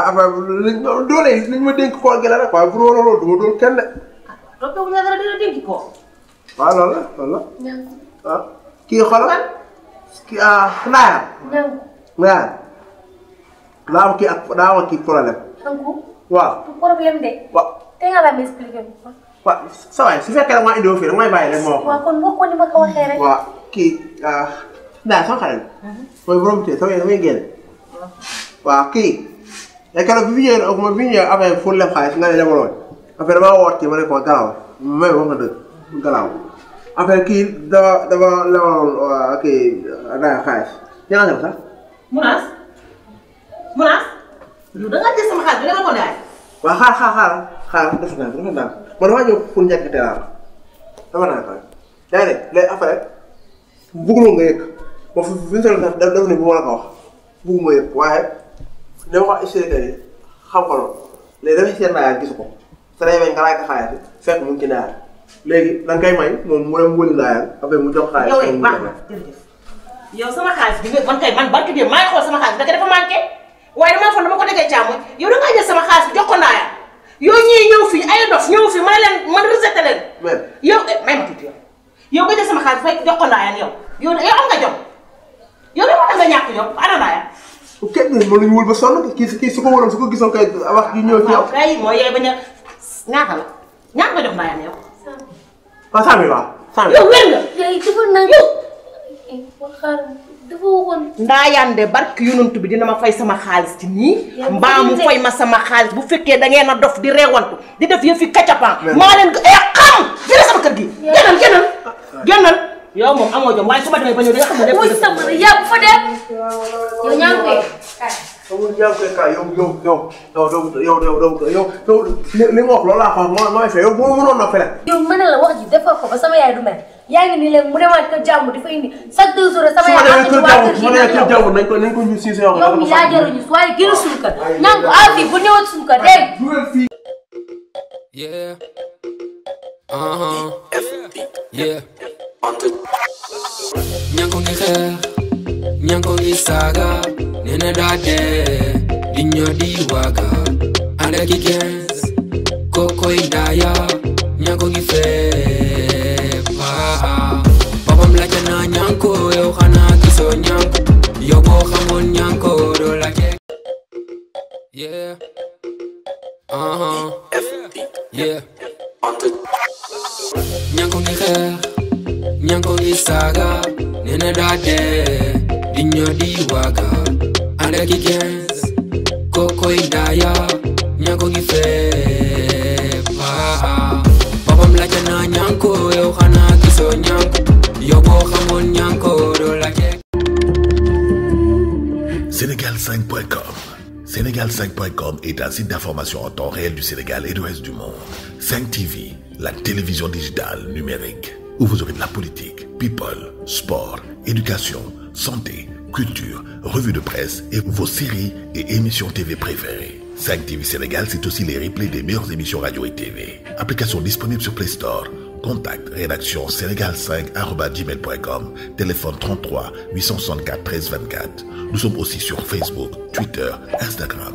S5: a bàyyi ma dénk koor gi la rek waaye bu ma doon kenn de.
S7: Ah, toppewuñ la dara
S5: dina kii xanaa. nangu. waaw. daa am kii ak daa am kii problème. nangu. waaw
S9: du problème de. waaw nga la ma expliqué ko.
S5: waaw sa waay su fekkee da nga indiwoo fii da nga may bàyyi rek ma wax.
S9: waaw kon boo ko ni ko waxee rek. waaw
S5: kii naa sama xarit. mooy borom tey sama damay génn. waaw kii. léegi nag bi ñu ñëwee ma bi ñu ñëwee affaire fu leb xaalis nga ne lebaloon affaire damaa woote ma ne ko garaawal may nga dëgg garaawal. après kii dafa dafa lewaloon kii Raya xaalis sax.
S9: Munaas
S7: Munaas. yow da
S9: sama xaalis bi dama ko daal.
S7: waaw xaar xaar xaar def naa def man damaa
S5: ñëw nga yëg ba fi fi mu toll daf daf ne bu ma la ko wax bëgguma yëg waaye li ma wax historique xam ko loolu léegi dafay naa yaa gis ko. te day bañ nga laaj ko xaalis fekk mu ngi ci naar. léegi da nga koy may moom mu dem wëli laayal après mu jox xaalis. yow baax na
S7: jërëjëf yow sama xaalis bi nga man kay man barke bi maa ngi
S5: xool sama xaalis da nga dafa manqué waaye damaa foog dama ko déggee càmm yow da sa jël sama xaalis bi jox ko ndaaya yow ay dof ñëw fii mën leen mën leen. yow may ma tuuti yow
S7: yow nga jël sama xaalis rek jox ko ndaayal yow yow yow am nga jom yow da nga ñàkk yow ana ndaaya
S5: kenn mën nañu wul ba sonn kii kii su ko wóoroon su ko gisoon kay wax ji ñëw ci yow. waaw a waaw saa mi waaw. saa mi yow wér
S7: bi dina ma fay sama xaalis ci nii. mbaa mu fay ma sama xaalis bu fekkee da ngeen a dof di
S5: reewantu di def yëfi kacapan. maa leen eh, xam dina sama kër gi. gennal gennal gennal. yow moom amoo jom waaye su ma demee ba ñëw xam ne. bu
S9: fa dem. yow ñaa ngi koy
S5: eh. amul jàngkat yow yow yow yow doo yow doo doo yow yow li nga wax loolu laa xam ma ma yow boo mënoon na fële.
S9: yow mën na la wax ji defal ko ba sama yaay du mel yaa ngi nii léegi mu demaat kër jàmm dafa indi chaque deux jours sama yaay. su ma demee kër
S5: jàmm nañ ko nañ ko ñu si sa yow. yow mi yaa jaruñu
S9: waaye gën suñu kër naan ko aw fii bu ñëwaat suñu kër dégg
S1: Yeah.
S2: Uh-huh. Yeah. ña ngi ko ngi xeex ña ngi ko ngi saaga. nene dade dinyo diwaga ale kikens koko indaya nyanko gifepa papa mlacha na nyanko yo khana kiso nyanko yo bo khamon nyanko do lake yeah uh-huh yeah nyanko gifepa nyanko gisaga nene dade dinyo diwaga
S3: Sénégal5.com Sénégal5.com est un site d'information en temps réel du Sénégal
S4: et de l'Ouest du monde. 5 TV, la télévision digitale numérique, où vous aurez de la politique, people, sport, éducation, santé, culture, revues de presse et vos séries et émissions TV préférées. 5 TV Sénégal, c'est aussi les replays des meilleures émissions radio et TV. Application disponible sur Play Store. Contact rédaction sénégal gmail.com téléphone 33 864 13 24. Nous sommes aussi sur Facebook, Twitter, Instagram.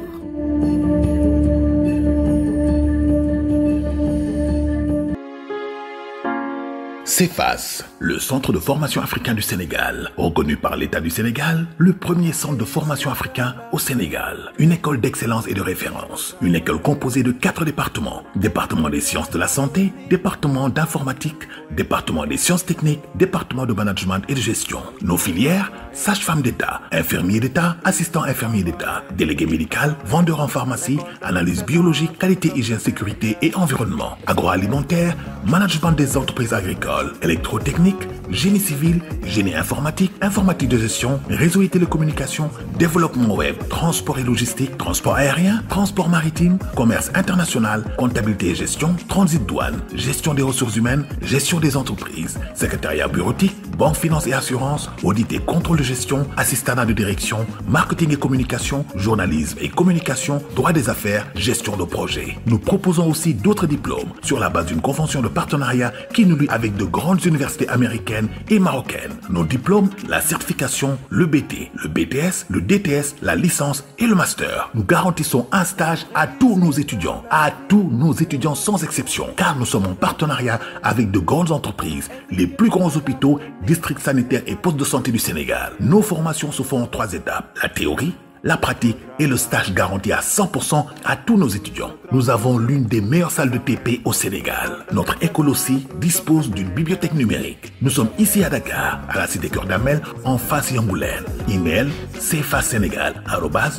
S4: CEFAS, le centre de formation africain du Sénégal, reconnu par l'État du Sénégal, le premier centre de formation africain au Sénégal, une école d'excellence et de référence, une école composée de quatre départements, département des sciences de la santé, département d'informatique, département des sciences techniques, département de management et de gestion. Nos filières, sage-femme d'État, infirmier d'État, assistant infirmier d'État, délégué médical, vendeur en pharmacie, analyse biologique, qualité, hygiène, sécurité et environnement, agroalimentaire, management des entreprises agricoles, électrotechnique, génie civil, génie informatique, informatique de gestion, réseau et télécommunications, développement web, transport et logistique, transport aérien, transport maritime, commerce international, comptabilité et gestion, transit douane, gestion des ressources humaines, gestion des entreprises, secrétariat bureautique, banque, finance et assurance, audit et contrôle gestion, assistantat de direction, marketing et communication, journalisme et communication, droit des affaires, gestion de projet. Nous proposons aussi d'autres diplômes sur la base d'une convention de partenariat qui nous lie avec de grandes universités américaines et marocaines. Nos diplômes, la certification, le BT, le BTS, le DTS, la licence et le master. Nous garantissons un stage à tous nos étudiants, à tous nos étudiants sans exception, car nous sommes en partenariat avec de grandes entreprises, les plus grands hôpitaux, districts sanitaires et postes de santé du Sénégal. Nos formations se font en trois étapes. La théorie, la pratique et le stage garantis à 100% à tous nos étudiants. Nous avons l'une des meilleures salles de TP au Sénégal. Notre école aussi dispose d'une bibliothèque numérique. Nous sommes ici à Dakar, à la cité Cœur d'Amel, en face Yangoulène. Email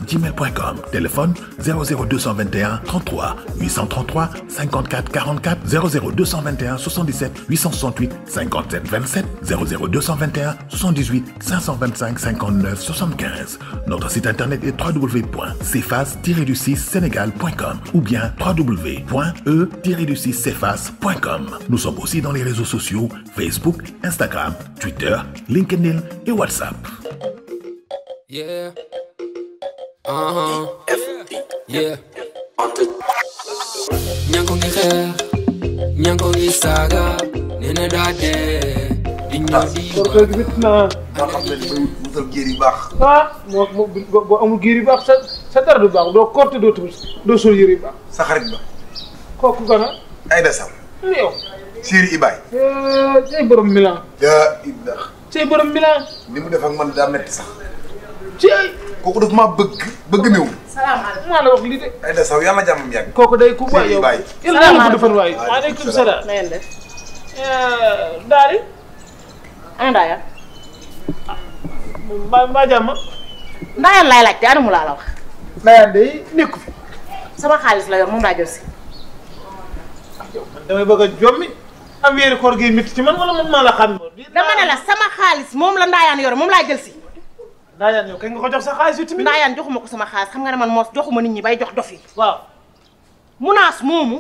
S4: gmail.com Téléphone 00221 33 833 54 44 00221 77 868 57 27 00221 78 525 59 75. Notre site internet et www.cefas-6sénégal.com ou bien www.e-cefas.com. Nous sommes aussi dans les réseaux sociaux Facebook, Instagram, Twitter, LinkedIn et WhatsApp.
S2: Yeah. Uh-huh. Yeah.
S5: gi métti na maa xam ne dafay wutal géer yu baax ah moo moo boo amul géer yu baax sa sa dara du baax doo korte doo tubis doo sol yére yu baax sa xarit ba kooku gana ay da sam yow Siri Ibaay say borom milan yaa ida say borom milan ni mu def ak man daa metti sax ci ay kooku daf maa bëgg bëgg meew salaamaaleykum maa la wax lii de ay da saw yàlla jàmmam yàgg kooku day ku waay yow yàlla na ko defal waay waaleykum salaam na ngeen def daal ana Ndaayaan. ah mbaa mbaa jàmm. Ndaayaan
S9: laay laajte ana mu laa la wax. Ndaayaan day nekku fi. sama xaalis la yor moom laa jël si.
S5: yow man damay a koor gi métti ci man wala man maa la dama ne la sama xaalis moom la Ndaayaan yor moom laa jël si. Ndaayaan yow kañ nga ko jox sa xaalis yu tamit. Ndaayaan joxuma ko sama xaalis xam nga ne man moos joxuma nit ñi bay jox dof yi. waaw munaas
S7: moomu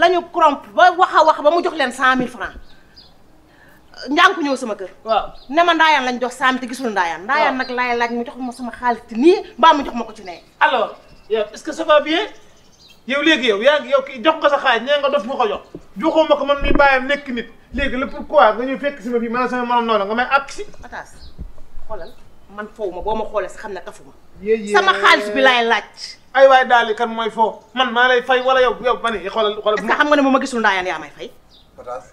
S7: la ñu corrompre ba wax a wax ba mu jox leen cent mille francs njànku ñëw sama kër. waaw ne ma ndaayaan lañ jox saam te gisul ndaayaan. ndaayaan nag laay laaj mu jox ma sama xaalis te nii mbaa mu jox ma ko ci nee.
S5: alors yow est-ce que ça va bien yow léegi yow yaa ngi jox ko sa xaalis nee nga dof nga ko jox joxoo ma ko man mi bàyyam léegi la pourquoi fekk si ma fii maanaam sama morom noonu nga may man foofu ma boo ma xoolee xam ne tafu ma. sama xaalis bi laay laaj. ay waay daal di kan mooy foo maa lay wala yow yow ma ne xoolal xoolal. est-ce que xam nga ne bu ma gisul ndaayaan yaa may fay. Ataas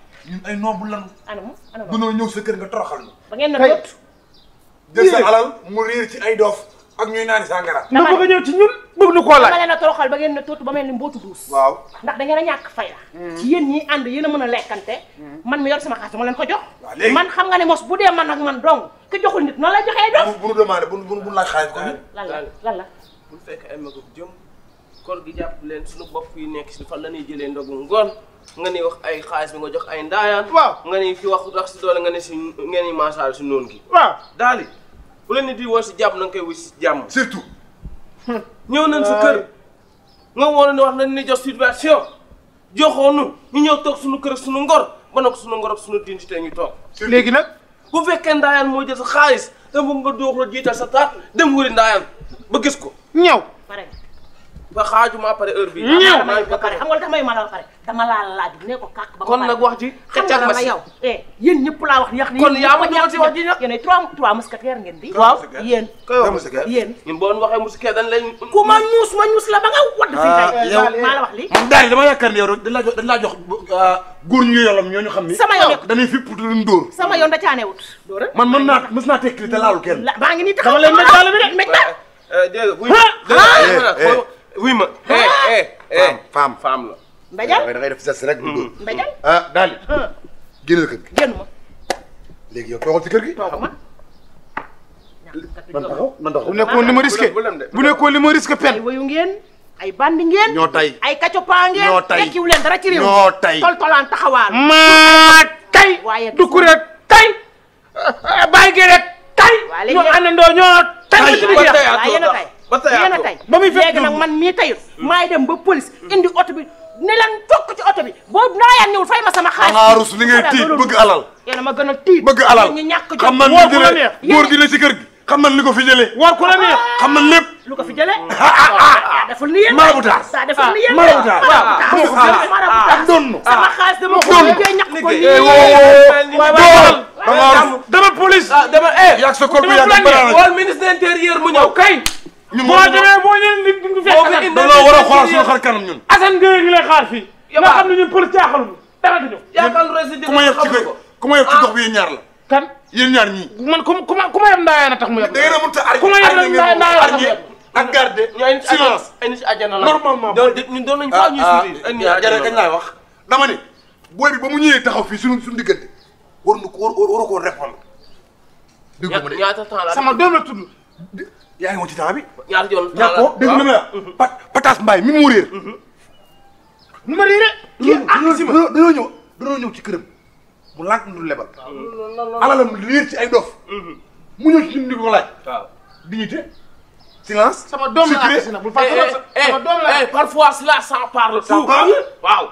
S5: ñun ay noble lañu anam anam dañoo ñëw sa kër nga toroxal ñu ba ngeen na tot jël sa alal mu riir ci ay doof ak ñuy naan sangara na bëgg ñëw ci ñun
S9: bëgg ñu ko laaj dama leen toroxal ba ngeen na tot ba mel ni mbootu duus waaw ndax da ngeen a ñàkk fay la ci yéen ñi
S5: ànd yéen a mën man mi yor sama xaalis ma leen ko jox man xam nga ne mos bu dee man ak man dong ki joxul nit noonu la joxee dong bu ñu demandé bu bu laaj xaalis ko lan la lan la bu fekk ay magum jëm koor gi jàpp leen suñu bopp yi nekk si fan la ñuy ndogu ngoon nga ni wax ay xaalis bi nga jox ay ndayan nga ni fi wax rax si doole nga ni ci nga ni maasaal si noonu gi. waaw daal di bu ni di woo ci jamm nang koy wis si surtout. ñew nañ su kër nga woon ni wax nañ ni jox situation joxonu ñu ñew tok suñu kër suñu ngor ba nag suñu ngor suñu dinité ñu tok léegi nak bu fekkee ndayan mo jël sa xaalis mu nga doxlo la sa taat dem wuri ndayan ba gis ko. ñëw. ba xaajuma pare heure bi ñëw ma ba pare
S9: xam nga tax may ma la pare dama laa laaj ne ko
S5: kàkk ba kon nag wax ji xëccal ma si yow eh yéen ñëpp laa wax ni yax ni kon yaa ma dugal si wax ji nag yéen ay trois trois mousquetaires ngeen di waaw yéen yéen ñun boo waxee mousquetaire dañ lay ku ma ñuus ma ñuus la ba nga wadd fi tey ah, maa la wax li man daal dama yaakaar ne yow dañ laa jox dañ laa jox ah, góor ñu yolam ñoo ñu xam ni sama yoon dañuy fipp duñ dóor
S9: sama yoon da caanewut
S5: man mën naa mës naa tekki te laalul kenn maa ngi nii taxaw dama leen mét daal bi rek mét daal dégg nga wuy ma. Ah! femme femme femme la. Mbadiane eh, da ngay def geste rek. Mm-hmm. Mbadiane ah daal génnal kër gi. génn ma. léegi yow toogal ci kër gi. toogu ma. man taxaw man taxaw bu nekkoon li ma risqué bu nekkoon li ma risqué pen. ay wayu ngeen ay bandi ngeen. ñoo tay ay kacopaa ngeen. ñoo tay tekkiwu leen dara ci réew. ñoo tay tol tolaan taxawaal. maa tay. waaye du kuréel tay. bàyyi gi
S7: rek tay. waa léegi ñoo àndandoo ñoo tay. tay waaye yéen a tay
S5: ba tayaatoo nee na tey ba muy fekk léegi nag man mii tayut hmm. maay dem ba police indi oto bi ne lan tokk ci oto bi boo naayaan ñëwul fay ma sama xaalis. dangaa rus li ngay tiit bëgg alal. yéen a ma gën a tiit bëgg alal ñu ñàkk jot. wóor ku la neex góor gi ne ci kër gi. xam man li ko fi jëlee. wóor ku la neex xam man lépp. lu ko fi jëlee. [LAUGHS] Ah, ah, ah, daa deful ni yéen marabutaas daa deful ni yéen marabutaas marabutaas ak donn sama xaalis dama ko liggéey ñàkk ko eh, nii dama police dama eh yak sa corps bi yak barana wal ministre intérieur mu ñëw kay ñun boo demee boo ñëwee nit ñi fekk a xoolal suñu ñun. Assane Gueye ngi lay xaar fii. nga xam ne ñun pour caaxal ñu dara du ñëw. yaakaar résidus yi ko ku ma yëg ci gox bi ah. yéen la. kan yéen ñaar ñii. man ku ma ku ma ku a tax mu da ngeen a a arñi arñi ngeen arñi ak garde silence ay nit ci àjjana la normalement. Ah, ah. wax. dama ne booy bi ba mu ñëwee taxaw fii suñu suñu diggante war na ko war war a koo répondre. dégg nga de ñaata sama doom la tudd yaa ngi woon ci ya, taal bi. ñaar yoon taal la waaw dégg nga la pat Pataas Mbaye mi mu réer. Mm-hmm. nu ma réeré. kii àgg si ma dañoo dañoo ci këram mu lànk ñu lebal. Mm-hmm. alalam réer ci ay dof. Mm-hmm. mu ñëw ci ñun di ko laaj. waaw dignité silence. sama doom la àgg si na bu fàttali eh, eh, sama doom la eh, parfois cela s'en parle. tout waaw.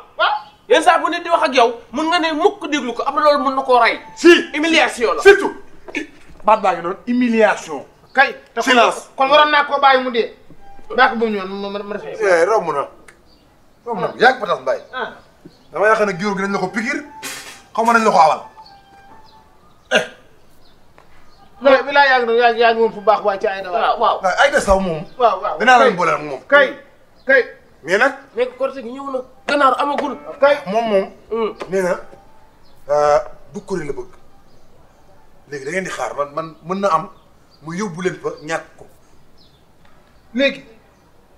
S5: yenn saa bu nit di wax ak yow mën nga ne mukk déglu ko après loolu mën na koo si humiliation la surtout. baat baa ngi humiliation. kay silence kon waroon naa koo mu dee. baax bu mu ñëwoon ma ma ma na romb na ah. yàgg Pataas Mbaye. Ah. dama yaakaar ne gi dañ la ko pikir xaw ma nañ la ko awal. Eh. mais bi laa yàgg na yàgg yàgg woon fu baax waaye ci ay da waaw ah, waaw eh, ay da saw moom. waaw waaw dinaa leen boole ak moom. kay kay. mais nag. mais Korité gi ñëw na. ganaar amagul. kay moom moom. Hmm. nee na euh, du kuréel la bëgg ngeen di xaar man man mën na am. mu yóbbu leen fa ñàkk ko léegi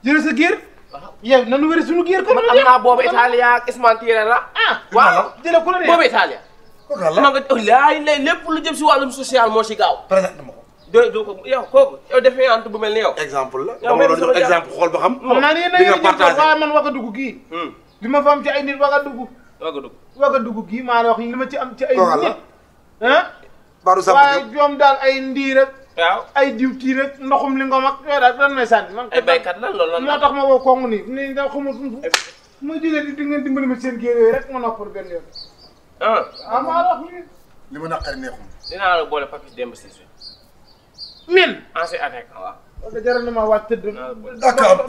S5: jël sa géer yow ya, nanu wéri suñu géer ko man am naa boobu ak Ismaël Tiere la ah, waaw jële ku la boobu italien kan ma nga oh, laay lay lépp lu jëm si wàllum social moo si gaaw présenté ma ko doo ko yow kooku yow defee ant bu mel yow exemple la dama doon exemple xool ba xam xam naa ne yéen a man wax a dugg kii hmm. li ma ci ay nit wax a dugg wax a dugg wax a wax li ma ci am ci ay kan nit ah baaru sa waaye ay ndiir ak waaw ay diw tii rek ndoxum li nga mag yooyu man ay baykat la loolu la moo tax ma woo kongu nii nii da xamul fu ma jógee di ngeen dimbali ma seen géer yooyu rek ma noppal benn yoon. ah ah maa la wax li ma naqari neexum. dinaa la boole Papis Demba Cissé. min en ce année na maa waaj tëdd.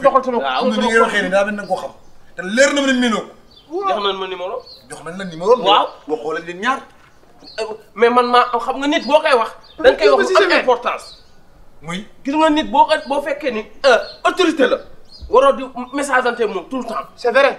S5: doxal sama waaw ni ngeen waxee ni daa mel na ko xam te leer na ma ne miinoo ko. jox ma numéro. jox nañ la numéro. waaw boo xoolee leen ñaar. mais man maa xam nga nit boo koy wax. dañ koy wax am importance. muy gis nga nit boo boo fekkee ni euh, autorité la waroo di message ante moom tout le temps. c'est vrai.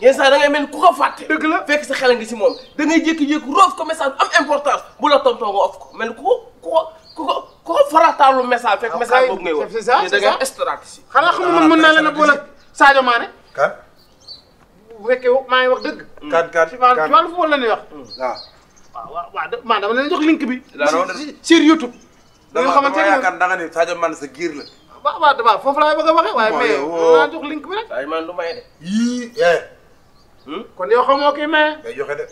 S5: yenn saa da ngay mel ni ku ko fàtte. dëgg la fekk sa xel nga si moom da ngay jékki-jékki roof ko message am importance bu la tontoo nga off ko mel ni ku ko ku ko ku ko farataalu message. fekk ah, message boobu ngay wax c'est ça c'est ça da ngay stratégie. xanaa xam nga man ah, mën naa leen a boole Sadio Mané. kan bu fekkee maa ngi wax dëgg. kan kan kan ci wàllu football la waaw waaw waaw maa dama leen jox link bi. sur YouTube. da nga xamante ne dama yaakaar danga ne sa giir la. waaw waaw damaa foofu laa bëgg a waxee. waaye mais naa jox link bi rek. Sadio Mané du may de. yii yee. Eh. Hmm? kon yow xamoo kii maye. ngay joxe de.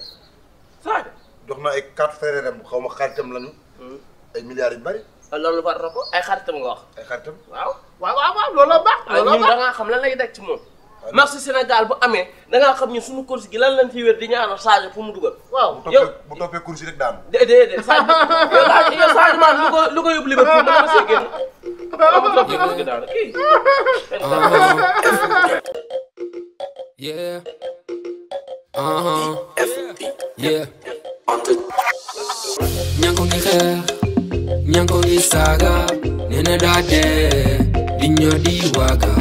S5: Sadio. jox na ay quatre frères am xaw ma xaritam lañu. Hmm? ay milliards yu bari. Ah, loolu ko ay xaritam nga wax. ay xaritam waaw. waaw waaw waaw loolu la baax. Ah, loolu la baax da ngaa xam lan lay daj ci moom. marché Sénégal bu amé da nga xam ne suñu course gi lan lañ fi wër di ñaan saaje fu mu duggal waaw yow bu topé course rek daan dé dé dé saaje yow saaje man lu ko lu ko yob Liverpool mën ma see génn. bu toppee course gi daanu
S1: Yeah. Uh-huh. Ah, ah.
S2: Yeah. ñango ngi ko ngi xeex ña ngi ko ngi saaga nee di ñoo di waga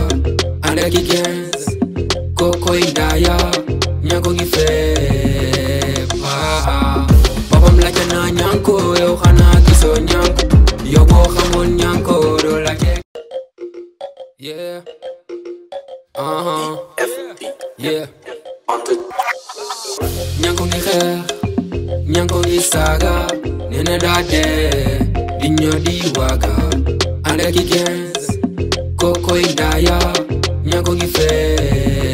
S2: ànd ki i koko indaya nyango ngifepa baba mlacha na nyanko yow xana nyanko yow boo nyanko do yeah uh -huh. yeah nyanko ngi xeex nyanko ngi saaga nene daa dee di ñoo di waaga ànd ak i koko indaya nyango ngifepa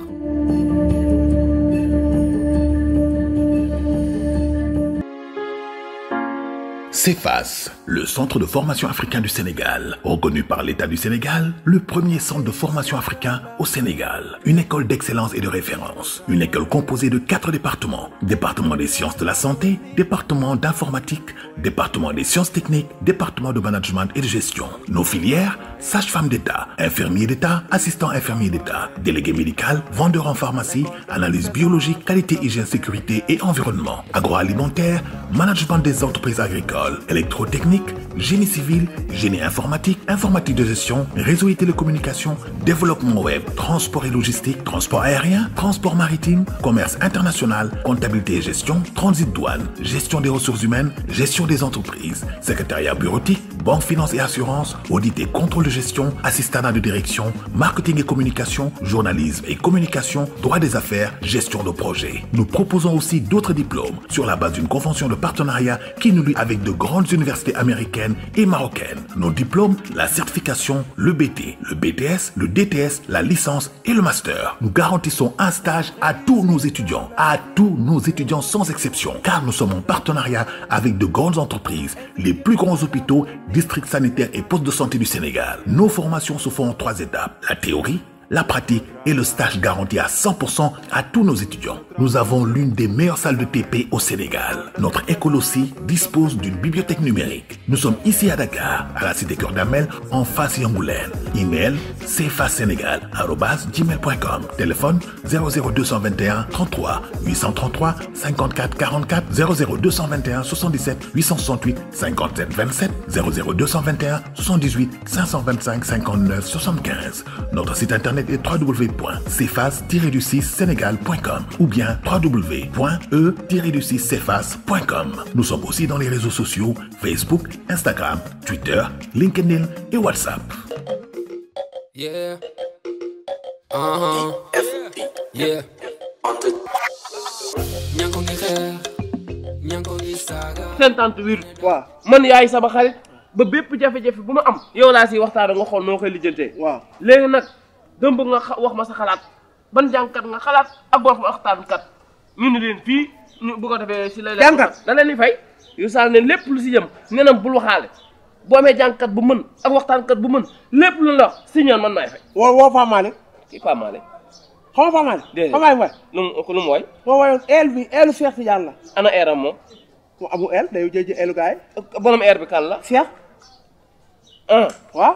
S4: CEFAS, le centre de formation africain du Sénégal, reconnu par l'État du Sénégal, le premier centre de formation africain au Sénégal, une école d'excellence et de référence, une école composée de quatre départements, département des sciences de la santé, département d'informatique, département des sciences techniques, département de management et de gestion. Nos filières, sage-femme d'État, infirmier d'État, assistant infirmier d'État, délégué médical, vendeur en pharmacie, analyse biologique, qualité, hygiène, sécurité et environnement, agroalimentaire, management des entreprises agricoles, électrotechnique, génie civil, génie informatique, informatique de gestion, réseau et télécommunications, développement web, transport et logistique, transport aérien, transport maritime, commerce international, comptabilité et gestion, transit douane, gestion des ressources humaines, gestion des entreprises, secrétariat bureautique, banque finance et assurance, audit et contrôle de gestion, à de direction, marketing et communication, journalisme et communication, droit des affaires, gestion de projet. Nous proposons aussi d'autres diplômes sur la base d'une convention de partenariat qui nous lie avec de grandes universités américaines et marocaines. Nos diplômes, la certification, le BT, le BTS, le DTS, la licence et le master. Nous garantissons un stage à tous nos étudiants, à tous nos étudiants sans exception, car nous sommes en partenariat avec de grandes entreprises, les plus grands hôpitaux, districts sanitaires et postes de santé du Sénégal. Nos formations se font en trois étapes. La théorie, la pratique et le stage garantis à 100% à tous nos étudiants. Nous avons l'une des meilleures salles de TP au Sénégal. Notre école aussi dispose d'une bibliothèque numérique. Nous sommes ici à Dakar, à la cité Cœur d'Amel, en face Yangoulène. Email cfasénégal.com. Téléphone 00221 33 833 54 44 00221 77 868 57 27 00221 78 525 59 75. Notre site internet internet et www.cefas-du6sénégal.com ou bien www.e-du6cefas.com. Nous sommes aussi dans les réseaux sociaux Facebook, Instagram, Twitter, LinkedIn et WhatsApp.
S1: Yeah. Uh -huh. yeah.
S5: waaw man yaay sama xarit ba bépp jafe-jafe bu ma am yow laa siy waxtaan nga xool noo koy lijjantee. waaw léegi nag. dama bëgg nga wax ma sa xalaat ban jàngkat nga xalaat ak boo fa waxtaankat ñu ni leen fii ñu bu ko si lay jàngkat da fay yu saal ne lépp lu si jëm nenam bul waxaale boo amee jàngkat bu mën ak waxtaankat bu mën lépp lu la si ñoon man maay fay woo woo Famaale kii Famaale xam nga Famaale déedéet Famaale mooy lu mu lu mu woy moo woyoon eel bi eelu Seex si yàlla ana eeram moom mu amu eel day jëjë eelu gars yi borom eer bi kan la Seex ah waaw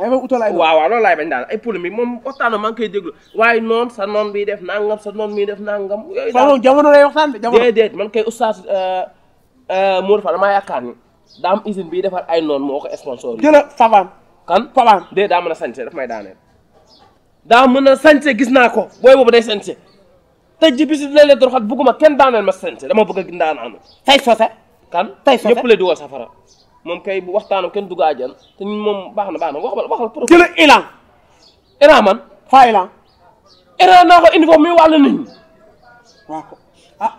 S5: waaw waaw loolu laay bañ daal ay polémique moom waxtaanoo maa ngi koy waay noon noonu sa noon bi def nangam sa noon mi def nangam. yooyu daal jamono lay waxtaan jamono déedéet man kay oustaz euh, euh, Modou Fall damaa yaakaar ni daa am usine bi defar ay noon moo ko sponsor. jëla Fapal. kan Fapal déedéet daa mën a sañse daf may daaneel. daa mën a sañse gis naa ko booy boobu day sañse tëj ji bis dina leen doroxat bugguma kenn daaneel ma sañse dama bëgg a ndaanaanu. sose. kan tey sose ñëpp lay dugal safara. moom kay bu waxtaanam kenn dugg àjjana te ñun moom baax na baax na waxal waxal. jële Iran. Iran man. faa Iran. Iran naa ko indi foofu muy wàllu nit ñi. waaw ah.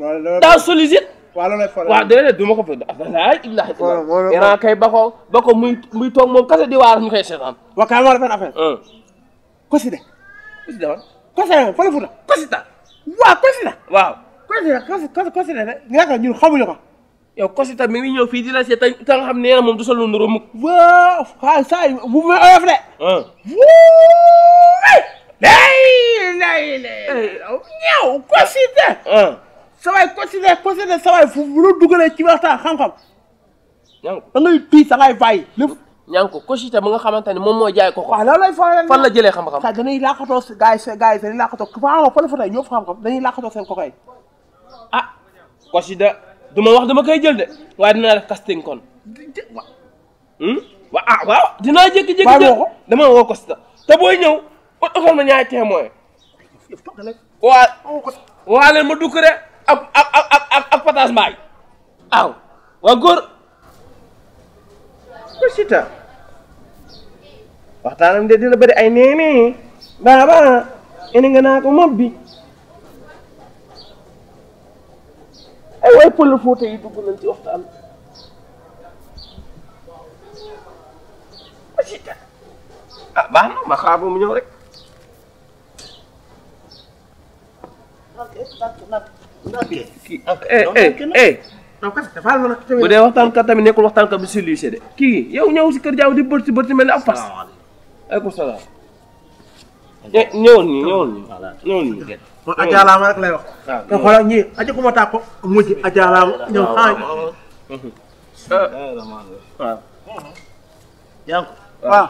S5: loolu daa sollicite. waaw loolu waaw déedéet du ma ko fa laa ilaaha illallaah. Iran kay ba ko ba ko muy muy toog moom kase di waar ñu koy seetaan. waaw kay moo defoon affaire. Kosida. Kosida man. Kosida fa la Fuuta. Kosida. waaw Kosida. waaw. Kosida Kosida de. nga xam ñun xamuñu ko. yow Kosita mi ngi ñëw fii di la seet te nga xam nee na moom du sol lu nuru mukk. waaw waaw saa yi bu ma oyof de. Ah. wuuy. léegi léegi léegi. Eh. ñëw Kosita. Ah. saway Kosita Kosita fu mu dugalee ci waxtaan xam-xam. ña da ngay tuuti sa ngay bàyyi lépp. ña ko Kosita mu nga xamante ne moom moo jaay ko. waaw loolu la jëlee xam-xam. saa dañuy laaxatoo si gars yi sa gars yi dañuy laaxatoo fa la fa tey ñoo fa xam-xam dañuy laaxatoo seen kooku ay ah Kosita. duma wax dama kay jël de way dina def casting kon hmm wa ah wa dina jek jek jël dama wo ko sta sita te booy ñëw utal ma ñaari témoin wa wa le ma duk re ak ak ak ak ak patas mbaay aw wa gor ko sita waxtanam de dina bari ay neene baba ene nga na ko mabbi ay way pël fóote yi dugg nañ ci waxtaan ma ci teg ah baax na ma xaar mu ñëw rek bu dee waxtaan kat tamit nekkul waxtaan kat bu siluissé de kii yow ñëw si kër jaaw di bërti bërti mel ni ab fas salaam Eh, ñëwoon ñu ñëwoon ñu. Ah, ñëwoon ñu gerte. kon ajaalaama rek lay ah, ko mujj ajaalaama ñoom xaaj. Ah. waaw. Eh, jàng. waaw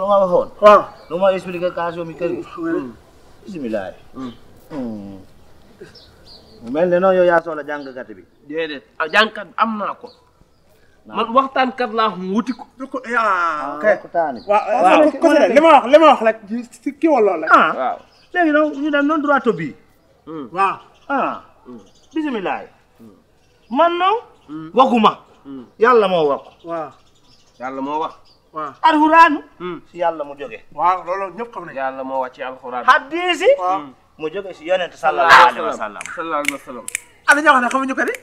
S5: lu ma waxoon. waaw mi kër gi. Hmm. bisimilah. Hmm. Hmm. mel ne noonu yow yaa soxla jàngkat bi. déedéet ah ko. man waxtaan kat laa xam wuti ko. Ah, waaw waaw waaw li ma wax li ma wax rek ci kii wala loolu rek. Ah, waaw léegi donc ñu dem noonu droit bi. Hmm. waaw ah. Hmm. bisimilah. Hmm. man noonu. waxuma. yàlla moo wax. waaw yàlla moo wax. waaw alxuraan. si yàlla mu jóge. waaw loolu ñëpp xam nañu. yàlla moo wax ci alxuraan. hadisi. mu jóge si yonent sallallahu alayhi wa sallam. sallallahu alayhi wa sallam. ana ñoo xam ne xamuñu ko de.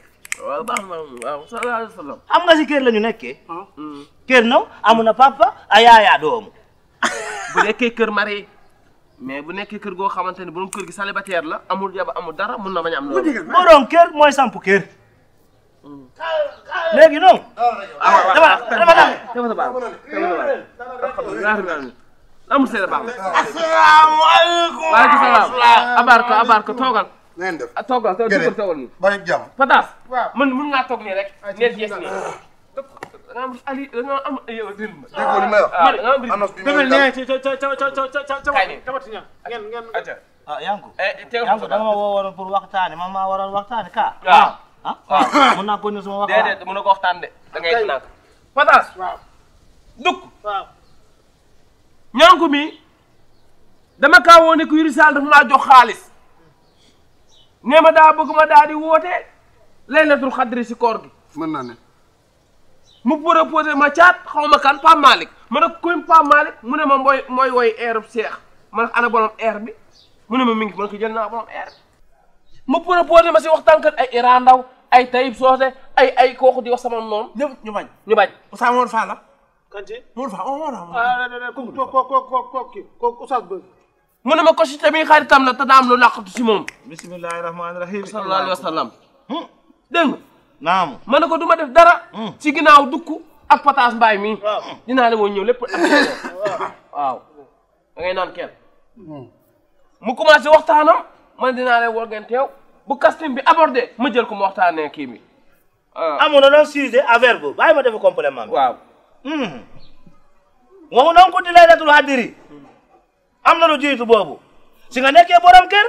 S5: waaw wa sallam am nga si kër la ñu nekkee. Hmm. kër naw amu na papa a yaaya doomu. [LAUGHS] bu nekkee kër marié mais bu nekkee kër goo xamante ne borom kër gi célibataire la amul yaba amul dara mun na bañ am loolu. borom kër mooy samp kër. Hmm. léegi noonu. Ah, waaw ah, ah, dama dama dama dama dama amul seen baax. asalaamaaleykum. waaleykum salaam abaar ko na def ah, toogal toogal jëkkër toogal nii ba ngeen jàmm man mën naa rek yes ah, ali da am yow dégg ma déggoo li may wax ah, annonce bi demel ne ci ca ca ca ca ca ca ca tamati ñaan ngeen ngeen ah yanku eh, eh, yanku da nga
S7: ma woo waroon pour waxtaane man maa waroon waxtaane ka [COUGHS] waaw ah itu mën naa
S5: ko ne mi dama kaa woo ne ku sal daf maa jox nee ma daa bëgg ma daa di woote laylatul xadri si koor gi. mën naa ne. mu proposé ma caat xaw ma kan Pape Malick ma ne kuy Pape Malick mu ne ma mooy mooy woy airub seex ma ne ana borom air bi mu ne ma mi ngi man ko jël naa borom air mu proposé ma si waxtaankat ay Iran Ndaw ay Tayib Soose ay ay kooku di wax sama noonu. ñëpp ñu bañ ñu bañ. Ousseyn Mor Fall la. kan ci Mor Fall waaw waaw waaw. ah déedéet kooku kooku kooku kooku kii kooku Oustaz Bëgg من ما كنتش تبين خير تامنا تدعملوا لا قلت بسم الله الرحمن الرحيم صلى الله عليه وسلم دم نعم ما نكو دوما ديف دارا سي غيناو دوكو اك باتاس باي مي دينا لي وني ليب واو ما غي نان كين مو كوماسي وقتانم ما دينا لي وغن تيو بو أنا بي ابوردي أنا جيل كو وقتاني كي مي امونو لو سيزي افيربو باي ما ديف كومبليمان واو واو نون كو دي ليلة الهدري amna lu jitu bobu si nga nekkee borom ker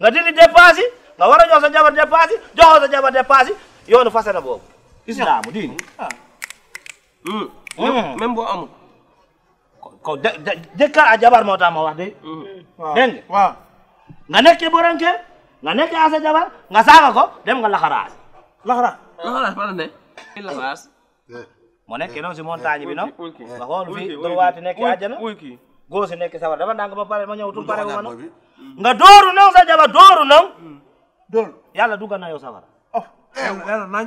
S5: nga dindi
S7: dépassi nga wara jox sa jabar dépassi yi sa jabar dépassi yoonu fase bobu boobu.
S5: islaamu ah. hmm. hmm même bo amu ko de a jabar moo ma wax de.
S6: Hmm. waaw dégg
S5: nga waaw. nga nekkee borom ker nga nekke asa jabar nga saga ko dem nga laxaraas. laxaraas laxaraas fa ne.
S7: laxaraas. mo nekke non ci montagne bi non nga xool fii doo waati nekk góor si nekk sawar dama ndànk ba pare ma ñëw tul pare ma nag
S6: nga dooru nang sa jaba dooru nang
S5: mm.
S7: dóor yàlla dugga na yow sawar oh eh, leena nañ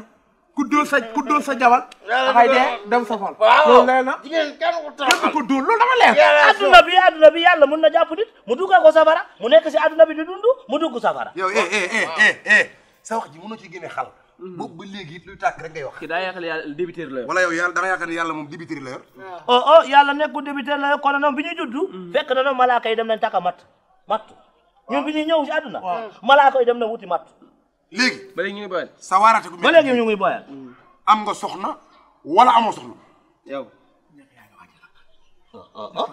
S7: ku dóor sa ku dóor
S5: sa jabal xay dee dem safal loolu leer na képp ku dóor loolu dama bi yàlla mun na jàpp nit mu dugga ko safara mu nekk si adduna bi di dund mu dugg safara yow eh eh, eh eh sa wax ji mën na ci génne xal boobu mm-hmm. ba léegi it luy tàkk rek ngay wax. ki daa yaakaar yàlla débiteur la wala yow yàlla da nga yaakaar yàlla moom débiteur la yor.
S7: oh oh yàlla nekkul débiteur la yor kon noonu
S5: bi ñuy judd. Mm-hmm. fekk na noonu malaaka yi dem nañ takka matt matt ñun bi ñuy ñëw ci àdduna. Mm-hmm. malaaka yi dem na wuti matt. léegi ba ñu ngi booyal. sa waarate ku mel ba léegi ñu ngi booyal. am nga soxna wala amoo soxna. Oh, oh, oh.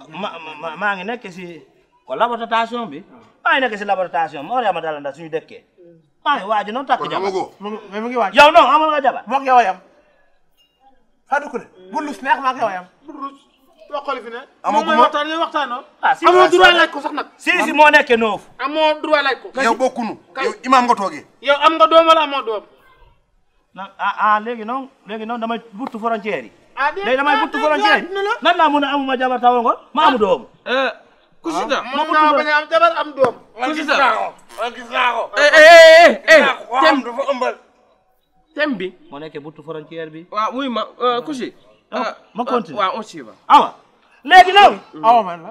S5: maa ngi nekk si ko laboratoire bi maa ngi nekk si laboratoire bi moo ma dalal ndax suñu maa ngi waaj noonu tàkk jabar mu ngi waaj yow non amoon nga jabar mook yow a yam Fatou Kouré bu lus neex maa a yam bu ah, ko sax moo nekke noofu amoo droit laaj ko yow bokkunu yow imaam nga toogee yow am nga doom wala amoo doom na ah, ah léegi a amuma jabar tawoon ko ma ku si da mën naa bañ a am jabar am doom ku si da wala gis naa ko tem dafa ëmbal tem bi moo nekk buntu frontière bi waaw wuy ma ku si ma continue waaw on si va awa léegi nag hum. awa man la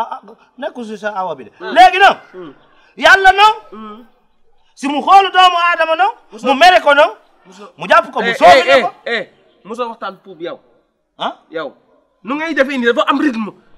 S5: ah nekku si sa awa bi de hum. léegi nag hum. yàlla nag si mu xoolu doomu aadama nag mu mere ko nag mu jàpp ko mu eh, soobu eh, ne ko eh, muso waxtaan puub yow ah yow nu ngay defee o dafa am rythme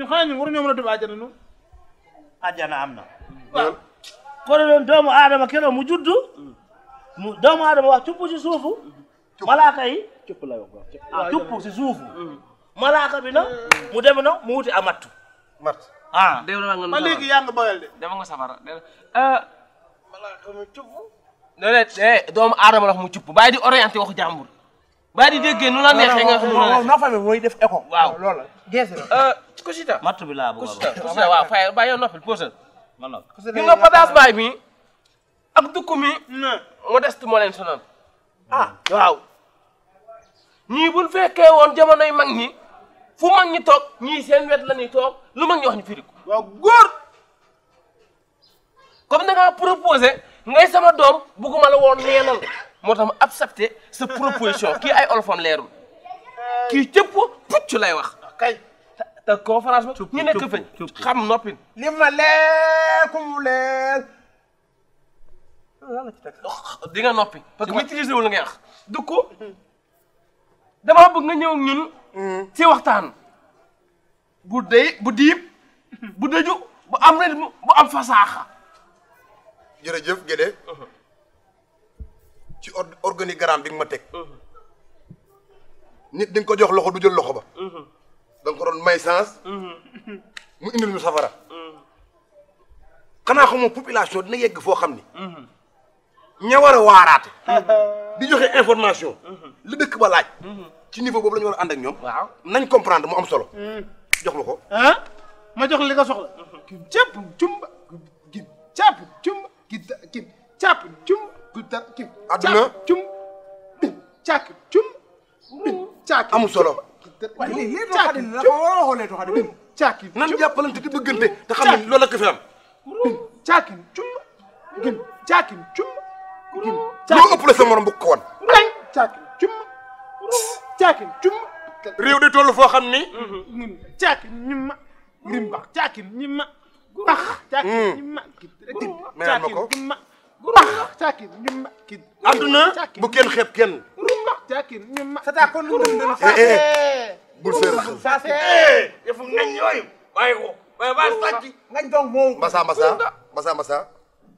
S5: ñu xanaa ñun waruñoo mën a dugg àjjana ñun. àjjana am na. waaw kon doon doomu aadama keroog mu juddu. mu doomu aadama wax cupp si suufu. malaaka yi cupp si ah, suufu. Mm. malaaka bi na mu dem na mu wuti amattu. mat ah. dégg nga man léegi yaa ngi boyal de. Eh. mu cupp. léeg eh, doomu aadama la wax mu cupp bàyyi di orienté waxu jàmbur. baa di déggee nu la neexee nga xam ne
S3: noo mooy def
S5: waaw loolu la matt bi laa bëgg a Kouchita waaw fay ba yow noppil posal. man la bi nga pataas baay mi ak dukku mi. modeste moo leen sonal. ah waaw. ñii buñ fekkee woon jamonoy mag ñi fu mag ñi toog ñii seen wet la ñuy toog lu mag ñi wax ñu firi ko. waaw góor comme ngay sama doom bugguma la woon neenal. moo tax mu accepté sa proposition kii ay olofam leerul kii cëpp pucc lay wax. kay te conférence ba. ñu nekk fañ xam noppin. li ma leer ku nga noppi. parce que maîtriser wu la ngay wax. du ko damaa bëgg nga ñëw ñun. Hmm. ci waxtaan. bu dey bu diib bu dëju bu am rythme bu am fasaaxa. ci organigramme bi nga tek teg mhm. nit ding ko jox loxo du jël loxo ba mhm. da nga ko doon may sens mhm. mu indil ñu safara xanaa xamoo population dina yegg fo xamni ni ña war a [LAUGHS] di joxe information li dekk ba laaj ci niveau bobu lañu wara and ak ñom waaw nañ comprendre mu am solo jox ma hein ah? ma jox li nga soxla kim càpp cumba kim càpp cumba ki ki cumba du dara ci àdduna cum càkk cum càkk amul solo waaye léegi léegi doo xam bëggante te xam ne loolu la ko fi am càkk cum gin càkk cum gin bu ko woon càkk cum
S8: réew di foo xam ni
S5: càkk ñim ma rim bax càkk ñim ma bax càkk hmm. ñim ma rumbax cakin ñu ma ki adduna bu kenn xeeb kenn rumbax cakin ñu ma sa taa kon lu dum dum sa eh, eh, eh. bul feer sa se yefum nañ yooyu waaye ko waaye waaye sàcc ngañ donc moom mbasa mbasa mbasa mbasa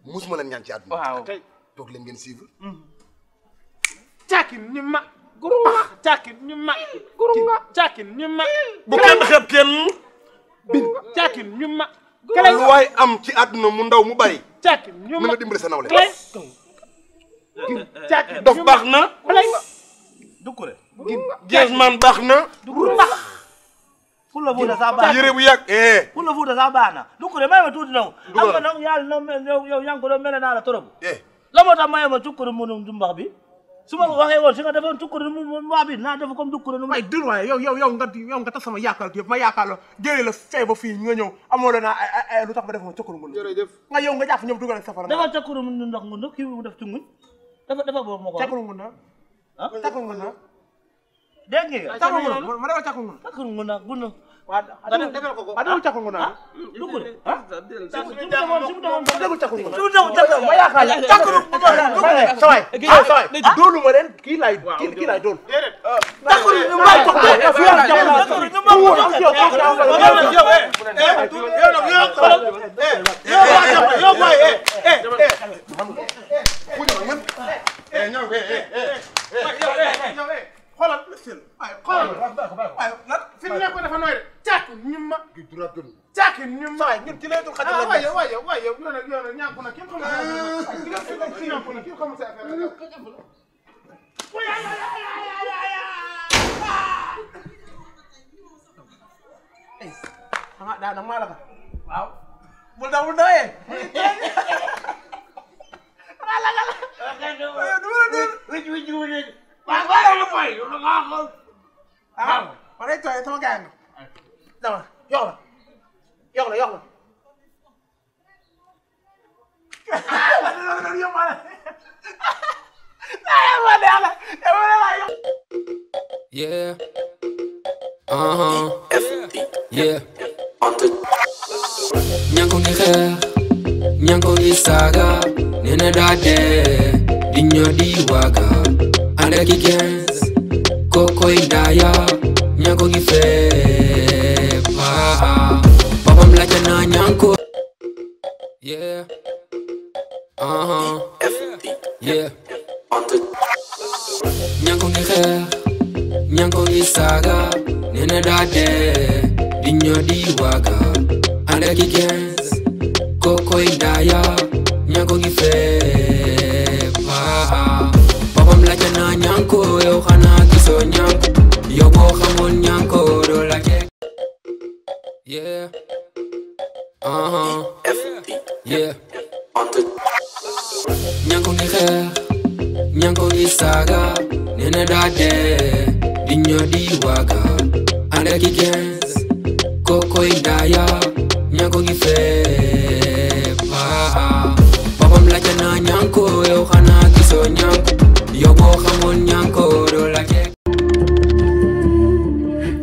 S5: musuma leen ñaan ci àdduna waaw toog leen ngeen suivre cakin mm-hmm. ñu ma rumbax cakin ñu ma rumbax cakin ñu ma bu kenn xeeb kenn bin cakin ñu ma kële lu waay am ci àdduna mu ndaw mu bari. càkk ñu nga dimbali sa nawle. càkk dof baax na. dukkure. baax na. dukkure baax.
S7: Fula Fouta saa baax na yére bu yàgg. Fula Fouta saa baax na dukkure may ma tuuti na. dukkure am nga nag yàlla na yow yaa ngi ko doon naa la trop. Eh. la moo tax may ma tukkure mu nu dumbax bi. su ma waxee woon su nga defoon tukkure
S5: mu waa bi naa def comme dukkure nu may dul waaye yow yow yow nga yow ma yaakaar la jëlee la fee ba nga ñëw amoo la naa ay eh, eh, eh, lu tax ma def ma tukkure mu jërëjëf nga yow nga jàpp ñoom dugal ak safara dafa tukkure mu ndox mu def tunguñ dafa dafa boobu ma ah? ma dafa tukkure ngu na tukkure waaw defal ko ko waaw defal càkkungu naa lu ko de ah su mu demoon su mu ma yaakaar la càkkungu ma yaakaar saway saway doolu ma ren kii laay kii laay dool càkkungu ñu may jox ko xoolal waaye xoolal waaye nag fi mu nekk dafa nooy de càkk ñu ma càkk ñu ma ñun ci lay dul xajal la waaye waaye waaye yow nag yow nag ñàkk na kenn xamul ñàkk na kenn xamul sa affaire ah daa nag maa la ko waaw bul daw bul dawee
S7: maa [LAUGHS] la ko
S5: la bạn quá đâu nó mày nó ngon hơn à bạn ấy trời thôi càng ờ. đâu rồi vô rồi vô rồi vô rồi no, no, no,
S1: yeah. Uh-huh. Yeah.
S2: Nyanko ni khair, nyanko ni saga, nene dade, dinyo di waga. anda kigenz koko indaya nyanko gifepa papa mlacha na nyanko yeah uh-huh. yeah nyanko ngihe nyanko ngisaga nene dade dinyo diwaga anda kigenz koko indaya nyanko gifepa ñànk yow boo xamul ñànk doo la jekk yeah uh-huh yeah ñànk ngi xeex ñànk ngi saaga nee na daa dee di ñoo di waaga ànd ak i gens kokoy daaya ñànk ngi feeb papam laaj
S3: na ñànk yow xanaa gisoo ñànk yow boo xamul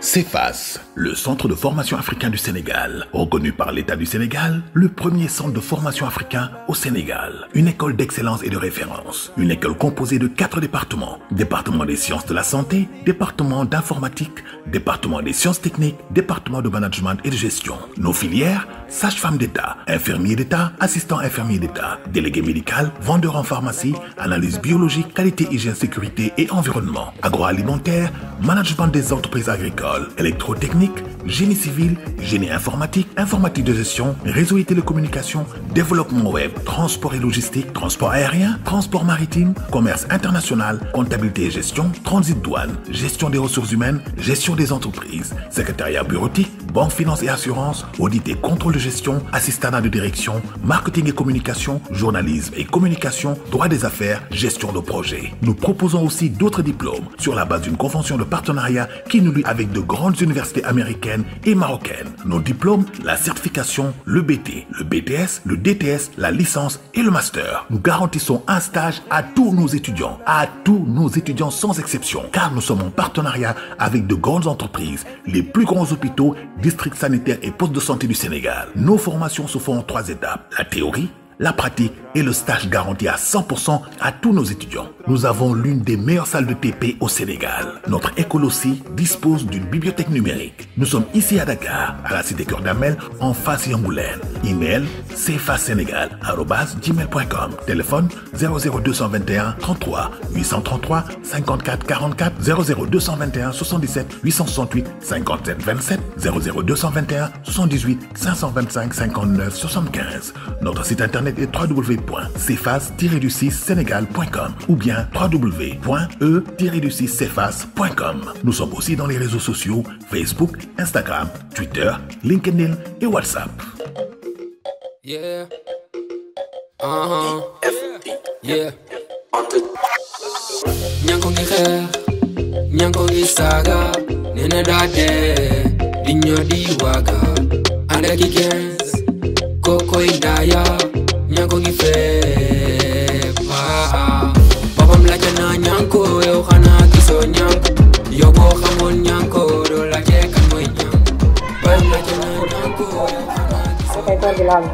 S4: CEFAS, le centre de formation africain du Sénégal, reconnu par l'État du Sénégal, le premier centre de formation africain au Sénégal, une école d'excellence et de référence, une école composée de quatre départements, département des sciences de la santé, département d'informatique, département des sciences techniques, département de management et de gestion. Nos filières, sage-femme d'État, infirmier d'État, assistant infirmier d'État, délégué médical, vendeur en pharmacie, analyse biologique, qualité, hygiène, sécurité et environnement, agroalimentaire, management des entreprises agricoles, électrotechnique, génie civil, génie informatique, informatique de gestion, réseau et télécommunications, développement web, transport et logistique, transport aérien, transport maritime, commerce international, comptabilité et gestion, transit douane, gestion des ressources humaines, gestion des entreprises, secrétariat bureautique, banque finance et assurance, audit et contrôle de gestion, à de direction, marketing et communication, journalisme et communication, droit des affaires, gestion de projet. Nous proposons aussi d'autres diplômes sur la base d'une convention de partenariat qui nous lie avec de grandes universités américaines et marocaines. Nos diplômes, la certification, le BT, le BTS, le DTS, la licence et le master. Nous garantissons un stage à tous nos étudiants, à tous nos étudiants sans exception, car nous sommes en partenariat avec de grandes entreprises, les plus grands hôpitaux, districts sanitaires et postes de santé du Sénégal. Nos formations se font en trois étapes. La théorie, la pratique et le stage garantis à 100% à tous nos étudiants. Nous avons l'une des meilleures salles de TP au Sénégal. Notre école aussi dispose d'une bibliothèque numérique. Nous sommes ici à Dakar, à la cité Cœur d'Amel, en face Yangoulène. Email cfasénégal.com. Téléphone 00221 33 833 54 44 00221 77 868 57 27 00221 78 525 59 75. Notre site internet et wwwcfas du 6 sénégalcom ou bien wwwe du 6 Nous sommes aussi dans les réseaux sociaux Facebook, Instagram, Twitter, LinkedIn et WhatsApp.
S1: Yeah. Uh-huh. E
S2: e. yeah. nyanko gi fep boppam la ca naa ñanko yow xanaa gisoo ñanko yow boo xamoon ñanko doo la jee kan mooy ñanko
S9: boppam la bilang.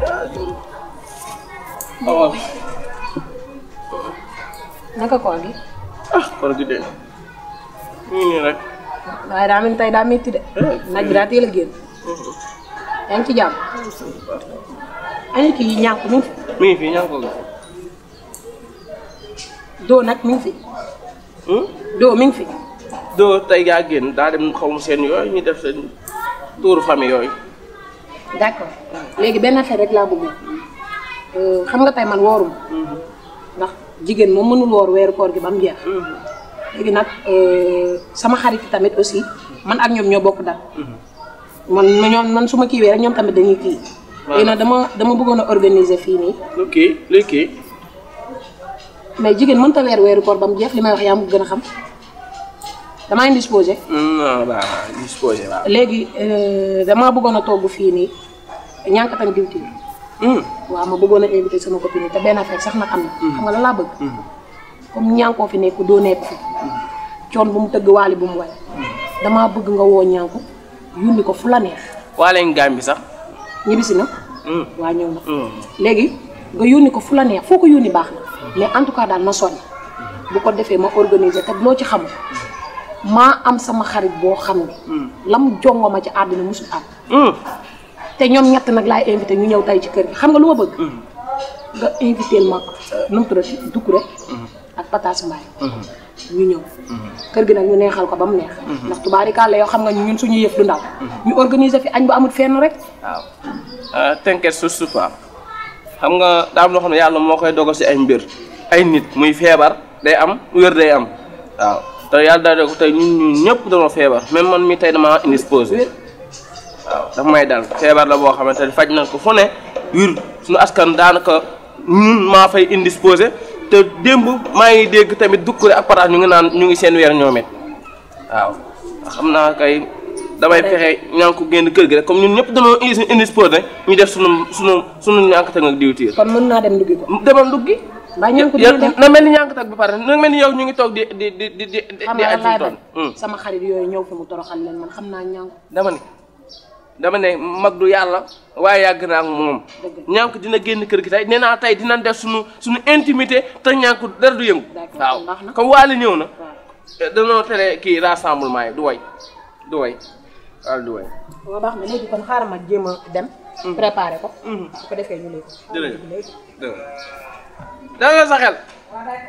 S9: Naka koor gi?
S5: Ah, koor gi de. Nii rek.
S9: Waaye daa mel ni tey de. Naaj ci ani kii ñànk mi ngi fi. mi fi ñànk ko. doo nag mi ngi fi.
S5: Hmm? doo mi ngi fi. doo tey gaa génn daa dem xaw ma seen yooyu ñu def seen tuuru famille yooyu.
S9: d'accord léegi benn affaire rek laa bëggoon euh, xam nga tey man wooruma. Hmm. ndax jigéen moom mënul woor weeru koor gi ba mu jeex. Hmm. léegi nag euh, sama xarit tamit aussi man ak ñoom ñoo bokk dal man su ma kiiwee rek ñoom tamit dañuy kii.
S5: léegi nag dama dama bëggoon a organiser fii nii. ok léegi.
S9: mais jigéen mënta weer weeru koor ba mu jeex li may wax yaa gën a xam damaa indisposé.
S5: Mm, ah, non waaw indisposé
S9: euh, bëggoon a togg fii nii ñànkatam diwtiir. waa ma bëggoon a invité sama copine yi te benn affaire sax na am na. Mm. xam nga la laa bëgg. Mm. comme ñànkoo fi nekk doo nekk fi. coon bu mu tëgg waali bu mu way damaa bëgg nga woo ñànku yónni ko fu la neex.
S5: waalee ngaam bi sax. ñibbisi na. Mm. waa ñëw na. Mm.
S9: léegi nga yónni ko fu la neex foo ko yónni baax na mais en tout cas daal ma sonn bu ko defee ma organiser te loo ci xamul maa am sama xarit boo xam ne. Mm. la mu jongo ci àddina musul
S6: am.
S9: te ñoom ñett nag laay invité ñu ñëw tay ci kër gi xam nga lu ma bëgg. nga invité ma euh, nu mu tuddati ak pataas mbaay mhm. ñu ñëw mhm. kër gi nag ñu neexal ko ba mu neex mhm. ndax tubaarikàlla yoo xam nga ñun suñu yëf du ndaw ñu organiser fi añ bu amul fenn rek
S5: waaw ah, xam nga daa am ne yàlla moo koy dogal si ay mbir ay nit muy feebar day am wér day am waaw te yàlla daal de ko te ñun ñu ñëpp dañoo feebar même man mi tey damaa indisposé waaw daf may dal feebar la boo xamante ne faj nañ ko fu ne wir suñu askan daanaka ñun maa fay indisposé te démb maa ngi dégg tamit dukkure ak pataas ñu ngi naan ñu ngi seen weer ñoom it waaw xam naa kay damay fexe ñaan génn kër gi rek comme ñun ñëpp dañoo indi indi sport rek ñu def sunu sunu ñànk ñànkatag ak diwtiir. kon mën naa dem duggi ko. demal duggi. mbaa ñànku dina dem na mel ni ñànk ñànkatag ba pare na mel ni yow ñu ngi toog di di di di di. di ay hmm. sama xarit yooyu ñëw fi mu toroxal leen man xam naa ñànku dema ni dama ne mag du yàlla waaye yàgg naa ak mom ñank dina genn kër gi tay neena tay dina def suñu suñu intimité ta ñank dara du yëngu waaw comme waali ñew na da no télé ki rassemblement yi du way du way al du way
S9: wa baax na léegi kon xaaral ma jema dem mm-hmm. préparer ko mm-hmm. ko defé ñu lay ko
S5: dalal sa xel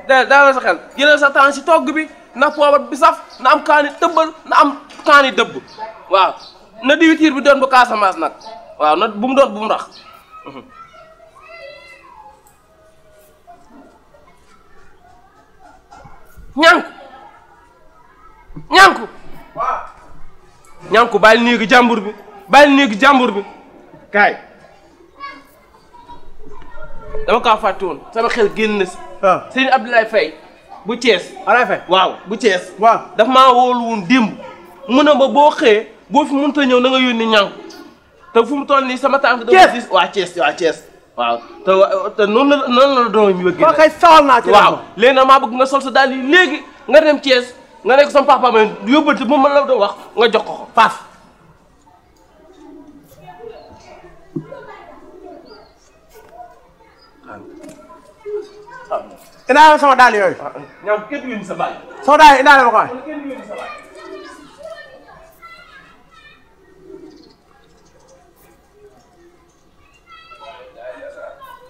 S5: dalal sa xel jël sa temps ci togg bi na poobar bi saf na am kaani tëmbal na am kaani dëbb waaw na diwtiir bi doon bu Casamance nag waaw na bu mu doon bu mu rax ñànku ñànku ñànku bàyyi néegu jàmbur bi bàyyi néegu jàmbur bi kaay dama kaa fàtte woon sama xel génn si ah. sëñ Abdoulaye Faye bu Thiès Abdoulaye Faye waaw bu Thiès waaw daf maa wóolu woon démb mun a ba boo boo fi mënut a ñëw na nga yónni ñaŋ te fu mu toll nii sama tànk. Thiès dama waa Thiès waa Thiès. waaw te te noonu la noonu la doom yi bëgg. waaw kay maa bëgg nga sol sa daal yi léegi nga dem Thiès nga nekk sama papa ma yóbbante bu ma la doon wax nga jox ko ko faaf. daal yooyu. Ah, ñoom kenn sa baay. sama daal indaale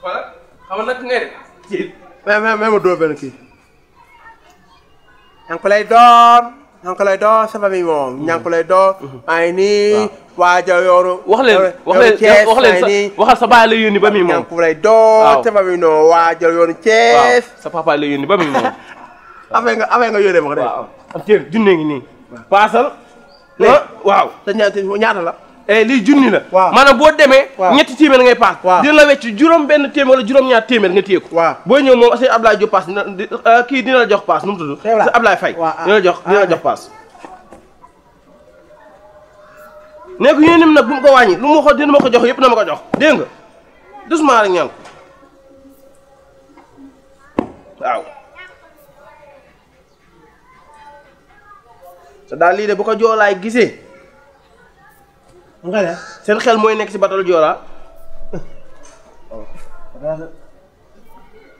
S5: voilà xaw nag ngay def. ci mais mais mais ma dóor benn kii. ña lay door ña ngi lay door sa famille moom mm-hmm. ña lay door. Mm-hmm. maa ngi nii waaja yooru. wax leen wax leen wax leen sa sa baay la yónni ba muy moom. ña ngi ko lay door sa famille moom waaja yooru Cees. sa papa la yónni ba muy moom. [LAUGHS] affaire nga affaire nga yónnee ma ko de. waaw ngi nii. paasal. waaw te ñaata la. Eh, lii junni la maanaam boo demee ñetti téeméer ngay paas dina la wecc juróom benn téeméer wala juróom ñaar téeméer nga téye boo ñëw moom sëñ Ablaye Diop paas euh, kii dina la jox paas nu mu tudd sëñ Ablaye Faye ah. dina la jox ah, paas nee ko yéen nag bu mu ko wàññi lu ma ko dina ma ma ko jox dégg nga doucement rek ñaan waaw te daal lii de bu ko joolaay gisee nga seen xel mooy nekk ci batal Joola.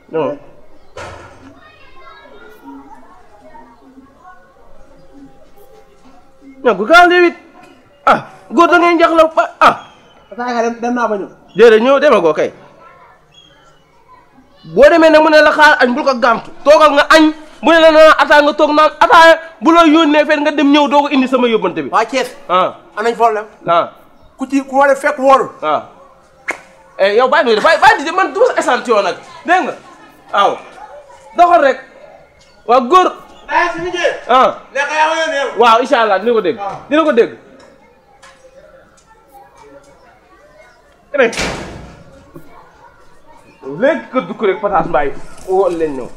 S5: non. non ku kaal de wit ah góor da ngay njaxlaw fa ah. dem naa ñëw. déedéet ñëw demagoo boo demee nag mu ne la xaar añ bul ko gàmtu toogal nga añ. bu ne la naan attaaya nga toog naan attaaya bu la yónnee feet nga dem ñëw doo ko indi sama yóbbante bi. waa Thiès. ah am nañ problème. ah ku a fekk wóorul. waaw ah. eh, yow bàyyi ma yële bàyyi man du sa échantillon nag dégg nga waaw rek waa góor.
S7: bàyyi suñu ah.
S5: allah dina ko dégg. Ah. dina ko dégg. léegi kër dugg rek Fatas Mbaye leen ñëw.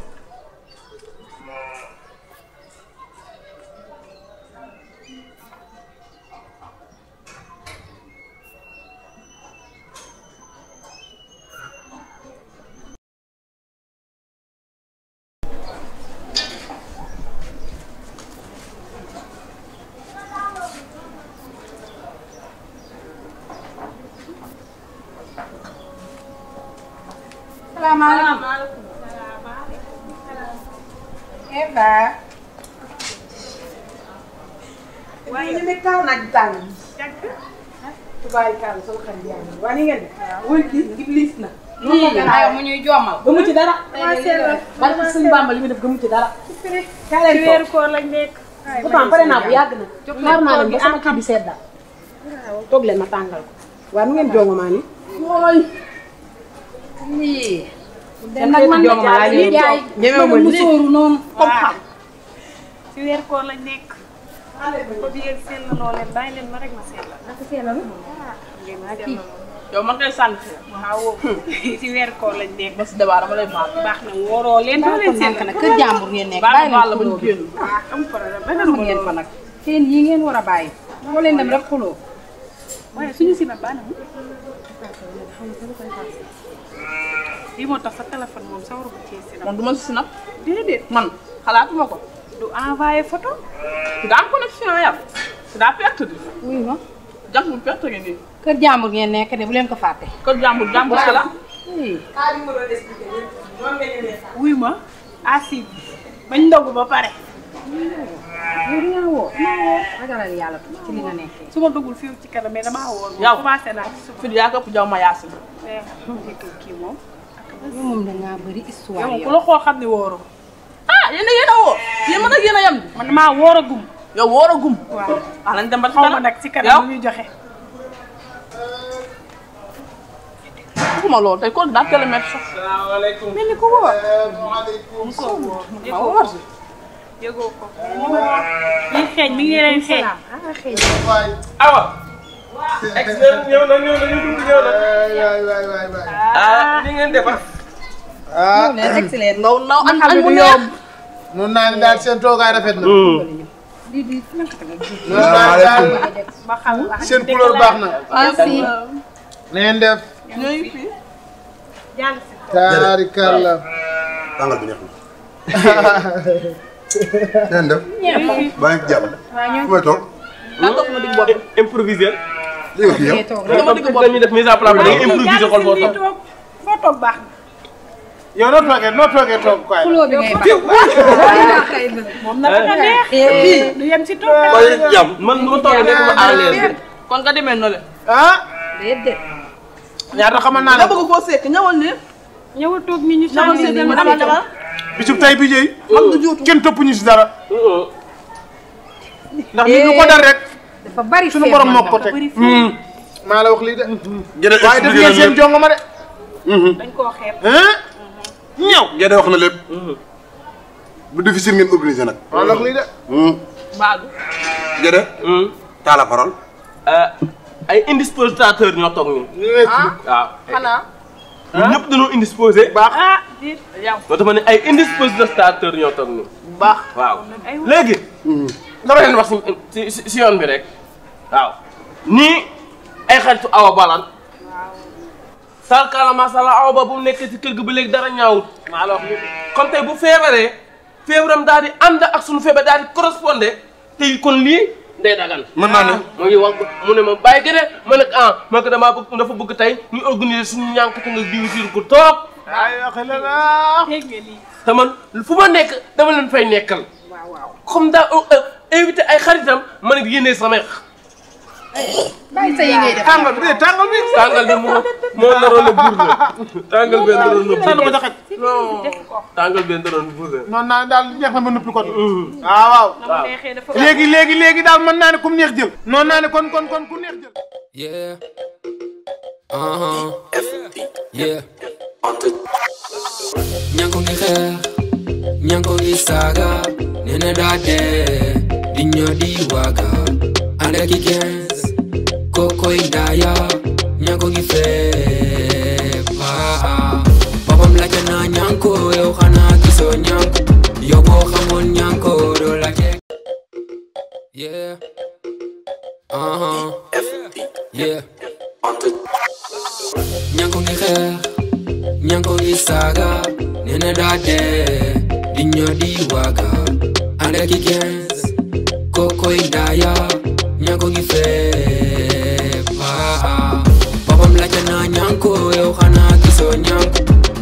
S9: taa waaye ñu ne taw naaj tàng tubaay kàlla def. wër gi na. mu ngi mu dara. barke sëñ Bàmba li mu def gëmu ci ci weeru koor lañ nekk. pourtant pare naa bu yàgg na. xaar naa leen ba sama kii bi sedd ma tàngal ko. waa nu ngeen jongomaa ni. mooy. te nag man de jaay ma sóoru weer koor
S5: la sant waaw ci weer koor lañ nekk ba si dabaa dama lay baax baax na wóoroo leen dama
S9: leen seen kër jàmbur ngeen nekk bàyyi ah, ngeen ko nag seen yi ngeen war a bàyyi boo leen dem rek xuloo lii moo tax sa téléphone moom sa waru ko cee sinap. man du ma si
S5: sinap. déedéet man xalaatuma ko. du envoyé photo. nga am connexion yow. daa perte de. wuy ma jàpp bu perte ngeen nii.
S9: kër jàmbur ngeen nekk de bu ko fàtte. kër wuy ma asib bañ ndogu ba pare.
S7: yow
S9: dinaa woo dinaa woo su ma doggul fii ci kanam mais damaa woo.
S5: yow commencé naa yaa ko ëpp jaw ma
S7: yaasin. Eh, [LAUGHS] kii moom. moom da ngaa
S9: bëri histoire yow ku la xoo xam ne wóoroo.
S7: ah yéen a yéen a wóor
S9: mën a yéen a yem. man maa wóor a gum. yow wóor a gum. waaw
S5: waaw ah, lan dem ci kanam ah, ñu joxe. Ah, ngeen defar. ah ngaw naaw an an mu neex. nu naan daal seen toogaay rafet na. lii mm. di daal
S9: seen couleur baax na. merci.
S5: na ngeen def. ñooñu fi. taarikalla. tàngal bi neex na. na ngeen def. baa ngi jàmm. fu may toog. Hmm? improviser. li nga fi yow. dama dëgg bopp dañuy def mise à plat da ngay improviser xool foo toog. foo toog baax na. yow noo toogee noo toogee toog quoi. xuloo bi ngay moom na ko neex. kii du yem si toog man nu ma toogee nekkuma à l'aise kon nga demee noonu la.
S9: ah. déedéet.
S5: ñaata xamal naa la nga bëgg
S9: koo sekk ñëwal ne. ñëwal toog nit ñu. ñëwal seen dem dama dama.
S5: bisub tey bi jëy. mag nga juutu kenn toppuñu si dara. ndax nit ñu ko dal rek. dafa bari suñu borom moo ko teg. maa la wax lii de. jërëjëf waaye def ngeen seen jongo ma de. dañ koo xeeb. ñëw Guédé wax na lépp. bu difficile ngeen organiser nag. waaw nag lii de. Badou. Guédé. t'as la parole. Euh, ay indisposateurs ñoo toog ñun. Ah. waaw xanaa. ñun ñëpp dañoo indisposé. baax ah diir moo tax ma ne ay indisposateurs ñoo toog ñun. baax waaw léegi. dama leen wax si si yoon bi rek. waaw nii ay xaritu awa balaan. tarkala masala aw ba bu nekkee ci kër gi ba léegi dara ñaawut maa la kon tey bu feebaree feebaram daal di ànd ak suñu feebar daal di correspondé tey kon lii day dagan mën naa ne ah, mu ngi wax mu ne ma bàyyi gëne ma nag ah ma ko damaa bëgg dafa bëgg tey ñu organiser suñu ñànk ko nga diw siir ko te man fu ma nekk dama leen fay nekkal waaw daa euh, invité ay xaritam ma ne yéenee samay bàyyi sa yi ngay def tàngal bi tàngal bi. tàngal bi moo moo naroon a buuse. tàngal bee naroon a buuse sànni ko jaxat. non tàngal bee naroon a buuse. noonu naa daal neex na ma noppi kon. Uhuh. ah waaw waaw léegi léegi léegi daal mën naa ne ku mu neex jël. noonu naa ne kon kon kon ku neex jël.
S1: yeah. Uh-huh.
S2: yeah. ña ko ngi xeex ña ko ngi saaga nee na daa dee di ñoo di waaga ànd ak i kenn koko indaya nyango gifepa babam la jana nyanko yow xana giso nyanko yow bo xamone nyanko do la ke yeah uh huh yeah nyanko ngi xeex nyanko ngi nene da de di di waga ande ki 15 koko indaya nyango gifepa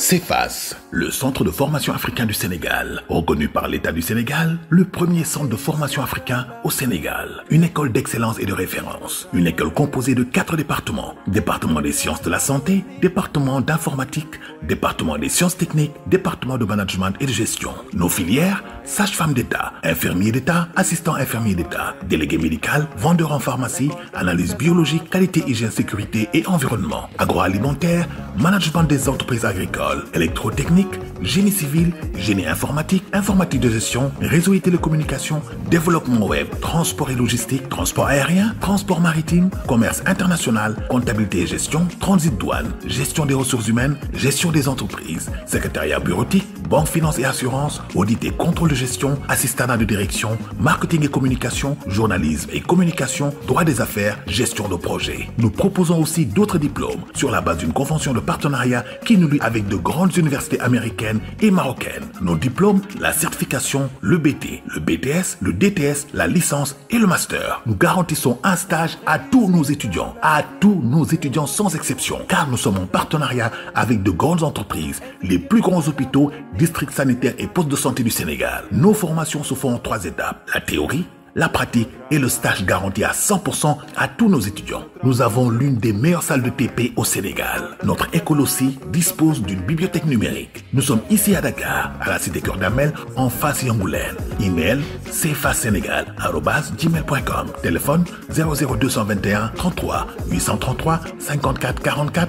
S4: CEFAS, le centre de formation africain du Sénégal, reconnu par l'État du Sénégal, le premier centre de formation africain au Sénégal, une école d'excellence et de référence, une école composée de quatre départements, département des sciences de la santé, département d'informatique, département des sciences techniques, département de management et de gestion. Nos filières, sage-femme d'État, infirmier d'État, assistant infirmier d'État, délégué médical, vendeur en pharmacie, analyse biologique, qualité, hygiène, sécurité et environnement, agroalimentaire, management des entreprises agricoles électrotechnique, génie civil, génie informatique, informatique de gestion, réseau et télécommunications, développement web, transport et logistique, transport aérien, transport maritime, commerce international, comptabilité et gestion, transit douane, gestion des ressources humaines, gestion des entreprises, secrétariat bureautique, banque finance et assurance, audit et contrôle de gestion, à de direction, marketing et communication, journalisme et communication, droit des affaires, gestion de projet. Nous proposons aussi d'autres diplômes sur la base d'une convention de partenariat qui nous lie avec de grandes universités américaines et marocaines. Nos diplômes, la certification, le BT, le BTS, le DTS, la licence et le master. Nous garantissons un stage à tous nos étudiants, à tous nos étudiants sans exception, car nous sommes en partenariat avec de grandes entreprises, les plus grands hôpitaux, districts sanitaires et postes de santé du Sénégal. Nos formations se font en trois étapes. La théorie, la pratique et le stage garantis à 100% à tous nos étudiants. Nous avons l'une des meilleures salles de TP au Sénégal. Notre école aussi dispose d'une bibliothèque numérique. Nous sommes ici à Dakar, à la cité Cœur d'Amel, en face e Email cfasénégal.com. Téléphone 00221 33 833 54 44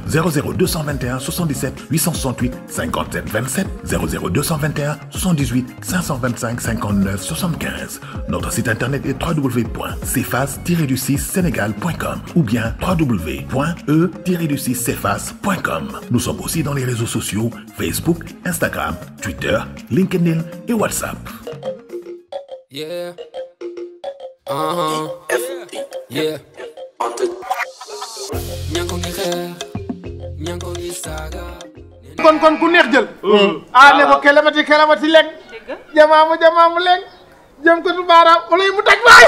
S4: 00221 77 868 57 27 00221 78 525 59 75. Notre site internet internet wwwcefas du 6 senegalcom ou bien www.e-du6cefas.com. Nous sommes aussi dans les réseaux sociaux Facebook, Instagram, Twitter, LinkedIn et WhatsApp.
S2: Yeah.
S1: Uh -huh. E yeah.
S5: kon kon ku neex jël. Euh. ah ne ko kelamati jëm ko tu baaraam mu taj waay.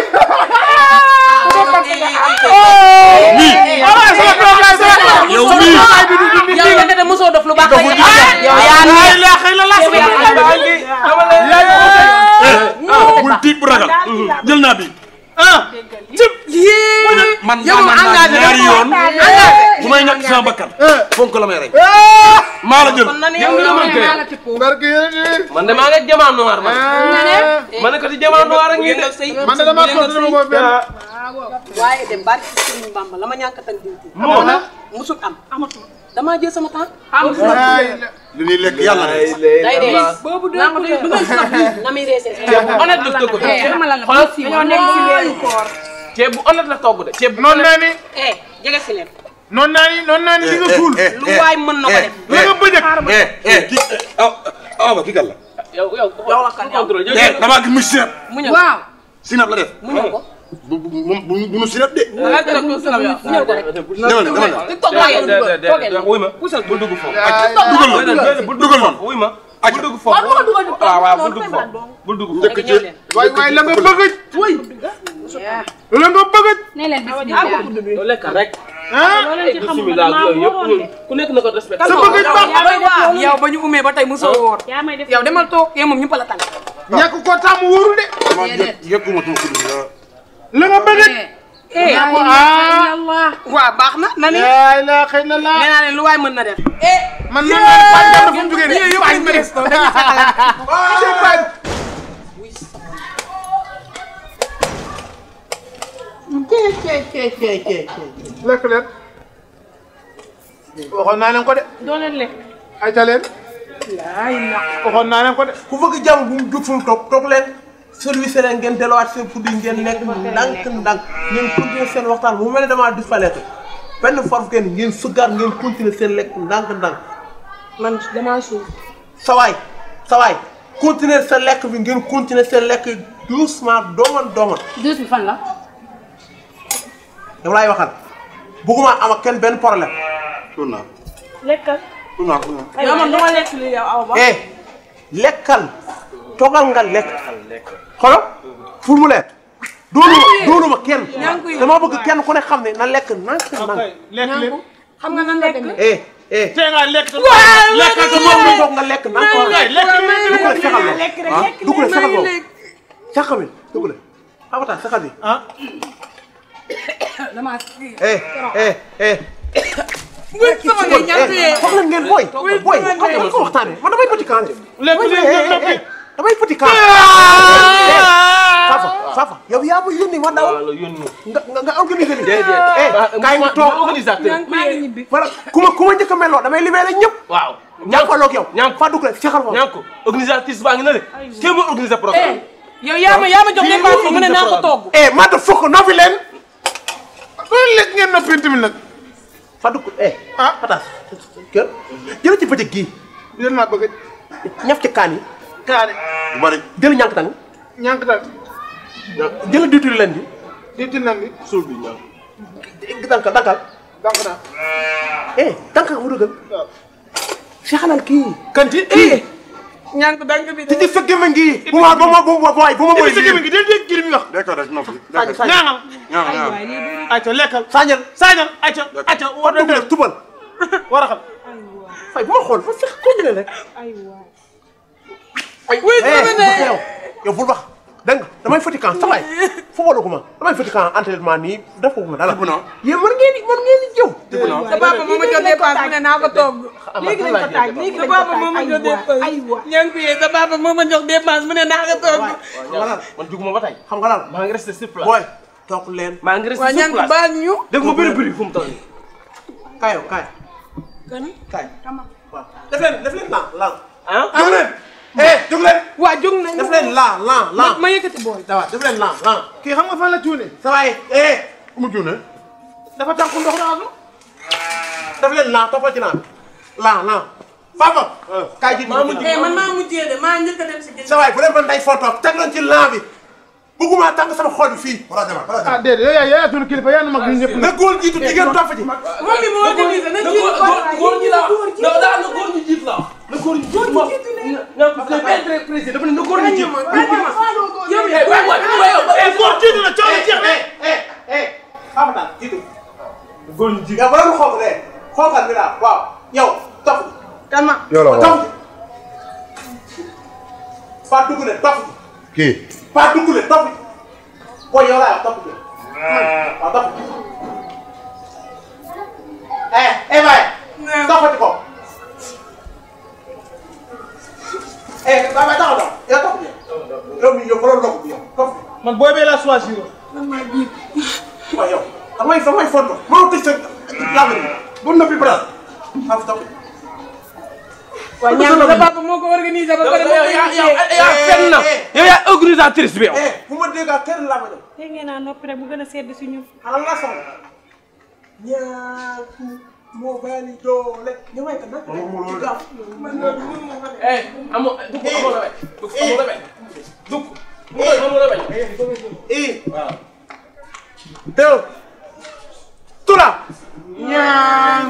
S5: yow mii yow nga ne mosoo def lu baax rek.
S7: yow yaa nii la xëy na laas nga dama lay.
S5: bul tiit bu ragal eh, ah, jël naa bi. ah man maa naan naa ñaari yoon ah! bu may ñàkk sama bakkan eh. fonk la may rey. Eh! maa la jël yow li nga mën kay man de maa ngi jamono noir man. Eh. ma ne ko si jamono noir ak ñuy def say. man de damaa ko dama ko benn. Ah.
S9: waaye dem barki Sëriñ Bamba la ma ñàkk a tënk. moo musul am amatul. damaa jël sama temps. am
S5: lu ñuy lekk yàlla de. day dee boobu de bu dee bu na muy reesee. ceeb bu honnête la togg de. Eh, dañoo nekk ci weeru koor. ceeb bu honnête la togg de. ceeb bu noonu naa ni. Eh, jege si leen. noonu naa ni noonu naa ni li nga eh, suul. lu waay mën na ko def. lu nga bëjëk. kii aw aw ba kii kan la. yow yow yow la kan yow. damaa gis muy sinap. mu ñëw waaw sinap la def. mu ñëw ko. bu bu bu bu nu si def de. waaw dëgg la dëgg la dëgg la dëgg la dëgg la dëgg la dëgg la dëgg la ku nekk na ko respecté. sa bëgg baax yow ba ñu umee ba tey mosoo woor. yow demal toog yow moom ñu pala tànn. ñàkk ko tàmm wóorul de. yëkkuma tuuti la nga bëgg eh, eh ah waaw baax na na ni. yàlla xëy na laa. nee naa leen lu waay mën na def. Eh. man man man Pañ dem na fu mu jógee nii yëpp ay ministres dañuy saxalaat. monsieur Pañ. Ah. lekk leen. waxoon naa leen ko de. doo leen lekk. ayca leen. waxoon naa leen ko de. ku bëgg jàmm bu mu jóg fu mu toog service rek ngeen delluwaat seen produit ngeen lekk ndànk ndànk ngeen continuer seen waxtaan bu mel ne damaa disparaître benn forf ngeen ngeen sëggaat ngeen continuer seen lekk ndànk ndànk. man damaa suuf. sawaay sawaay continuer sa lekk bi ngeen continuer seen lekk doucement dooman dooman. doucement fan la. dama laay waxal bëgguma am ak kenn benn problème. tuur lekkal. toogal nga lekk xolo pour mu lekk doonu doonu ma kenn dama bëgg kenn ku ne xam ne na lekk nank nank xam nga nan la demee eh eh tey nga lekk lekk sa moom lu toog nga lekk nank lekk du ko lekk saxal loolu saxal bi du ko lekk abata saxal bi ah
S7: dama eh
S5: eh eh wut sama ngeen ñaxte wax la ngeen booy booy xam nga ko waxtaane man damay bëti kaane lekk lekk damay fëti kaa. Fafa Fafa yow yaa ma yónni ma dawal. nga nga organisé li. ma toog ku ku ma njëkk a meloo damay ñëpp. waaw ñàkk yow. ñàkk Fadou Kure caxal ma. ñàkk organisatrice baa ngi na de.
S2: Eh, a ko togg.
S5: Eh, fokk noppi leen. loolu ngeen noppi tamit nag. Fadou Kure eh. ah Fatas ci bëccëg gii. dina naa ñaf ci kaan kaane bu bari jël ñànk tàng ñànk tàng jël diwtiir leen bi diwtiir leen bi suuf bi ñànk dànkal dànkal dànk naa eh dànkal mu dëggal si xalal kii kanti eh ñànk dànk bi di fekke ma ngi bu ma bu ma bu ma waay bu ma mooy fekke ma ngi del dégg gi li muy wax d'accord rek noppi d'accord ñaanal ñaanal ayca lekkal sañal sañal ayca ayca war na tubal [LAUGHS] war a xam fay bu ma xool fa sax ko jëlee rek Eh, yow yow bul wax dégg nga damay fatigant sax waay football ko ma damay fatigant entraînement nii def ko ma dara.
S7: yéen mën ngeen di mën ngeen di jëw. dëgg la sa papa moo ma jox dépense mu ne naa ko togg. léegi lañ ko sa papa moo ma jox dépense mu ne naa ko togg.
S5: waaw man xam nga lan maa ngi resté sur place. booy toog leen. maa ngi resté sur place waaw ñu dégg ma bëri bëri fu mu toll nii. kaayoo kaay.
S7: kaay. waaw def
S5: leen def leen lan lan. ah eh jóg leen. waaw jóg nañ daf leen lan lan lan ma yëkkati booy. waaw daf leen lan lan. kii xam nga fan la cuune. sa waay eh, eh. mu cuune. dafa tànku ndox daal. daf leen lan toppal ci naan lan lan. papa. Euh. kaay ji ma mujjee eh, man maa mujjee de maa njëkk a dem si. sa waay bu dee man day foto teg leen ci lan bi. bëgguma tàng sama xol fii. war a demal war a demal ah déedéet yaa yaa sunu kilifa yaa nu mag ñun ñëpp. na góor jiitu jigéen topp ji. moom mi moo demee sax na jiitu góor la góor ñi la na góor ñi jiitu la. na góor ñi jiitu moom na benn président dafa ne na góor ñi jiitu. yow yaa ngi waay waay góor jiitu la coono eh, jeex na.
S7: Eh, eh, xam naa
S5: jiitu. góor ñi jiitu yow bala mu xoox de xooxal bi la waaw yow topp. dama
S1: yow la
S8: waaw topp.
S5: Fatou Dugune topp. kii. pas dugg leen topp booy yow laa wax topp leen. Ah. waaw topp leen. eh eh ah. Baye. toppati ko. eh Baye taxaw taxaw yow topp leen. yow mii yow borom lopp bi yow topp leen. booy bee laa choisir. man maa ji. waaw yow damay damay fonto ah. mënoo waaw ñaan sa papa moo ko organisé ba pare moo yow yaa eh, eh, organisatrice bi yow. bu eh, ma dégg ak ngeen naa noppi rek a sedd si ñun. xanaa la soxla. ñu may dem nag.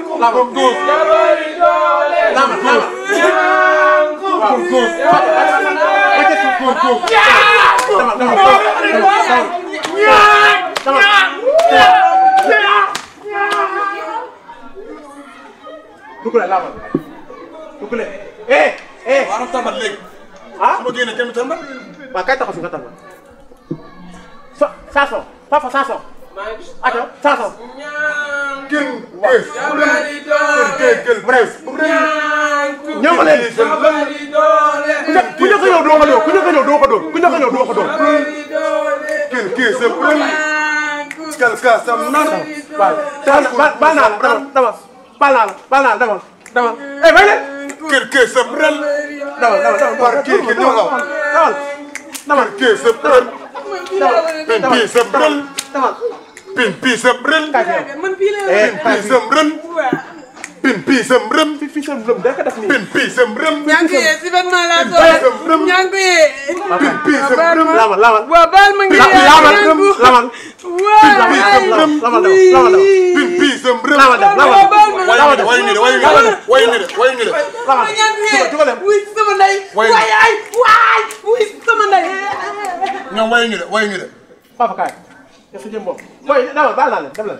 S5: Lambungku. Lambung. Lambungku. Lambungku. Lambungku. Lambungku. Lambungku. Eh, eh. Waarom tambah lek? Hah? Sama aca saasam gën gës ñëw nga leen ku njëkk a ñëw doo ko dóor ku njëkk a ñëw doo ko dóor ku njëkk a ñëw doo ko dóor gën gësam kalkasam nan waaw baal naa la dama dama baal naa la baal naa la dama dama eh bay leen kër kër sëb ren. dawal dawal dawal dawal kër kër ñëw nga wax dawal. dawal kër kër sëb ren. dawal kër kër sëb ren. dawal. pin piisam rën. man fii la pin piisam rën. pin piisam rën. pin piisam rën da nga def nii. pin piisam rën. ñaa ngi si benn maa laa soxla ñaa ngi pin piisam rën. lamal lamal waaw baal ma ngi lay lamal lamal. pin piisam rën. lamal lamal lamal lamal wayu ni de wayu ni de wayu ni de. lamal jugal dem wuy sama ndey. wayu waay waay wuy sama ndey. ñoom wayu ñu de wayu ñu de. papa kaay. sa jëm bopp mooy demal baal naa leen dem leen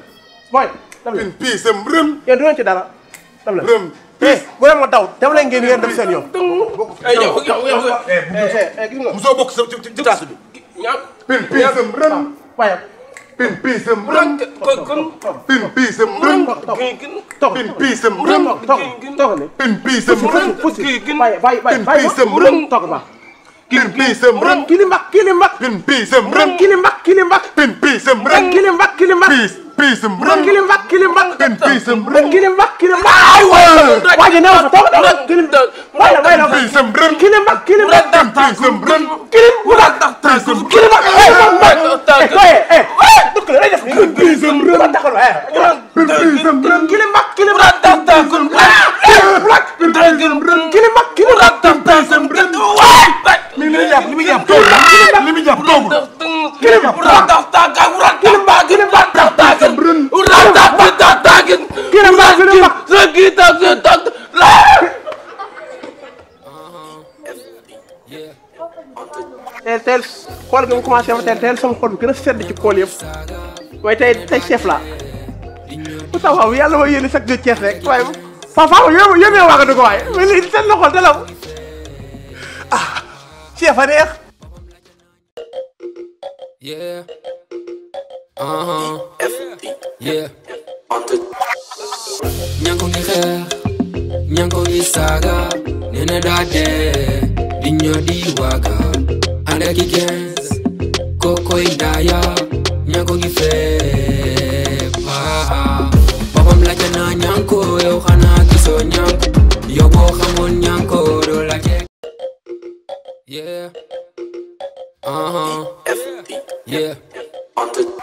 S5: mooy dem leen pii sam rëm yéen du leen ci dara dem leen rëm pii bu leen ma daw dem leen ngeen ngeen dem seen yoon musoo bokk sa ci taas bi pin pii sam rëm waaye pin pii sam rëm pin pii sam rëm pin pii sam rëm toog toog pin pii sam rëm pin pii sam rëm toog ba Pin pi sembrem. Kili mbak, kili mbak. Pin pi sembrem. Kili mbak, kili mbak. Pin pi sembrem. Kili mbak, kili mbak. Peace. piisum rën kilim mbak kilim mbak ten piisum rën kilim mbak kilim mbak ay waa ji neew toog na kilim da mooy la mooy la piisum rën kilim mbak kilim mbak ten piisum rën kilim mbak piisum kilim mbak ay mbak mbak eh eh duk la def ni piisum rën taxal eh piisum rën kilim mbak kilim mbak ten piisum rën kilim rën kilim mbak kilim mbak ten piisum rën mi ni jàpp li mi jàpp toog li mi jàpp toog kilim mbak kilim mbak kilim mbak Brun. Urata pita takin. Kira masih Segitu segitu. teel teel kool gi mu commencé ma teel teel sama xol bi gën a sedd ci kool yëpp waaye tey tey chef la bu taxaw yàlla ma yéene chaque jour Thiès rek waaye papa yow yow yaa wax du ko waaye mais léegi seen loxo dalaw ah chef a neex
S1: Uh huh. Yeah.
S2: Nyanko ni khair, Nyango ni saga, nene dade, dinyo waga. anda ki gens, koko idaya, nyanko ki fepa. Papa mlacha na nyango, yo khana kiso nyanko, yo bo khamon nyanko, do lache.
S1: Yeah. Uh
S2: huh. Yeah. On the.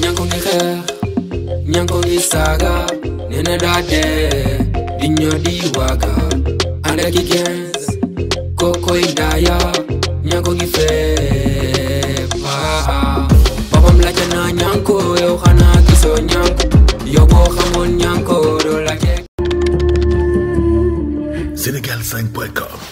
S2: nyango ni xeex ñango ngi saaga nee na daa dee di ñoo di waaga ànd ak i gens kookoy ndaaya ñango ngi feepa boppam la ca ñanko yow xanaa gisoo ñanko
S3: yow boo xamoon ñanko doo la Sénégal5.com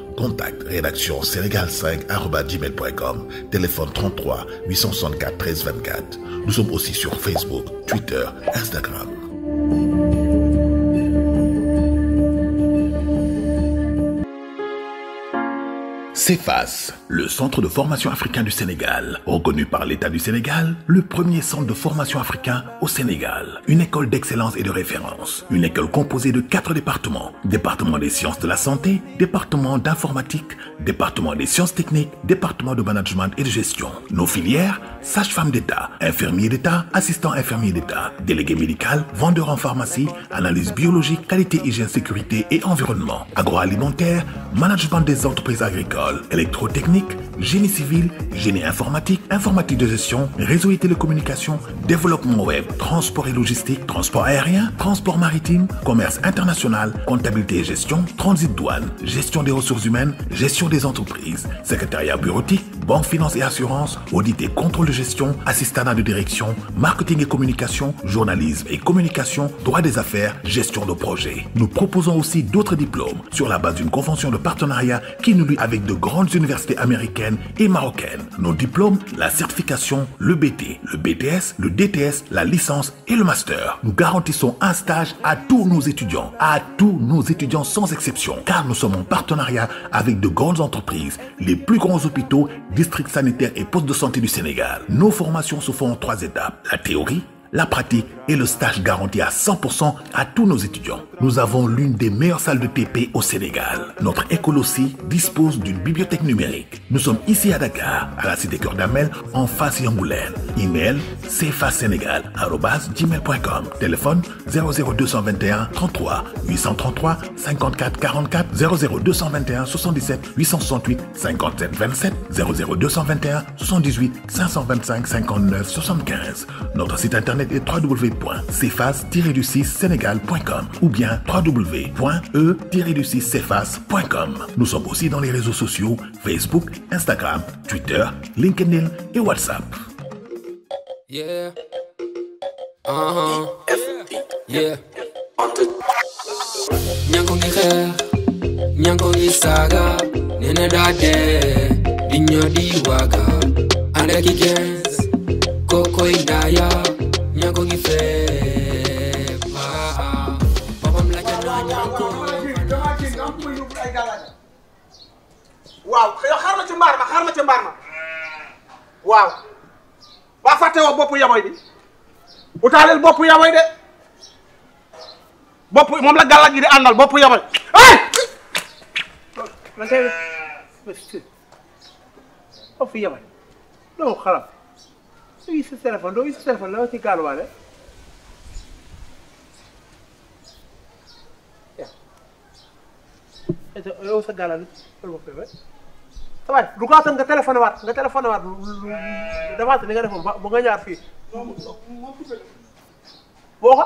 S4: Contact rédaction sénégal 5gmailcom téléphone 33 864 1324. Nous sommes aussi sur Facebook, Twitter, Instagram. C'est face le Centre de formation africain du Sénégal, reconnu par l'État du Sénégal, le premier centre de formation africain au Sénégal, une école d'excellence et de référence, une école composée de quatre départements, département des sciences de la santé, département d'informatique, département des sciences techniques, département de management et de gestion. Nos filières, sage-femme d'État, infirmier d'État, assistant infirmier d'État, délégué médical, vendeur en pharmacie, analyse biologique, qualité, hygiène, sécurité et environnement, agroalimentaire, management des entreprises agricoles, électrotechnique, génie civil, génie informatique, informatique de gestion, réseau et télécommunication, développement web, transport et logistique, transport aérien, transport maritime, commerce international, comptabilité et gestion, transit douane, gestion des ressources humaines, gestion des entreprises, secrétariat bureautique, banque finance et assurance, audit et contrôle de gestion, assistante de direction, marketing et communication, journalisme et communication, droit des affaires, gestion de projet. Nous proposons aussi d'autres diplômes sur la base d'une convention de partenariat qui nous lie avec de grandes universités américaines américaine et marocaine. Nos diplômes, la certification, le BT, le BTS, le DTS, la licence et le master. Nous garantissons un stage à tous nos étudiants, à tous nos étudiants sans exception, car nous sommes en partenariat avec de grandes entreprises, les plus grands hôpitaux, districts sanitaires et postes de santé du Sénégal. Nos formations se font en trois étapes. La théorie, la pratique et le stage garantis à 100% à tous nos étudiants. Nous avons l'une des meilleures salles de TP au Sénégal. Notre école aussi dispose d'une bibliothèque numérique. Nous sommes ici à Dakar, à la cité Cœur d'Amel, en face Yangoulène. Email gmail.com. Téléphone 00221 33 833 54 44 00221 77 868 57 27 00221 78 525 59 75. Notre site internet internet et www.cefas-sénégal.com ou bien www.e-cefas.com. Nous sommes aussi dans les réseaux sociaux Facebook, Instagram, Twitter, LinkedIn et WhatsApp.
S1: Yeah.
S2: Uh yeah. na ko gi fépp waaw boppam la ca doon ñàkk
S5: waaw yow xaar ma ci mbaar ma xaar ma ci mbaar ma waaw ba fàtte woo boppu yaboy bi utaaleel boppu yaboy de bopp moom la gàllaj gi di àndal boppu yaboy ay man kay boppu yaboy doo xalaat nga gis sa doo gis sa téléphone la wax ci gaaluwaale yow sa gaaluwaale loolu moo koy wey sa waay du ko waxtaan nga téléphoné waat nga téléphoné waat nga defoon ba nga ñaar fii. boo ko.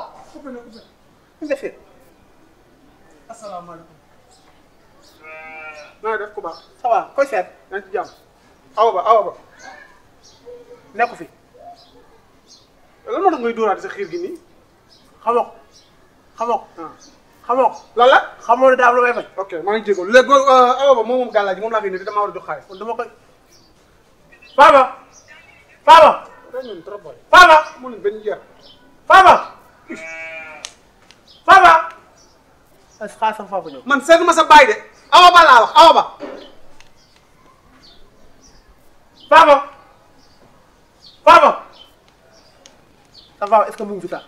S5: defee. asalaamaaleykum. maa ngi def ku baax. ça koy seet. yaa ngi nekku fi. lan moo tax ngay dóoraat sa xiir gi nii xamoo xamoo ah, xamoo lan la xamoo ne daa am lu may faj ok maa ngi jéego léegi euh, awa a jox xaalis kon dama koy Papa Papa Papa mu ne benn jeex Papa Papa as xaar sama papa ñëw man seetlu ma sa baay de awa ba laa wax awa ba Papa Papa avant est-ce que mu ngi fi sax.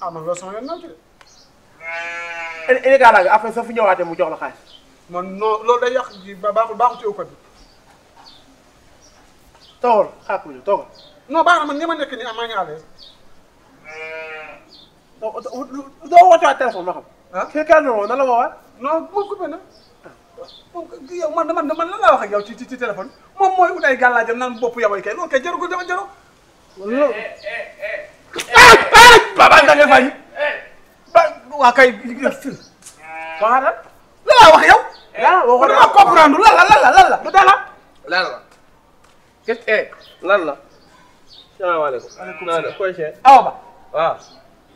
S5: ah man loolu sama yoon na indi kaalaange après sa fu ñëwaatee mu jox la xaalis. man non loolu day yàq ji baaxul baaxul ci ko bi. toogal xaaral ma toogal. non baax na man ni ma nekk nii am ah, maa ngi à l'aise. doo woote waat téléphone ma xam. ah kii kenn woo na la woowaat. non moom coupé na. yow man man man lan laa wax ak yow ci ci ci téléphone moom mooy ut ay gàllaajam naan bopp yaboy kay loolu kay jaru ko jaru. loolu. baban da nga fay waa kay waxaatal la laa wax yow waxo dama comprendre lan la lan la lan la du dara lan la qu'est-ce que lan la salaamaaleykum aleykum salaam koy chef awa ba waaw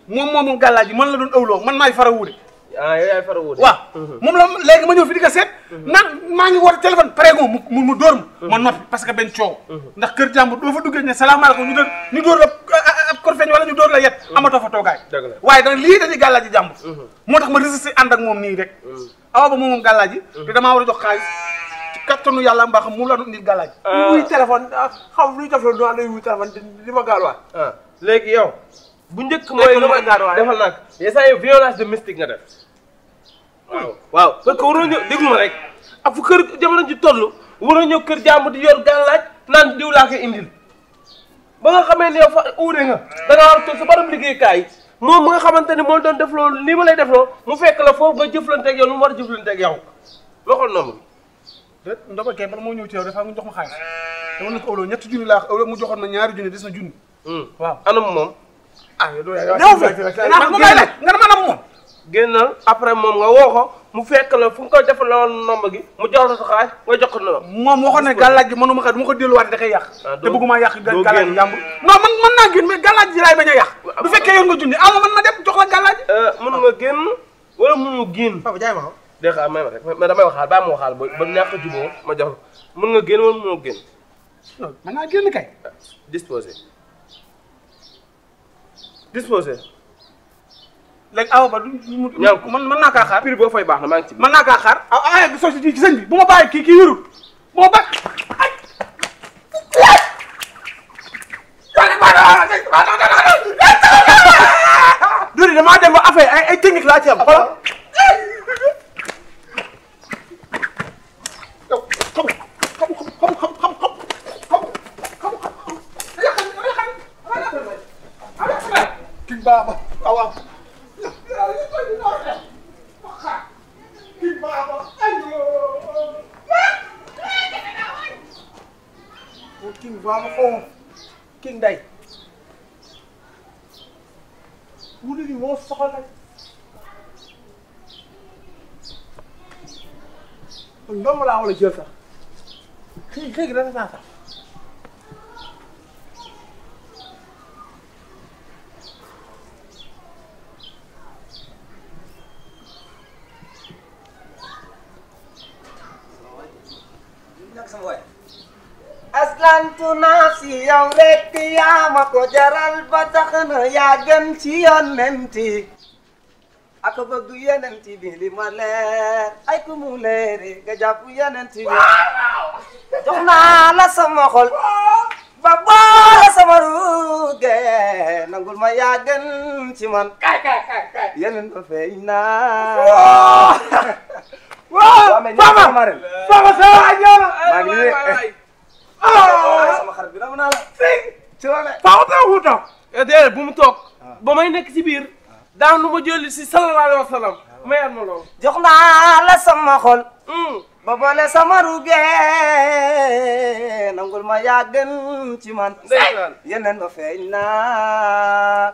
S5: moom moomu gàllaaji man la doon ëwloo man maay fara wuude ah ya, yow yaay ya, fara wuude waaw moom mhm. la léegi ma ñëw fi di ko eh? seet mhm. naan maa ngi woote téléphone prégo mu mu dóor mhm. ma ma noppi parce que benn coow ndax kër jàmbur doo fa duggee ne salaamaaleykum ñu doon ñu dóor la eh, eh, kor feeñ wala ñu door la yet mm-hmm. amato fa togaay waye dañ li dañuy galaji ji mm-hmm. motax ma resisté and ak mom ni rek mm-hmm. awa ba mom galaji te dama wara a jox xaalis ci kattanu yalla mbax mu la nit galaji ah. muy téléphone ah, xam luy taflo do lay wuy téléphone di ma gal wa ah. légui yow bu ñëk moy lu ma gar wa defal nak yee yow violence domestique nga def waaw waaw parce que waroon ñëw rek afu kër jamono ci tollu waroon ñëw kër jàmbur di yor galaj, nan diw la ko indil ba nga xamee ni yow fa uude nga da nga war a toog sa baram liggéeykaay moom mu xamante ni moo doon def loolu nii ma lay def loo mu fekk la foofu nga jëflanteeg yow lu mu war a jëflanteeg yow waxoon noonu. déet Ndofane kay bala moo ñëw ci yow dafa am ñu jox ma xaalis dama ne ko ëllëg ñetti junni laa mu joxoon na ñaari junni des na junni. Hmm. waaw anam moom. ah yow doo yaay yow. ñëw fi dinaa ko nga dama anam moom. génnal après moom nga woo ko mu fekk la fu mu ko defal la woon nomba gi mu jox la sa xaalis nga jox ko noonu. moom waxoon ne gàllaaj gi mënuma xat mu ko delluwaat da koy yàq. Ah, te bëgguma yàq gàllaaj gi yàmbul. non man mën naa génn mais gàllaaj a yàq. bu fekkee yoon nga junni am ah, man ma dem jox la gàllaaj. Euh, mën nga génn wala mënoo génn. papa jaay ma ko. dégg nga may ma rek mais damay waxaal bàyyi ma waxaal ba a jubóo ma jox la mën nga naa génn kay. Euh, disposé disposé léegi awa ba du mu. ñaaw ko man mën naa kaa xaar. prix boo fay baax na maa ngi ci. mën naa kaa xaar ah ah soo si sëñ bi bu ma bàyyi kii kii yorut bu ma ba ay. dori damaa dem ba affaire ay ay technique laa ci am xoolal. xam king baba ko king day wuli ni moo soxla ndoom laa wala jël sax xëy xëy gi dana saa sax
S7: aslantu nafsi yow rekk yaa ma ko jaral ba tax na yaa gën ci yonent yi ak bëgg yonent bi li ma leer ay ku mu leere nga jàpp yonent bi jox naa la sama xol ba boole sama ruuge nangul ma yaa gën ci man kay kay kay yonent ba feeñ naa. waaw Baba Baba Seye waay ñëw na.
S8: Ah!
S5: sama xarit bi naa la. ci loolu faaw eh, bu mu toog. Ah.
S7: ba may nekk ci biir. daan lu ma jëli si sallallahu alayhi wa sallam. Ah. ma loolu. jox naa la sama xol. Hmm. ba boole sama rugee ma yaa gën ci man. yeneen ma feeñ naa.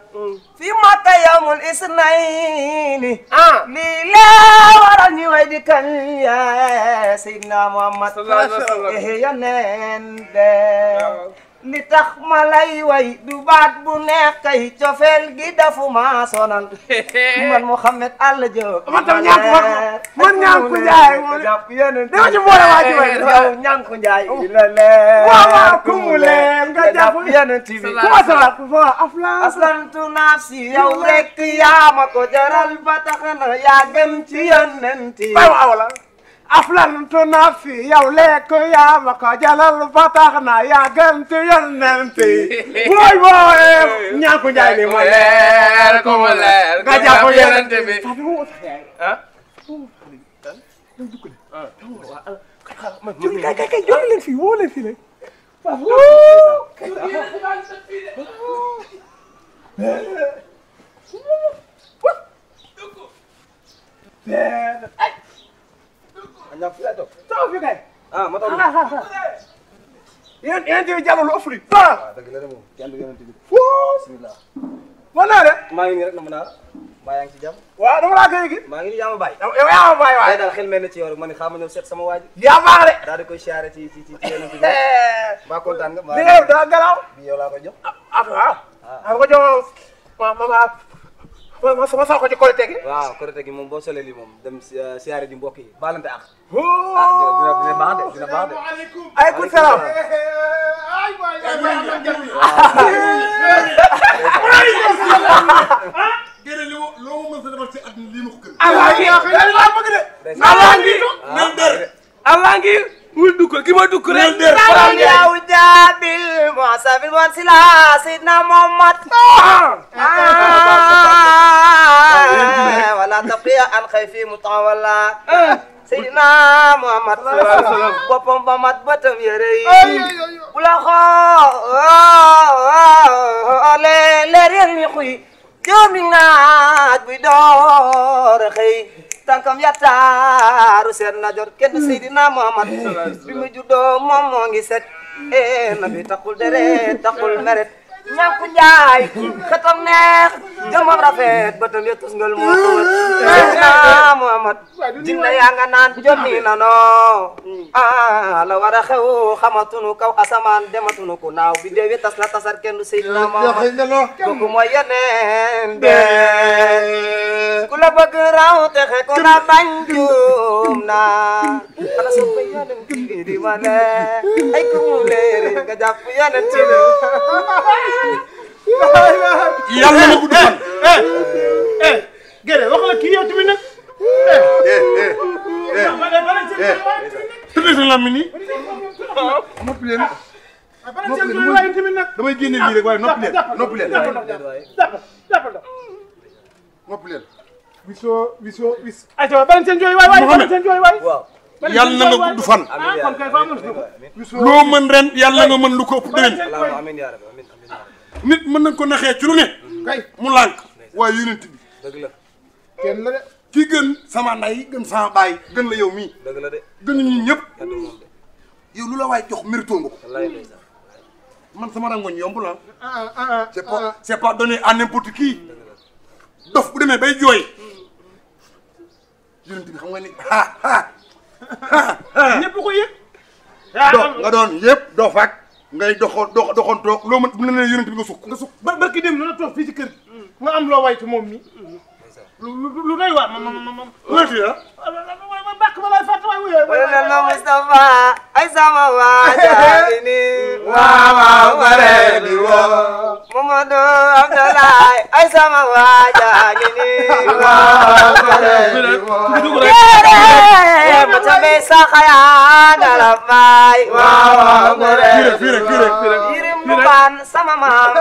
S7: fi ma tayamul isnayni. ah lii lee waral ñu way di kañ yaa Seydina Muhammad. sallallahu alayhi wa sallam li tax ma lay way du baat bu neex kay cofeel gi dafu ma sonal [LAUGHS] man Mouhamed Alla Diop man tam ñànku man man ñànku Njaay man jàpp yeneen dama ci boole waa ji way yow ñànku Njaay la leer waaw waaw kumu leer nga jàpp yeneen tv ku ma sonal ku fa aflan aslantu nafsi yow rek yaa ma ko jaral ba tax na yaa gën ci yeneen tv
S5: waaw waaw la aflantu nafsi yow lekk yaa ma jalal ba tax na yaa gën ci yonent yi wooy wooy ñàkku njaay mu leer ku mu leer nga jàpp yonent bi jóg kay kay kay jóg leen
S7: woo ñaa fi lay toog toog fi kay ah ma toog
S5: yéen yéen tamit jàll lu ëpp li ah dëgg la de moom kenn du yéen tamit foo bismillah mën
S7: naa de maa ngi nii rek na mën naa mbaa yaa ngi ci jàmm waaw dama laa koy gi maa ngi nii yaa ma bàyyi yow yaa ma bàyyi waay daal xel mel na ci yow ma ne xaaral ma ñëw seet sama waa ji yaa baax de daal di koy siyaare ci ci ci yéen eh. bi mbaa kontaan nga mbaa yow daa galaw bi yow laa koy jox ah ah ko jox
S5: ma ma ma sol ko ci korite gi
S7: waaw korite gi moom boo solee lii moom dem siyaare ji mbokk yi baalante ak ah dina dina baax de dina baax de
S5: aleykum salaam ay waay gëre li loo ma mën sa defal ci at lii ma ko gën allah ngi allah ngi allah ngi wul dugg ki ma dugg rek. faral yow
S7: jaabil moo sabil woon si la sidna Muhammad. wala taqiya an xëy fi mu tawalla. sidna Muhammad. boppam ba mat bëtam yére yi. bu la xoolee leer yéen mi xuy. joomi naaj bi door xëy. tànkam yattaaru seet na jot kenn Seydina Muhammad eh. bi mu juddoo moom moo ngi set e eh, na bi taxul deret taxul meret ñàkku njaay xetam neex jëmam rafet bëtam yëttus ngal moo tumat Seydina Muhammad dina yaa nga naan jonni ah la war a xew xamatunu kaw asamaan dematunu ku naaw bi deewi tas la tasar kenn du Seydina ya, Muhammad kooku mooy yeneen ya, be ya, ku la bëgg raw texe ku la na ana sa fa yeneen di ma ne ay ku mu leere nga jàpp yàlla na ma gudd fan.
S5: Guédé wax la kii yow tamit nag. tudd si lammi nii. noppi leen. noppi leen damay génne lii rek waaye noppi leen noppi leen. noppi leen. wisoo wisoo wis. ayca bala seen jooy waay waay bala seen jooy waay.
S8: yàlla na nga gudd fan. Ah,
S5: loo mën ren yàlla na nga mën lu ko ëpp déwén. nit mën nañ ko naxee ci lu ne. kay mu lànk waaye yonent bi. dëgg la kenn la de. ki gën sama nday gën sama baay gën la yow mii. gën la de gën ñun ñëpp. yow lu la waay jox mérito nga man sama rangoñ yomb la ah, ah, ah, ah. c'est pas c'est pas donné à n'importe qui. dof bu demee bay jooy. yonent bi xam nga ni ah ah ah. ñëpp ko yëg. dof nga doon yëpp dof ngay doxoon dox doxoon toog loo mën bu ne nee yonent nga sukk. nga sukk ba barki dem na la toog fii ci kër nga am loo way ci mi lu doy waar moom moom moom. wéeti ah. waaw ah,
S7: bàq ma lay fàttali waay wuyee. wala na Moustapha ay sama waa jaay ni. waaw [LAUGHS] waaw bare di woo. Mamadou Abdoulaye ay sama waa jaay ni. [LAUGHS] waaw bare di woo. déedéet ma mu baan sama maam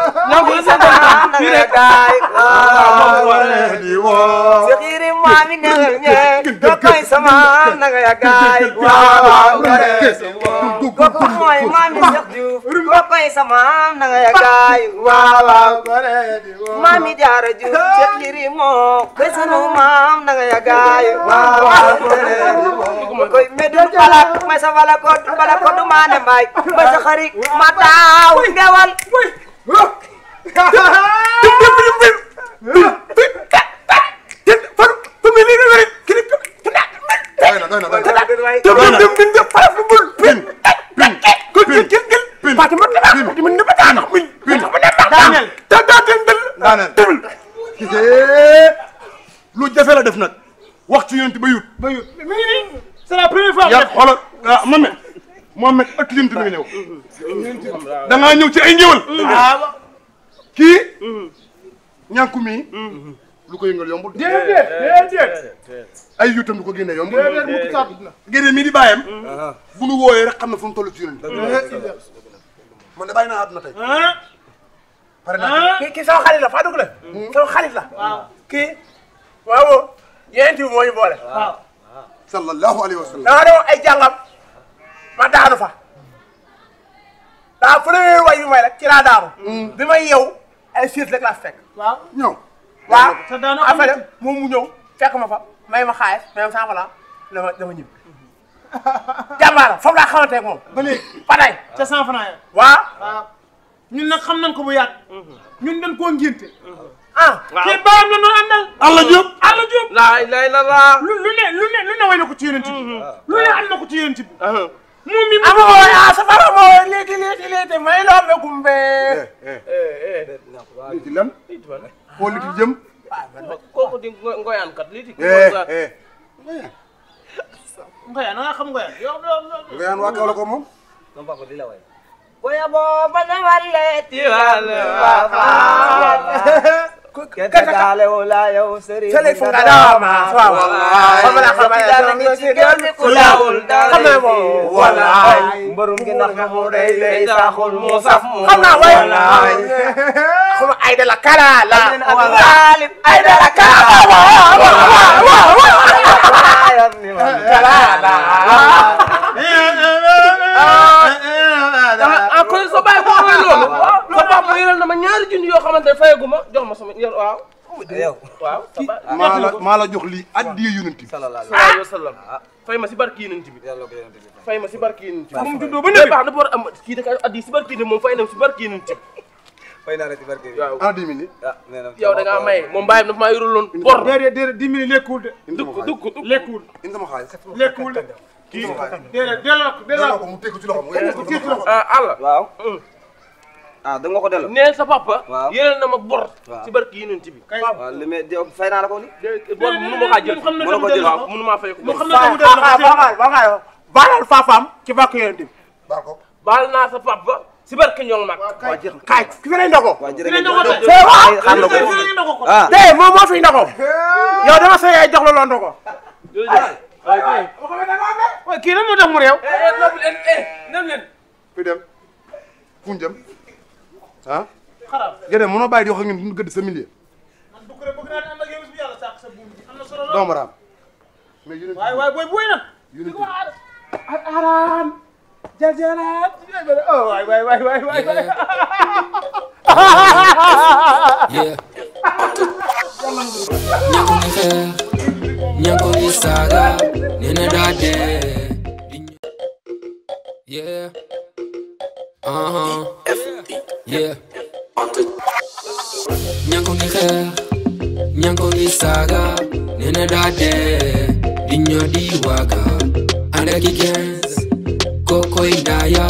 S7: mu sama nanga gaay waaw si xiiri maam yi neexal ñee dokoy sama nanga gaay waaw kooku mooy maam yi Cheikh Diouf dokoy sama nanga gaay waaw maam yi Jaara Diouf si xiiri moo koy sunu maam nanga gaay waaw koy medul balak may sa balakot balakot du maane mbaay may sa xarit ma taaw gaawal.
S5: lu jafe la def nag wax ci yonent ba yut. ba yut c'est la première fois. yàlla xoolal ah man Mohamed ëtt limti bi nga ñëw da ngaa ñëw ci ay njëwal kii mm-hmm. ñànku mii mm-hmm. lu ko yëngal yombul déedéet
S6: déedéet
S5: ay yutam lu ko génne yombul génne mii di bàyyam mm-hmm. bu nu wooyee rek xam na fu mu toll ci yonent man de naa àdduna tey ah. pare naa ah. kii kii sama xarit la Fadou la sama xarit la kii waaw yonent bi moo ñu boole sallallahu alayhi wa sallam da ay jàngam ma daanu fa daa premier way bi may rek ci laa daanu. Mm. bi may yeew ay siis la laa fekk. waaw ñëw. waaw te mu ñëw fekk ma fa may ma xaalis may ma cent francs dama dama ñibbi. [LAUGHS] jàmbaar la foofu laa xamante ak moom. ca cent francs ñun na xam nañ ko bu yàgg. Mm-hmm. ñun dañ koo ngénte. ah waaw kii baam la noonu àndal. Alla Diop la ilaha lu lu ne lu ne lu ne way na ko ci mm-hmm. lu ne am na ko ci yonent bi. Uh-huh. mummi ama o a safara mo leyti leyti leyti may looɓe eh, eh. eh, di ah, ngoyan kat liti ngoyan nga xam ngoyan ngoyan waa kawla ko moom
S7: non papa di ketagalewo la yow sëriñ téléphone nga dama waaw xam na xam na do ngi
S5: ci gel ku lawul dal xam na mo wala mbarum gi nax nga mo day lay
S7: saxul mo saf mo xam na way xam ay de la kala la wala ay de la kala wala wala kala la Eh,
S5: aku kon soo bàyyi ko mooy loolu. sa papa yore na ma ñaari junni yoo xamante ne jox ma sama yor waaw. waaw maa la jox lii addiya yonent sallallahu alayhi wa fay ma si barki yonent bi fay ma si barki yonent bi moom ba ne baax dafa am da addi si barki fay na si barki fay barki yow da dafa bor de kii déedéet delloo ko delloo ko mu teg ko ci loxo àlla ah, waaw euh. ah da nga ko delloo nee sa papa yéenal na ma bor ci barki yi nunti bi waaw li mais fay naa la ko ni bor mënu ma kaa jël mënu ko jël waaw mënu maa fay ko baaxaay baalal faafaam ci barki yéen bi baal ko baal naa sa papa si barki ñoom nag waa jeex kaay ki fi lay ndogoo ki lay
S4: ndogoo de ah.
S5: moom moo fi ndogoo yow dama sa yaay jox la loo ndogoo waaw kay waaw kii lan moo tax mu réew. noobu leen nam leen. kuy dem fu mu jëm ah. Ya gën mënoo bàyyi di wax ak ñun duñu gëdd sa milieu. man du ko rek di ànd ak yow bis bu yàlla sàkk sa buum bi am oh waay waay waay waay waay.
S1: Yeah. Yeah. nyango isaga nene dade yeah
S2: uh-huh. yeah nyango ni khair nyango isaga nene dade dinyo diwaga anda kikens koko indaya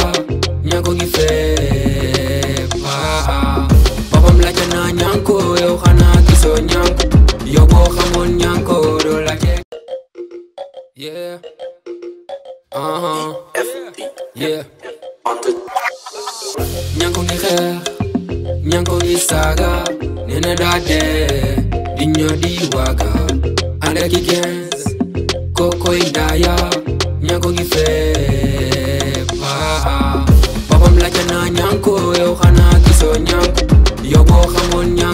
S2: nyango ni fepa papa mlacha na nyango yo kana kiso nyango yow boo xamoon ñankoo doo la jekk yeah uh-huh yeah ñanko ngi xeex ñanko ngi saaga nee na daa dee di ñoo di waaga ànd ak i gens kokoy daaya ñanko ngi feeb papam la ca
S3: naa ñanko yow xanaa gisoo ñanko yow boo xamoon ñanko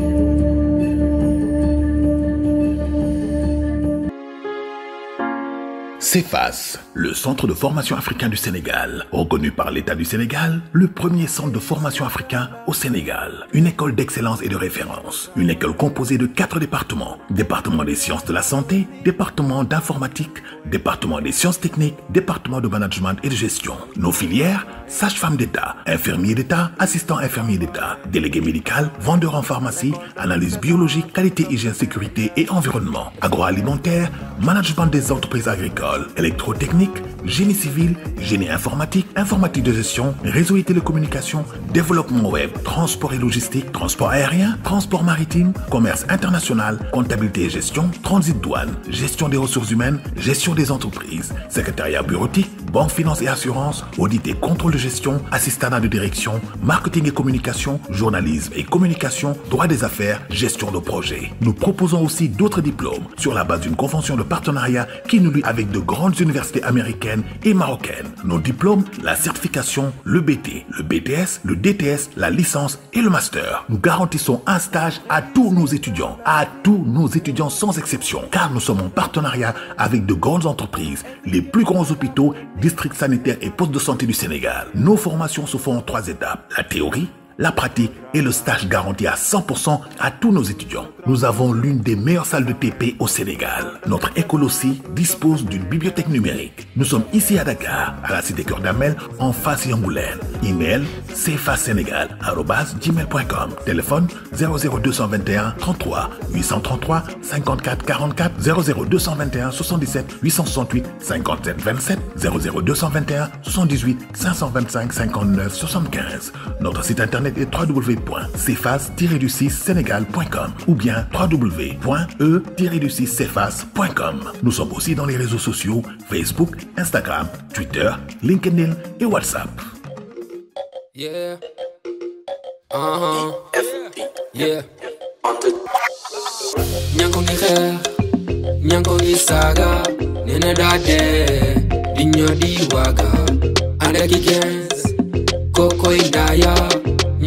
S4: CEFAS, le centre de formation africain du Sénégal, reconnu par l'État du Sénégal, le premier centre de formation africain au Sénégal, une école d'excellence et de référence, une école composée de quatre départements, département des sciences de la santé, département d'informatique, département des sciences techniques, département de management et de gestion. Nos filières, sage-femme d'État, infirmier d'État, assistant infirmier d'État, délégué médical, vendeur en pharmacie, analyse biologique, qualité, hygiène, sécurité et environnement, agroalimentaire, management des entreprises agricoles, électrotechnique, génie civil, génie informatique, informatique de gestion, réseau et télécommunications, développement web, transport et logistique, transport aérien, transport maritime, commerce international, comptabilité et gestion, transit douane, gestion des ressources humaines, gestion des entreprises, secrétariat bureautique, banque finance et assurance, audit et contrôle de gestion, assistante de direction, marketing et communication, journalisme et communication, droit des affaires, gestion de projet. Nous proposons aussi d'autres diplômes sur la base d'une convention de partenariat qui nous lie avec de grandes universités américaines et marocaine. Nos diplômes, la certification, le BT, le BTS, le DTS, la licence et le master. Nous garantissons un stage à tous nos étudiants, à tous nos étudiants sans exception, car nous sommes en partenariat avec de grandes entreprises, les plus grands hôpitaux, districts sanitaires et postes de santé du Sénégal. Nos formations se font en trois étapes. La théorie, la pratique et le stage garantis à 100% à tous nos étudiants. Nous avons l'une des meilleures salles de TP au Sénégal. Notre école aussi dispose d'une bibliothèque numérique. Nous sommes ici à Dakar, à la cité Cœur d'Amel, en face Yangoulène. Email cfasénégal.com. Téléphone 00221 33 833 54 44 00221 77 868 57 27 00221 78 525 59 75. Notre site internet et les www.cefas-du6sénégal.com ou bien www.e-du6cefas.com. Nous sommes aussi dans les réseaux sociaux Facebook, Instagram, Twitter, LinkedIn et WhatsApp.
S1: Yeah. Uh -huh. yeah.
S2: ñanko ngi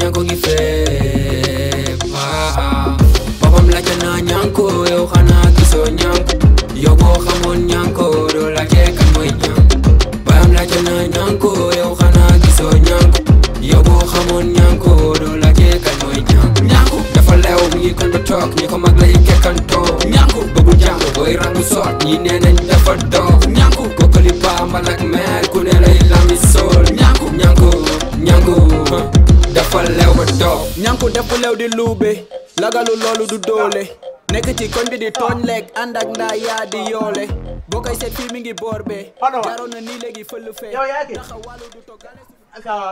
S2: nyanko gi fepa ah, ah. Babam la jana nyanko yo xana giso nyanko Yo bo xamon nyanko do la ke kan moy nyanko Babam la jana nyanko yo xana giso nyanko Yo bo xamon nyanko do la ke kan moy nyanko Nyanko dafa lew mi kon do tok ni ko mag lay ke kan to Nyanko babu jango boy rangu sot ñi nenañ dafa do Nyanko ko kali ba malak men dafa lew ba toog ñanku def bu lew di luube lagalu loolu du doole nekk ci koñ bi di tooñ lekk ànd ak ndaa yaa di yoole
S5: boo koy seet fii mi ngi boor bee jaroon na nii léegi fël fee taxa wàllu du toggale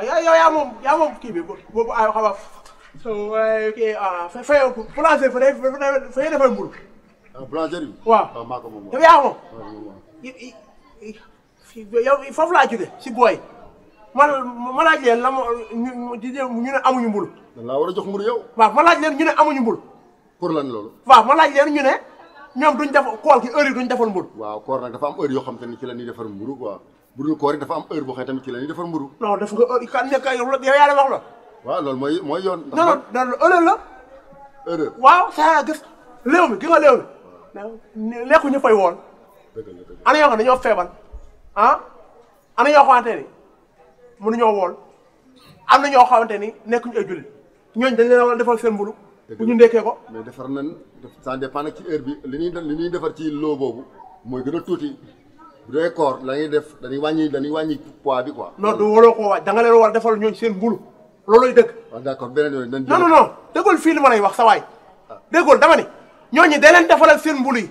S5: yow yaa moom yaa moom kii bi boobu ay xawa so fayo ah, boulanger fa day fa defal mburu ah, boulanger bi waaw
S8: ah, maa ko moom yow yaa moom
S5: foofu laa jóge si booy ma ma laaj leen la ma ñu ñu ne amuñu mbul. da laa war a jox mburu yow. waaw ma laaj leen ñu ne amuñu mbul. pour lan loolu. waaw ma laaj leen ñu ne ñoom duñ def koor gi heure yi duñ defal mburu. waaw koor nag dafa am heure yoo xam te ni ci la ñuy defar mburu quoi bu dul dafa am heure boo xam tamit ci la ñuy defar mburu. non def nga heure kan wax la. waaw loolu mooy mooy yoon. non non non la. heure waaw saa gis léew mi gi nga léew mi lekku ñu fay woon. dëgg la dëgg la ana yoo xam ne dañoo feebal ah ana yoo xamante ni mënuñoo wool am na ñoo xamante ni nekk ay jullit ñooñu dañ leen war defal seen mburu bu ñu ndekkee ko mais defar nañ ça dépend nag ci heure bi li ñuy li ñuy defar ci loo boobu mooy gën tuuti bu dee koor ñuy def dañuy wàññi dañuy wàññi poids bi quoi non du waroo koo wàññi da nga leen war a defal ñooñu seen mburu looluy dëgg waaw ah, d'accord beneen yooyu nañ non non non déggool fii li ma lay wax sa waay ah. déggool dama ni ñooñu da leen defalal seen mburu yi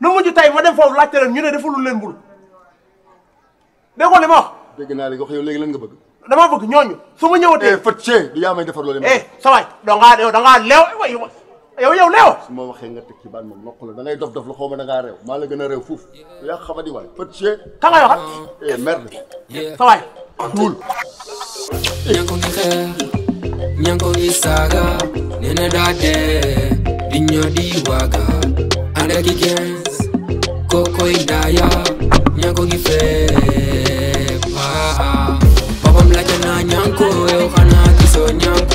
S5: nu mujj tey ma dem foofu laajte leen ñu ne defalul leen mburu déggool li ma dégg naa léegi wax yow léegi lan nga bëgg dama bëgg ñooñu su ma eh, da ngay dof dof lu xaw ma da ngaa gën a réew fuuf yaa xamadi waay fët cee ka ngay waxat eh merde sa waay duul
S2: eh. ñanko ngi xeex ñanko ngi saaga nee daa dee di ñoo di waaga ànd ak i gens kookoy daaya ñanko ngi fee boppam la ca naa ñànko yow xanaa gisoo ñànko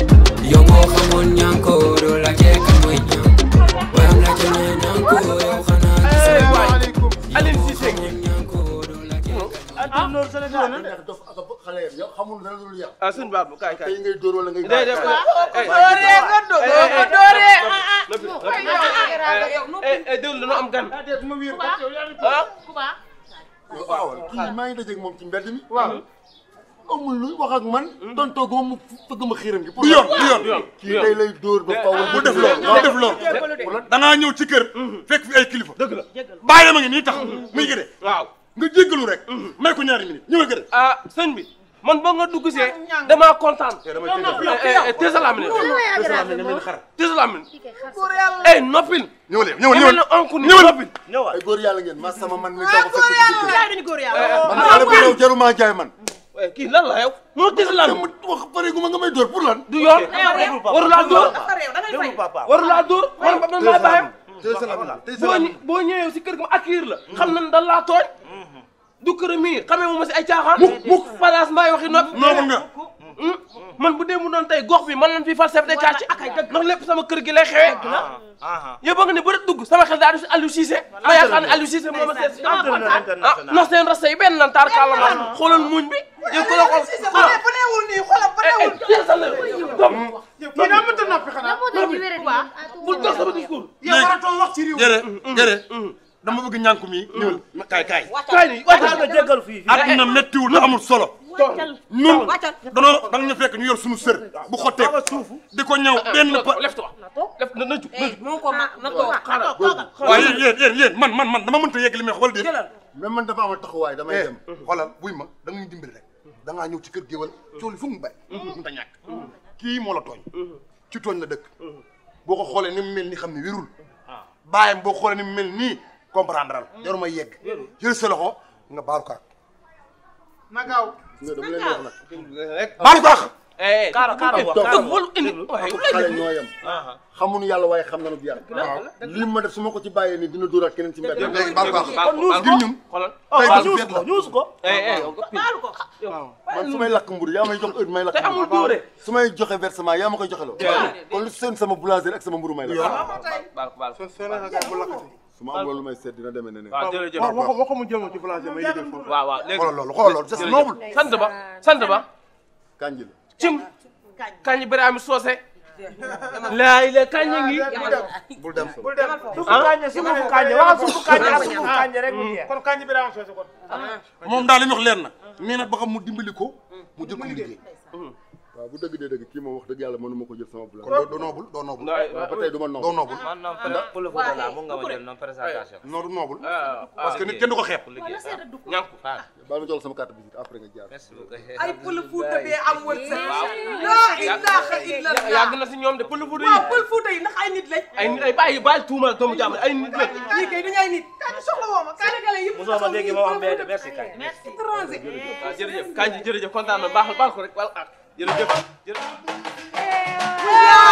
S2: yow moo xamoon ñànko doo la jee kan mooy ñànko boppam la ca naa ñànko yow xanaa gisoo ñànko Aliou Cissé
S5: ah loolu Sénégal la nekk dof ak xale yow xamul dara lu yàq. ah sëñ Babou kaay kaay ngay dóor wala ngay. day def ko dooree nga dóor ko dooree ah ah. déglu dañoo am gan. ah waaw kii maa ngi dajeeg moom ci mbedd mi. waaw amul lu wax ak man. Mm-hmm. tontoo ko mu fëgg ma xiiram gi. du yoon du yoon du yoon kii day lay dóor ba faaw bu ah, def loolu bu def loolu. danaa ñëw ci kër. Mm-hmm. fekk fi ay kilifa. dëgg la bàyyi ma ngi nii tax. Mm-hmm. muy gëdee waaw nga jéggalu rek. may ko ñaari minutes ñëwal gëdee. ah sëñ bi. man ba nga dugg see damaa kontaan. teesalaamine. Eh, eh, teesalaamine xar teesalaamine. ay eh, noppil. ñëwale ñëwale ñëwale ñëwale ñëwale. ay góor yàlla ngeen ma sama man mi toog fekk jaruma jaay man. kii lan la yow. moo teesalaamine wax wax pare gu ma nga may dóor pour lan. du yoon warulaa dóor warulaa dóor man man maa bàyyam. teesalaamine boo ñëwee si kër ga ma accueillir la. xam nañ dañ laa tooñ. du kër mi xamee mu ma si ay caaxaan. mukk mukk Falaas Mbaye waxi noppi. noonu nga. Hmm? man bu dee mu doon tey gox bi man lañ fi fal chef de quartier ndax lépp sama kër gi lay xewee. Ah, ah, ah, yow ba nga ne bu rek dugg sama xel daal di Aliou Cissé. ma yaakaar ne Aliou Cissé moo ma seet si. ndax seen rasta yi benn nan taar kàlla ma xoolal muñ bi. yow ku bu neewul nii xoolal bu eh, eh, neewul. yow sax la yow. kii daa mënta noppi dama bëgg ñànku mi. Hmm. ñëwul kaay kaay. kaay nii wàccal nga jéggal fii. àdduna méttiwul te solo. wàccal ñun danoo da nga ñu fekk ñu yor suñu sër. bu xottee di ko ñëw eh, benn pa. na na ju na eh, ko ah, na ko xaaral waaye yéen yéen yéen man man man dama mënta yegg li may wax wala déet. mais man dafa am taxawaay damay eh. dem. xoolal buy ma da nga ñu dimbali rek. da ngaa ñëw ci kër géwal cool fu mu bay. Mm-hmm. mënta ñàkk kii moo la tooñ. Mm-hmm. ci tooñ la dëkk. Mm-hmm. boo ko xoolee ni mu mel ni xam ne wérul. Ah. baayam boo xoolee ni mu mel nii comprendre al jarul may yegg jël sa loxo nga baalu kaak na gaaw baalu eh, eh, kaak kaaro kaaro xamuñu yàlla waaye xam nañu yàlla. li ma def su ma ko ci bàyyee nii dina dóoraat keneen ci mbedd. léegi baal ko man su may lakk mburu yaa may jox heure may lakk mburu su may joxe versement yaa ma koy joxe loo. kon lu seen sama boulanger ak sama mburu may lakk. su ma amul lu may seet dina demee neneen. waaw jërëjëf waaw waxo mu jëloon ci village may yëgee foofu. waaw waaw léegi xoolal loolu xoolal ba sant ba. kanji la. cim kanji bëri am soose. laay la kanji ngi. bul dem bul dem suufu kanji suufu kanji ah, hmm. ah.
S8: moom daal li ñu leer na.
S5: mais nag mu dimbali ko mu jël ko liggéey. Hmm. waaw bu dëgg dee dëgg kii moom wax dëgg yàlla mënu ma ko jël sama bula doo noobul doo doo noom pël fu la mu nga ma jël noom présentation non du noobul ah, ah, parce que nit kenn du ko xeeb ñànku baal ma jox sama carte visite na si ñoom de pël fuuta yi waaw pël fuuta yi ndax ay nit lañ ay nit ay bàyyi bàyyi tuumal doomu jàmm ay nit lañ ñi kay dañu ay jërëjëf
S6: jërëjëf